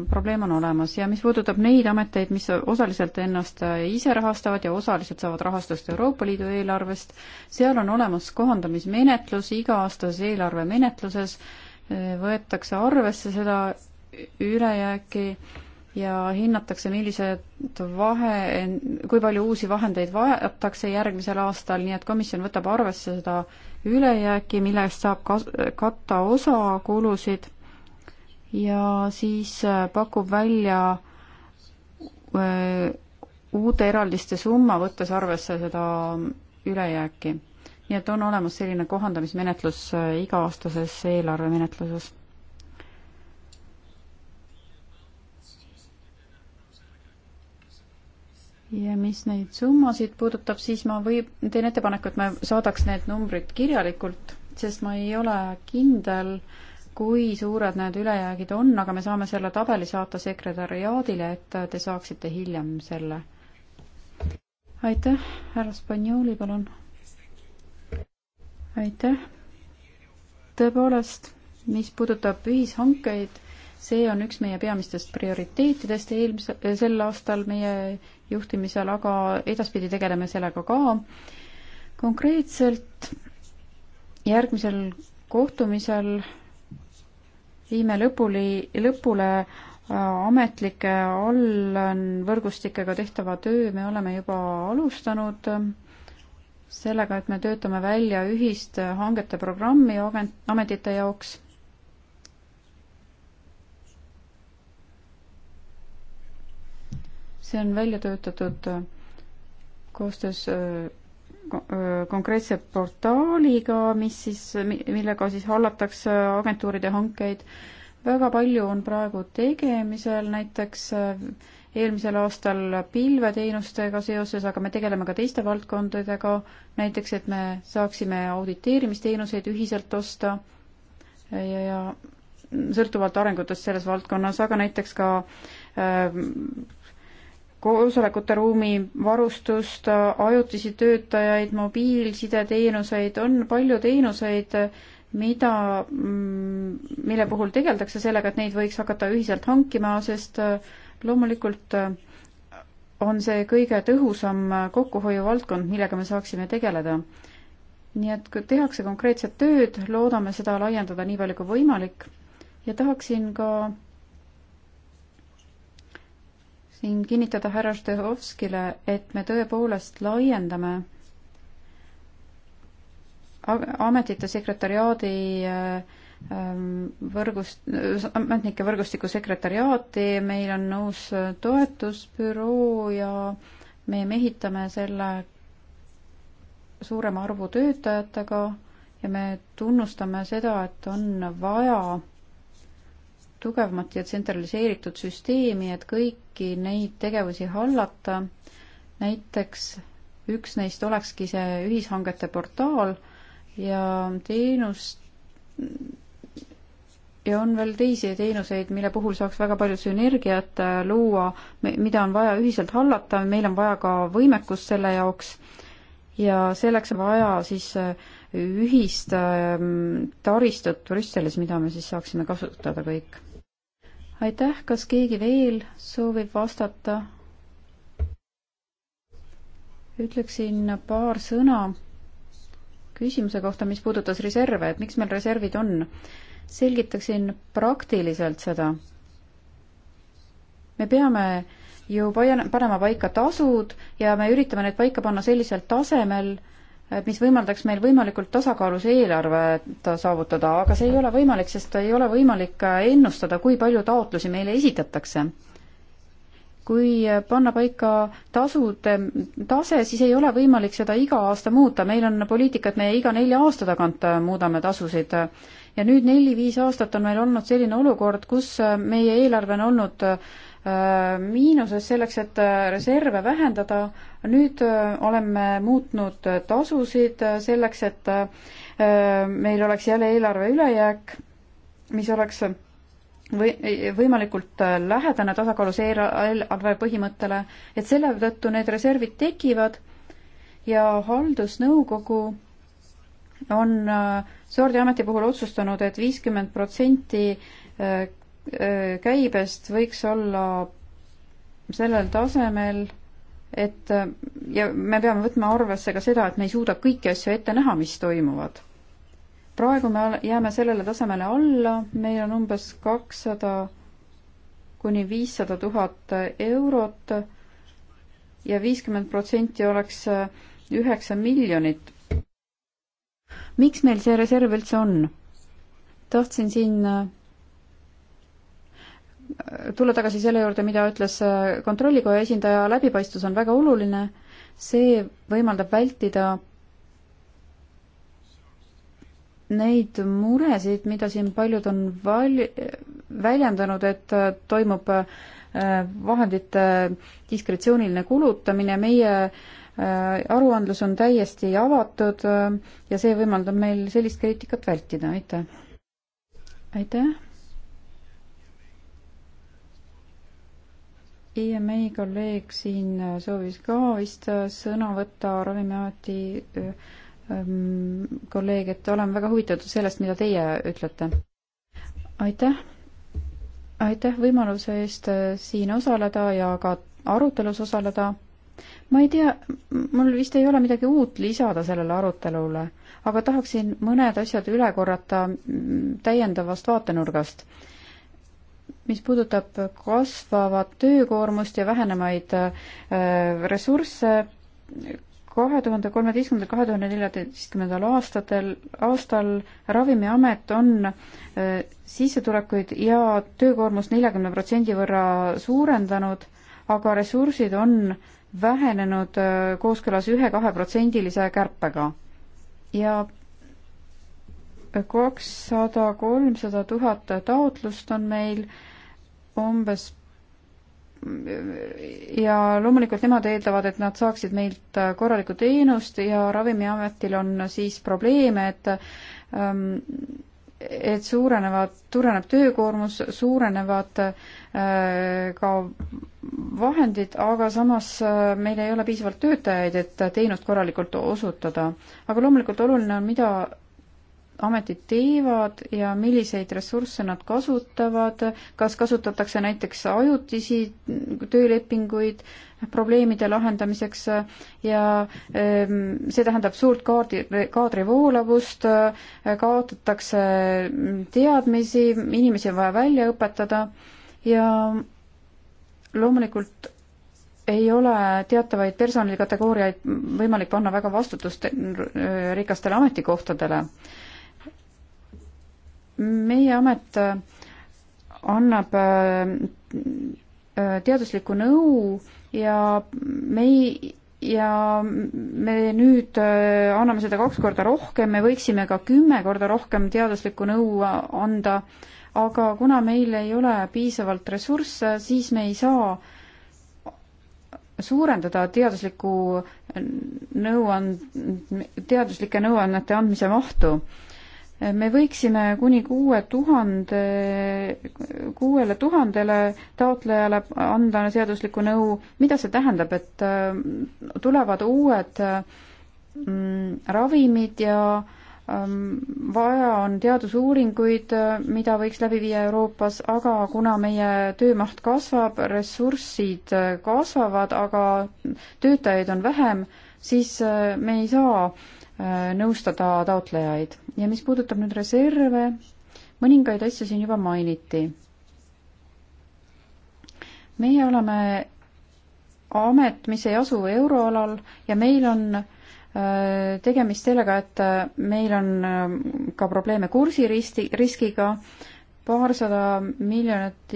probleem on olemas ja mis puudutab neid ameteid, mis osaliselt ennast ise rahastavad ja osaliselt saavad rahastust Euroopa Liidu eelarvest, seal on olemas kohandamismenetlus iga-aastases eelarvemenetluses, võetakse arvesse seda ülejääki ja hinnatakse, millised vahe, kui palju uusi vahendeid vajatakse järgmisel aastal, nii et komisjon võtab arvesse seda ülejääki, millest saab kas-, katta osa kulusid ja siis äh, pakub välja äh, uute eraldiste summa, võttes arvesse seda ülejääki. nii et on olemas selline kohandamismenetlus äh, iga-aastases eelarvemenetluses ja mis neid summasid puudutab, siis ma või-, teen ettepaneku, et me saadaks need numbrid kirjalikult, sest ma ei ole kindel, kui suured need ülejäägid on, aga me saame selle tabeli saata sekretäriaadile, et te saaksite hiljem selle. aitäh, härra Spanjooli, palun. aitäh. tõepoolest, mis puudutab ühishankeid see on üks meie peamistest prioriteetidest eelmise, sel aastal meie juhtimisel, aga edaspidi tegeleme sellega ka. konkreetselt järgmisel kohtumisel viime lõpuli, lõpule äh, ametlike allvõrgustikega tehtava töö me oleme juba alustanud sellega, et me töötame välja ühist hangete programmi ametite jaoks see on välja töötatud äh, koostöös äh, äh, konkreetse portaaliga, mis siis, millega siis hallatakse agentuuride hankeid. väga palju on praegu tegemisel, näiteks eelmisel aastal pilveteenustega seoses, aga me tegeleme ka teiste valdkondadega, näiteks et me saaksime auditeerimisteenuseid ühiselt osta ja, ja sõltuvalt arengutest selles valdkonnas, aga näiteks ka äh, koosolekute ruumi varustust, ajutisi töötajaid, mobiilsideteenuseid, on palju teenuseid, mida, mm, mille puhul tegeldakse sellega, et neid võiks hakata ühiselt hankima, sest äh, loomulikult äh, on see kõige tõhusam kokkuhoiuvaldkond, millega me saaksime tegeleda. nii et kui tehakse konkreetset tööd, loodame seda laiendada nii palju kui võimalik ja tahaksin ka siin kinnitada härra Štehovskile, et me tõepoolest laiendame ametite sekretariaadi äh, ähm, võrgust, ametnike võrgustiku sekretariaati, meil on uus toetusbüroo ja me mehitame selle suurema arvu töötajatega ja me tunnustame seda, et on vaja tugevamat ja tsentraliseeritud süsteemi, et kõiki neid tegevusi hallata. näiteks üks neist olekski see ühishangete portaal ja teenus ja on veel teisi teenuseid, mille puhul saaks väga palju sünergiat luua, mida on vaja ühiselt hallata, meil on vaja ka võimekust selle jaoks ja selleks on vaja siis äh, ühist ähm, taristut Brüsselis, mida me siis saaksime kasutada kõik aitäh, kas keegi veel soovib vastata? ütleksin paar sõna küsimuse kohta, mis puudutas reserve, et miks meil reservid on. selgitaksin praktiliselt seda. me peame ju panema paika tasud ja me üritame need paika panna sellisel tasemel, mis võimaldaks meil võimalikult tasakaalus eelarvet saavutada, aga see ei ole võimalik, sest ei ole võimalik ennustada, kui palju taotlusi meile esitatakse. kui panna paika tasude tase, siis ei ole võimalik seda iga aasta muuta, meil on poliitika, et me iga nelja aasta tagant muudame tasusid ja nüüd neli-viis aastat on meil olnud selline olukord, kus meie eelarve on olnud äh, Äh, miinuses selleks, et äh, reserve vähendada. nüüd äh, oleme muutnud tasusid selleks, et meil oleks jälle eelarve ülejääk, mis oleks või võimalikult lähedane tasakaalus eelarve põhimõttele, et selle tõttu need reservid tekivad ja haldusnõukogu on Sordiameti puhul otsustanud et, et viiskümmend protsenti Äh, käibest võiks olla sellel tasemel, et äh, ja me peame võtma arvesse ka seda, et me ei suuda kõiki asju ette näha, mis toimuvad. praegu me jääme sellele tasemele alla, meil on umbes kakssada kuni viissada tuhat eurot ja viiskümmend protsenti oleks äh, üheksa miljonit. miks meil see reserv üldse on? tahtsin siin tulla tagasi selle juurde, mida ütles äh, kontrollikoja esindaja, läbipaistvus on väga oluline, see võimaldab vältida neid muresid, mida siin paljud on val-, väljendanud, et äh, toimub äh, vahendite diskretsiooniline kulutamine, meie aruandlus on täiesti avatud ja see võimaldab meil sellist kriitikat vältida, aitäh! aitäh! EMA kolleeg siin soovis ka vist sõna võtta, Ravimiameti kolleeg, et olen väga huvitatud sellest, mida teie ütlete. aitäh, aitäh võimaluse eest äh, siin osaleda ja ka arutelus osaleda. ma ei tea, mul vist ei ole midagi uut lisada sellele arutelule, aga tahaksin mõned asjad üle korrata mm, täiendavast vaatenurgast mis puudutab kasvavat töökoormust ja vähenemaid äh, ressursse, kahe tuhande kolmeteistkümnendal, kahe tuhande neljateistkümnendal aastatel, aastal Ravimiamet on äh, sissetulekuid ja töökoormust neljakümne protsendi võrra suurendanud, aga ressursid on vähenenud äh, kooskõlas ühe-kaheprotsendilise kärpega. ja kakssada, kolmsada tuhat taotlust on meil äh, umbes ja loomulikult nemad eeldavad, et nad saaksid meilt korralikku teenust ja Ravimiametil on siis probleeme, et ähm, et suurenevad, suureneb töökoormus, suurenevad äh, ka vahendid, aga samas äh, meil ei ole piisavalt töötajaid, et teenust korralikult osutada. aga loomulikult oluline on, mida ametid teevad ja milliseid ressursse nad kasutavad, kas kasutatakse näiteks ajutisi töölepinguid probleemide lahendamiseks ja ehm, see tähendab suurt kaardi, kaadri voolavust, kaotatakse teadmisi, inimesi on vaja välja õpetada ja loomulikult ei ole teatavaid personalikategooriaid võimalik panna väga vastutusrikastele äh, ametikohtadele meie amet äh, annab äh, äh, teaduslikku nõu ja me ei ja me nüüd anname seda kaks korda rohkem, me võiksime ka kümme korda rohkem teaduslikku nõu anda, aga kuna meil ei ole piisavalt ressursse, siis me ei saa suurendada teadusliku nõuand-, teaduslike nõuannete andmise mahtu me võiksime kuni kuue tuhande, kuuele tuhandele taotlejale anda seaduslikku nõu, mida see tähendab, et äh, tulevad uued mm, ravimid ja ähm, vaja on teadusuuringuid, äh, mida võiks läbi viia Euroopas, aga kuna meie töömaht kasvab, ressurssid äh, kasvavad, aga töötajaid on vähem, siis me ei saa Äh, nõustada taotlejaid. ja mis puudutab nüüd reserve, mõningaid asju siin juba mainiti. meie oleme amet, mis ei asu euroalal ja meil on äh, tegemist sellega, et äh, meil on ka probleeme kursiristi, riskiga, paarsada miljonit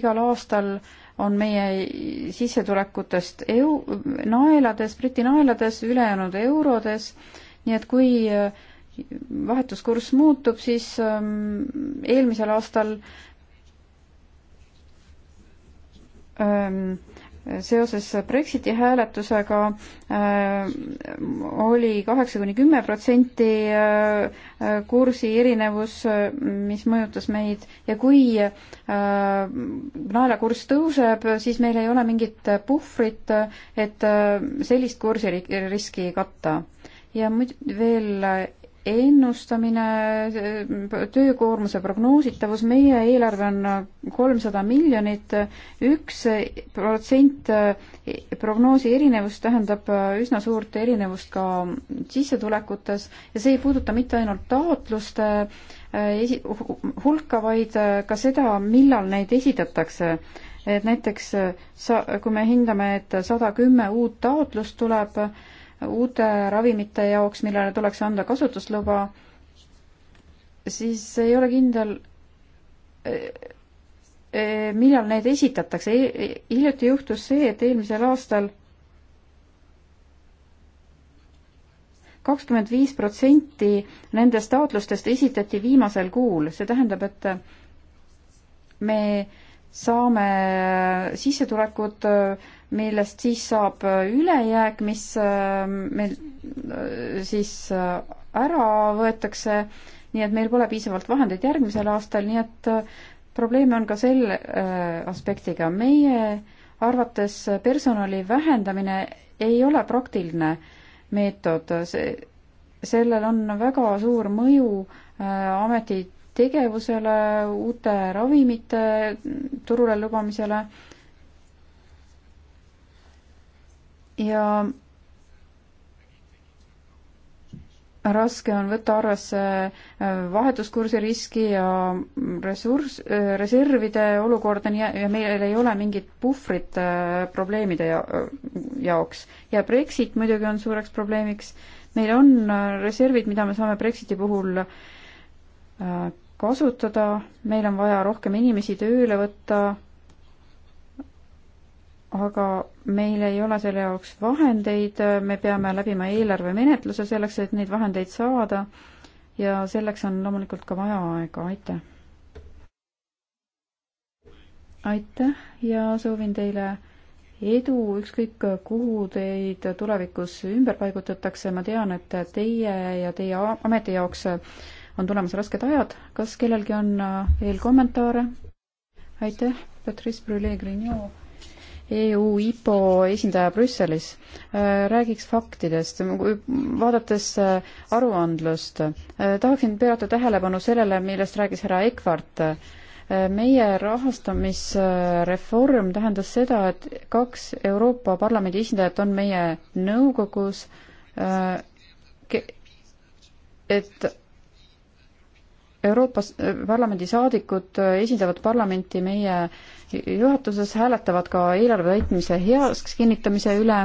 igal aastal on meie sissetulekutest eu-, naelades, Briti naelades, ülejäänud eurodes nii et kui äh, vahetuskurss muutub, siis ähm, eelmisel aastal ähm, seoses Brexiti hääletusega äh, oli kaheksa kuni kümme protsenti äh, kursi erinevus, mis mõjutas meid ja kui naelakurss tõuseb, siis meil ei ole mingit puhvrit, et sellist kursi riski katta ja muid veel ennustamine, töökoormuse prognoositavus, meie eelarve on kolmsada miljonit, üks protsent prognoosi erinevust tähendab üsna suurt erinevust ka sissetulekutes ja see ei puuduta mitte ainult taotluste eh, esi-, hulka, vaid eh, ka seda, millal neid esitatakse. et näiteks sa-, kui me hindame, et sada kümme uut taotlust tuleb, uute ravimite jaoks, millele tuleks anda kasutusluba, siis ei ole kindel, e, e, millal need esitatakse. E, hiljuti juhtus see, et eelmisel aastal kakskümmend viis protsenti nendest taotlustest esitati viimasel kuul, see tähendab, et me saame äh, sissetulekud, äh, millest siis saab äh, ülejääk, mis meil siis ära võetakse, nii et meil pole piisavalt vahendeid järgmisel aastal, nii et probleeme on ka selle aspektiga. meie arvates personali vähendamine ei ole praktiline meetod, see, sellel on väga suur mõju ameti tegevusele, uute ravimite turule lubamisele. ja raske on võtta arvesse äh, vahetuskursi riski ja ressurss, äh, reservide olukorda, nii ja meil ei ole mingit puhvrit äh, probleemide ja, jaoks. ja Brexit muidugi on suureks probleemiks. meil on reservid, mida me saame Brexiti puhul kasutada, meil on vaja rohkem inimesi tööle võtta, aga meil ei ole selle jaoks vahendeid, me peame läbima eelarvemenetluse selleks, et neid vahendeid saada ja selleks on loomulikult ka vaja aega, aitäh! aitäh ja soovin teile edu, ükskõik kuhu teid tulevikus ümber paigutatakse, ma tean, et teie ja teie ameti jaoks on tulemas rasked ajad. kas kellelgi on veel äh, kommentaare? aitäh, Patrice Brulé-Grignon, EU IPO esindaja Brüsselis. Äh, räägiks faktidest, vaadates äh, aruandlust, tahaksin pöörata tähelepanu sellele, millest rääkis härra Ekvart meie rahastamisreform tähendas seda, et kaks Euroopa Parlamendi esindajat on meie nõukogus, et Euroopas äh, Parlamendi saadikud äh, esindavad parlamenti meie juhatuses, hääletavad ka eelarve täitmise heaks kinnitamise üle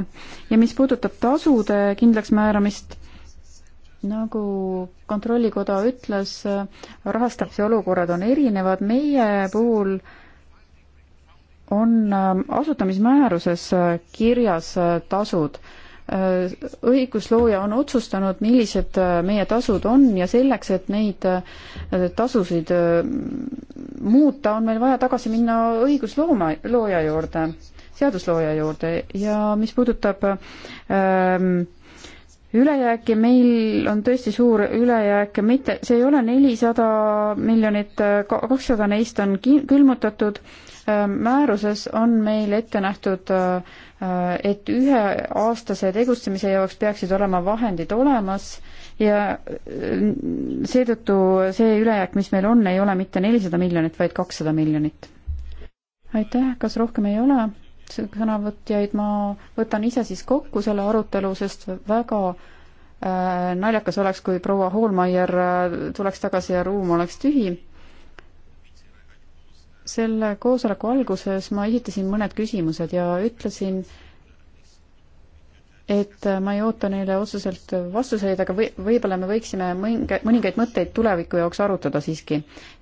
ja mis puudutab tasude kindlaksmääramist, nagu Kontrollikoda ütles, äh, rahastamise olukorrad on erinevad, meie puhul on asutamismääruses kirjas tasud Äh, õiguslooja on otsustanud, millised äh, meie tasud on ja selleks, et neid äh, tasusid muuta, on meil vaja tagasi minna õiguslooma, looja juurde, seaduslooja juurde ja mis puudutab ähm, ülejääki, meil on tõesti suur ülejääk, mitte, see ei ole nelisada miljonit, kakssada neist on külmutatud määruses on meil ette nähtud, äh, et üheaastase tegutsemise jaoks peaksid olema vahendid olemas ja äh, seetõttu see ülejääk, mis meil on, ei ole mitte nelisada miljonit, vaid kakssada miljonit. aitäh, kas rohkem ei ole sõnavõtjaid, ma võtan ise siis kokku selle arutelu, sest väga äh, naljakas oleks, kui proua Hoolmeier tuleks tagasi ja ruum oleks tühi selle koosoleku alguses ma esitasin mõned küsimused ja ütlesin, et ma ei oota neile otseselt vastuseid, aga või, võib-olla me võiksime mõninga, mõningaid mõtteid tuleviku jaoks arutada siiski.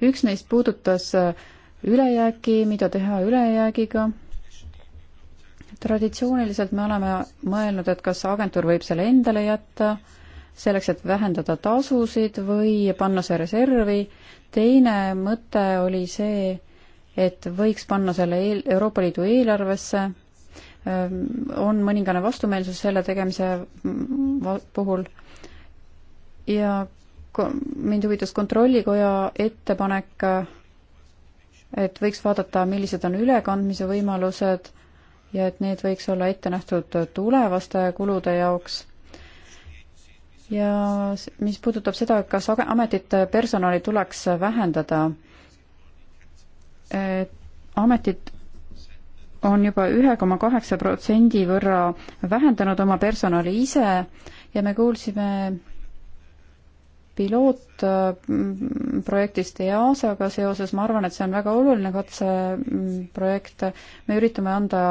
üks neist puudutas ülejääki, mida teha ülejäägiga. traditsiooniliselt me oleme mõelnud, et kas agentuur võib selle endale jätta, selleks, et vähendada tasusid või panna see reservi. teine mõte oli see, et võiks panna selle eel, Euroopa Liidu eelarvesse, ehm, on mõningane vastumeelsus selle tegemise puhul ja mind huvitas Kontrollikoja ettepanek, et võiks vaadata, millised on ülekandmise võimalused ja et need võiks olla ette nähtud tulevaste kulude jaoks. ja mis puudutab seda, kas ametite personali tuleks vähendada, Äh, ametid on juba ühe koma kaheksa protsendi võrra vähendanud oma personali ise ja me kuulsime pilootprojektist EASA-ga seoses, ma arvan, et see on väga oluline katseprojekt, me üritame anda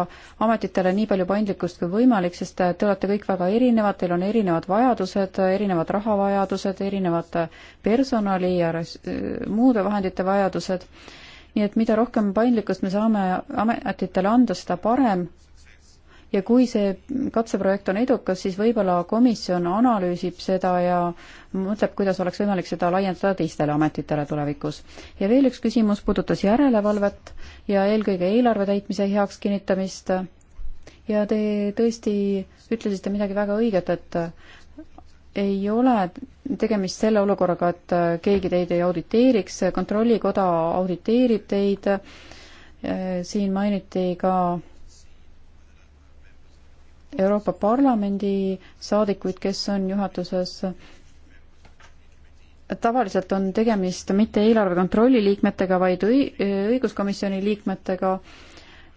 ametitele nii palju paindlikkust kui võimalik, sest te olete kõik väga erinevad, teil on erinevad vajadused, erinevad rahavajadused, erinevad personali ja muude vahendite vajadused nii et mida rohkem paindlikkust me saame ametitele anda, seda parem. ja kui see katseprojekt on edukas, siis võib-olla komisjon analüüsib seda ja mõtleb, kuidas oleks võimalik seda laiendada teistele ametitele tulevikus. ja veel üks küsimus puudutas järelevalvet ja eelkõige eelarve täitmise heaks kinnitamist ja te tõesti ütlesite midagi väga õiget, et ei ole tegemist selle olukorraga, et äh, keegi teid ei auditeeriks, Kontrollikoda auditeerib teid, äh, siin mainiti ka Euroopa Parlamendi saadikuid, kes on juhatuses tavaliselt on tegemist mitte eelarve kontrolli liikmetega, vaid õi-, õiguskomisjoni liikmetega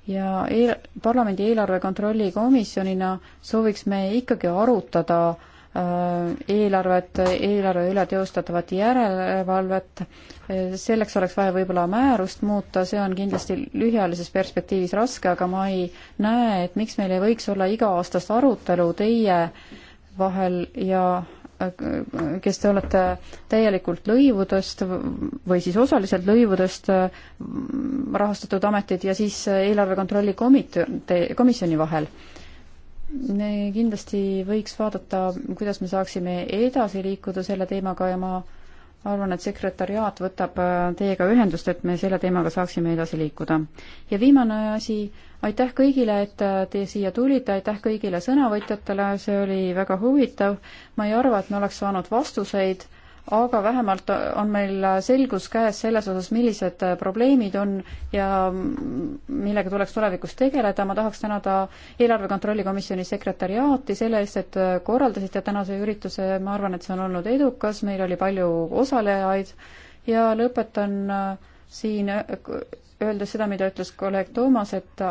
ja eel-, parlamendi eelarve kontrolli komisjonina sooviks me ikkagi arutada äh, Äh, eelarvet, eelarve üle teostatavat järelevalvet, selleks oleks vaja võib-olla määrust muuta, see on kindlasti lühiajalises perspektiivis raske, aga ma ei näe, et miks meil ei võiks olla iga-aastast arutelu teie vahel ja äh, kes te olete täielikult lõivudest või siis osaliselt lõivudest äh, rahastatud ametid ja siis eelarve kontrolli komitee, komisjoni vahel kindlasti võiks vaadata, kuidas me saaksime edasi liikuda selle teemaga ja ma arvan, et sekretariaat võtab äh, teiega ühendust, et me selle teemaga saaksime edasi liikuda. ja viimane asi, aitäh kõigile, et äh, te siia tulite, aitäh kõigile sõnavõtjatele, see oli väga huvitav. ma ei arva, et me oleks saanud vastuseid aga vähemalt on meil selgus käes selles osas, millised probleemid on ja millega tuleks tulevikus tegeleda. ma tahaks tänada eelarve kontrolli komisjoni sekretäriaati selle eest, et korraldasite tänase ürituse, ma arvan, et see on olnud edukas, meil oli palju osalejaid ja lõpetan äh, siin äh, öeldes seda, mida ütles kolleeg Toomas, et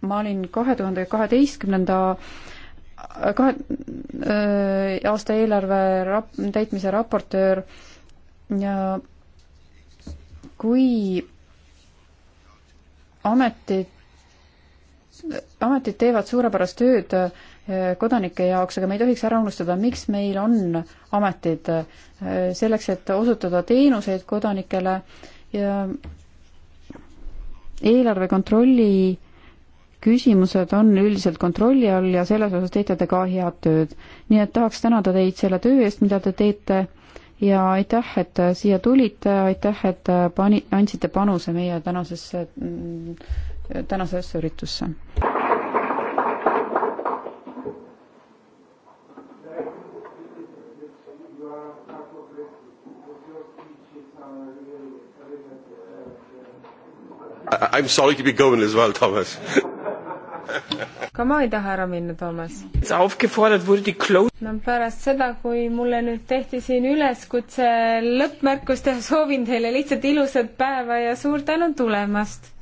ma olin kahe tuhande kaheteistkümnenda kahe äh, aasta eelarve rap-, täitmise raportöör ja kui ametid, ametid teevad suurepärast tööd äh, kodanike jaoks, aga me ei tohiks ära unustada, miks meil on ametid, äh, selleks, et osutada teenuseid kodanikele ja eelarve kontrolli küsimused on üldiselt kontrolli all ja selles osas teete te ka head tööd. nii et tahaks tänada teid selle töö eest, mida te teete ja aitäh, et siia tulite, aitäh, et pani, andsite panuse meie tänasesse, tänasesse üritusse. I am sorry to be going as well, Thomas [LAUGHS] ka ma ei taha ära minna, Toomas. no pärast seda, kui mulle nüüd tehti siin üleskutse lõppmärkus teha, soovin teile lihtsalt ilusat päeva ja suur tänu tulemast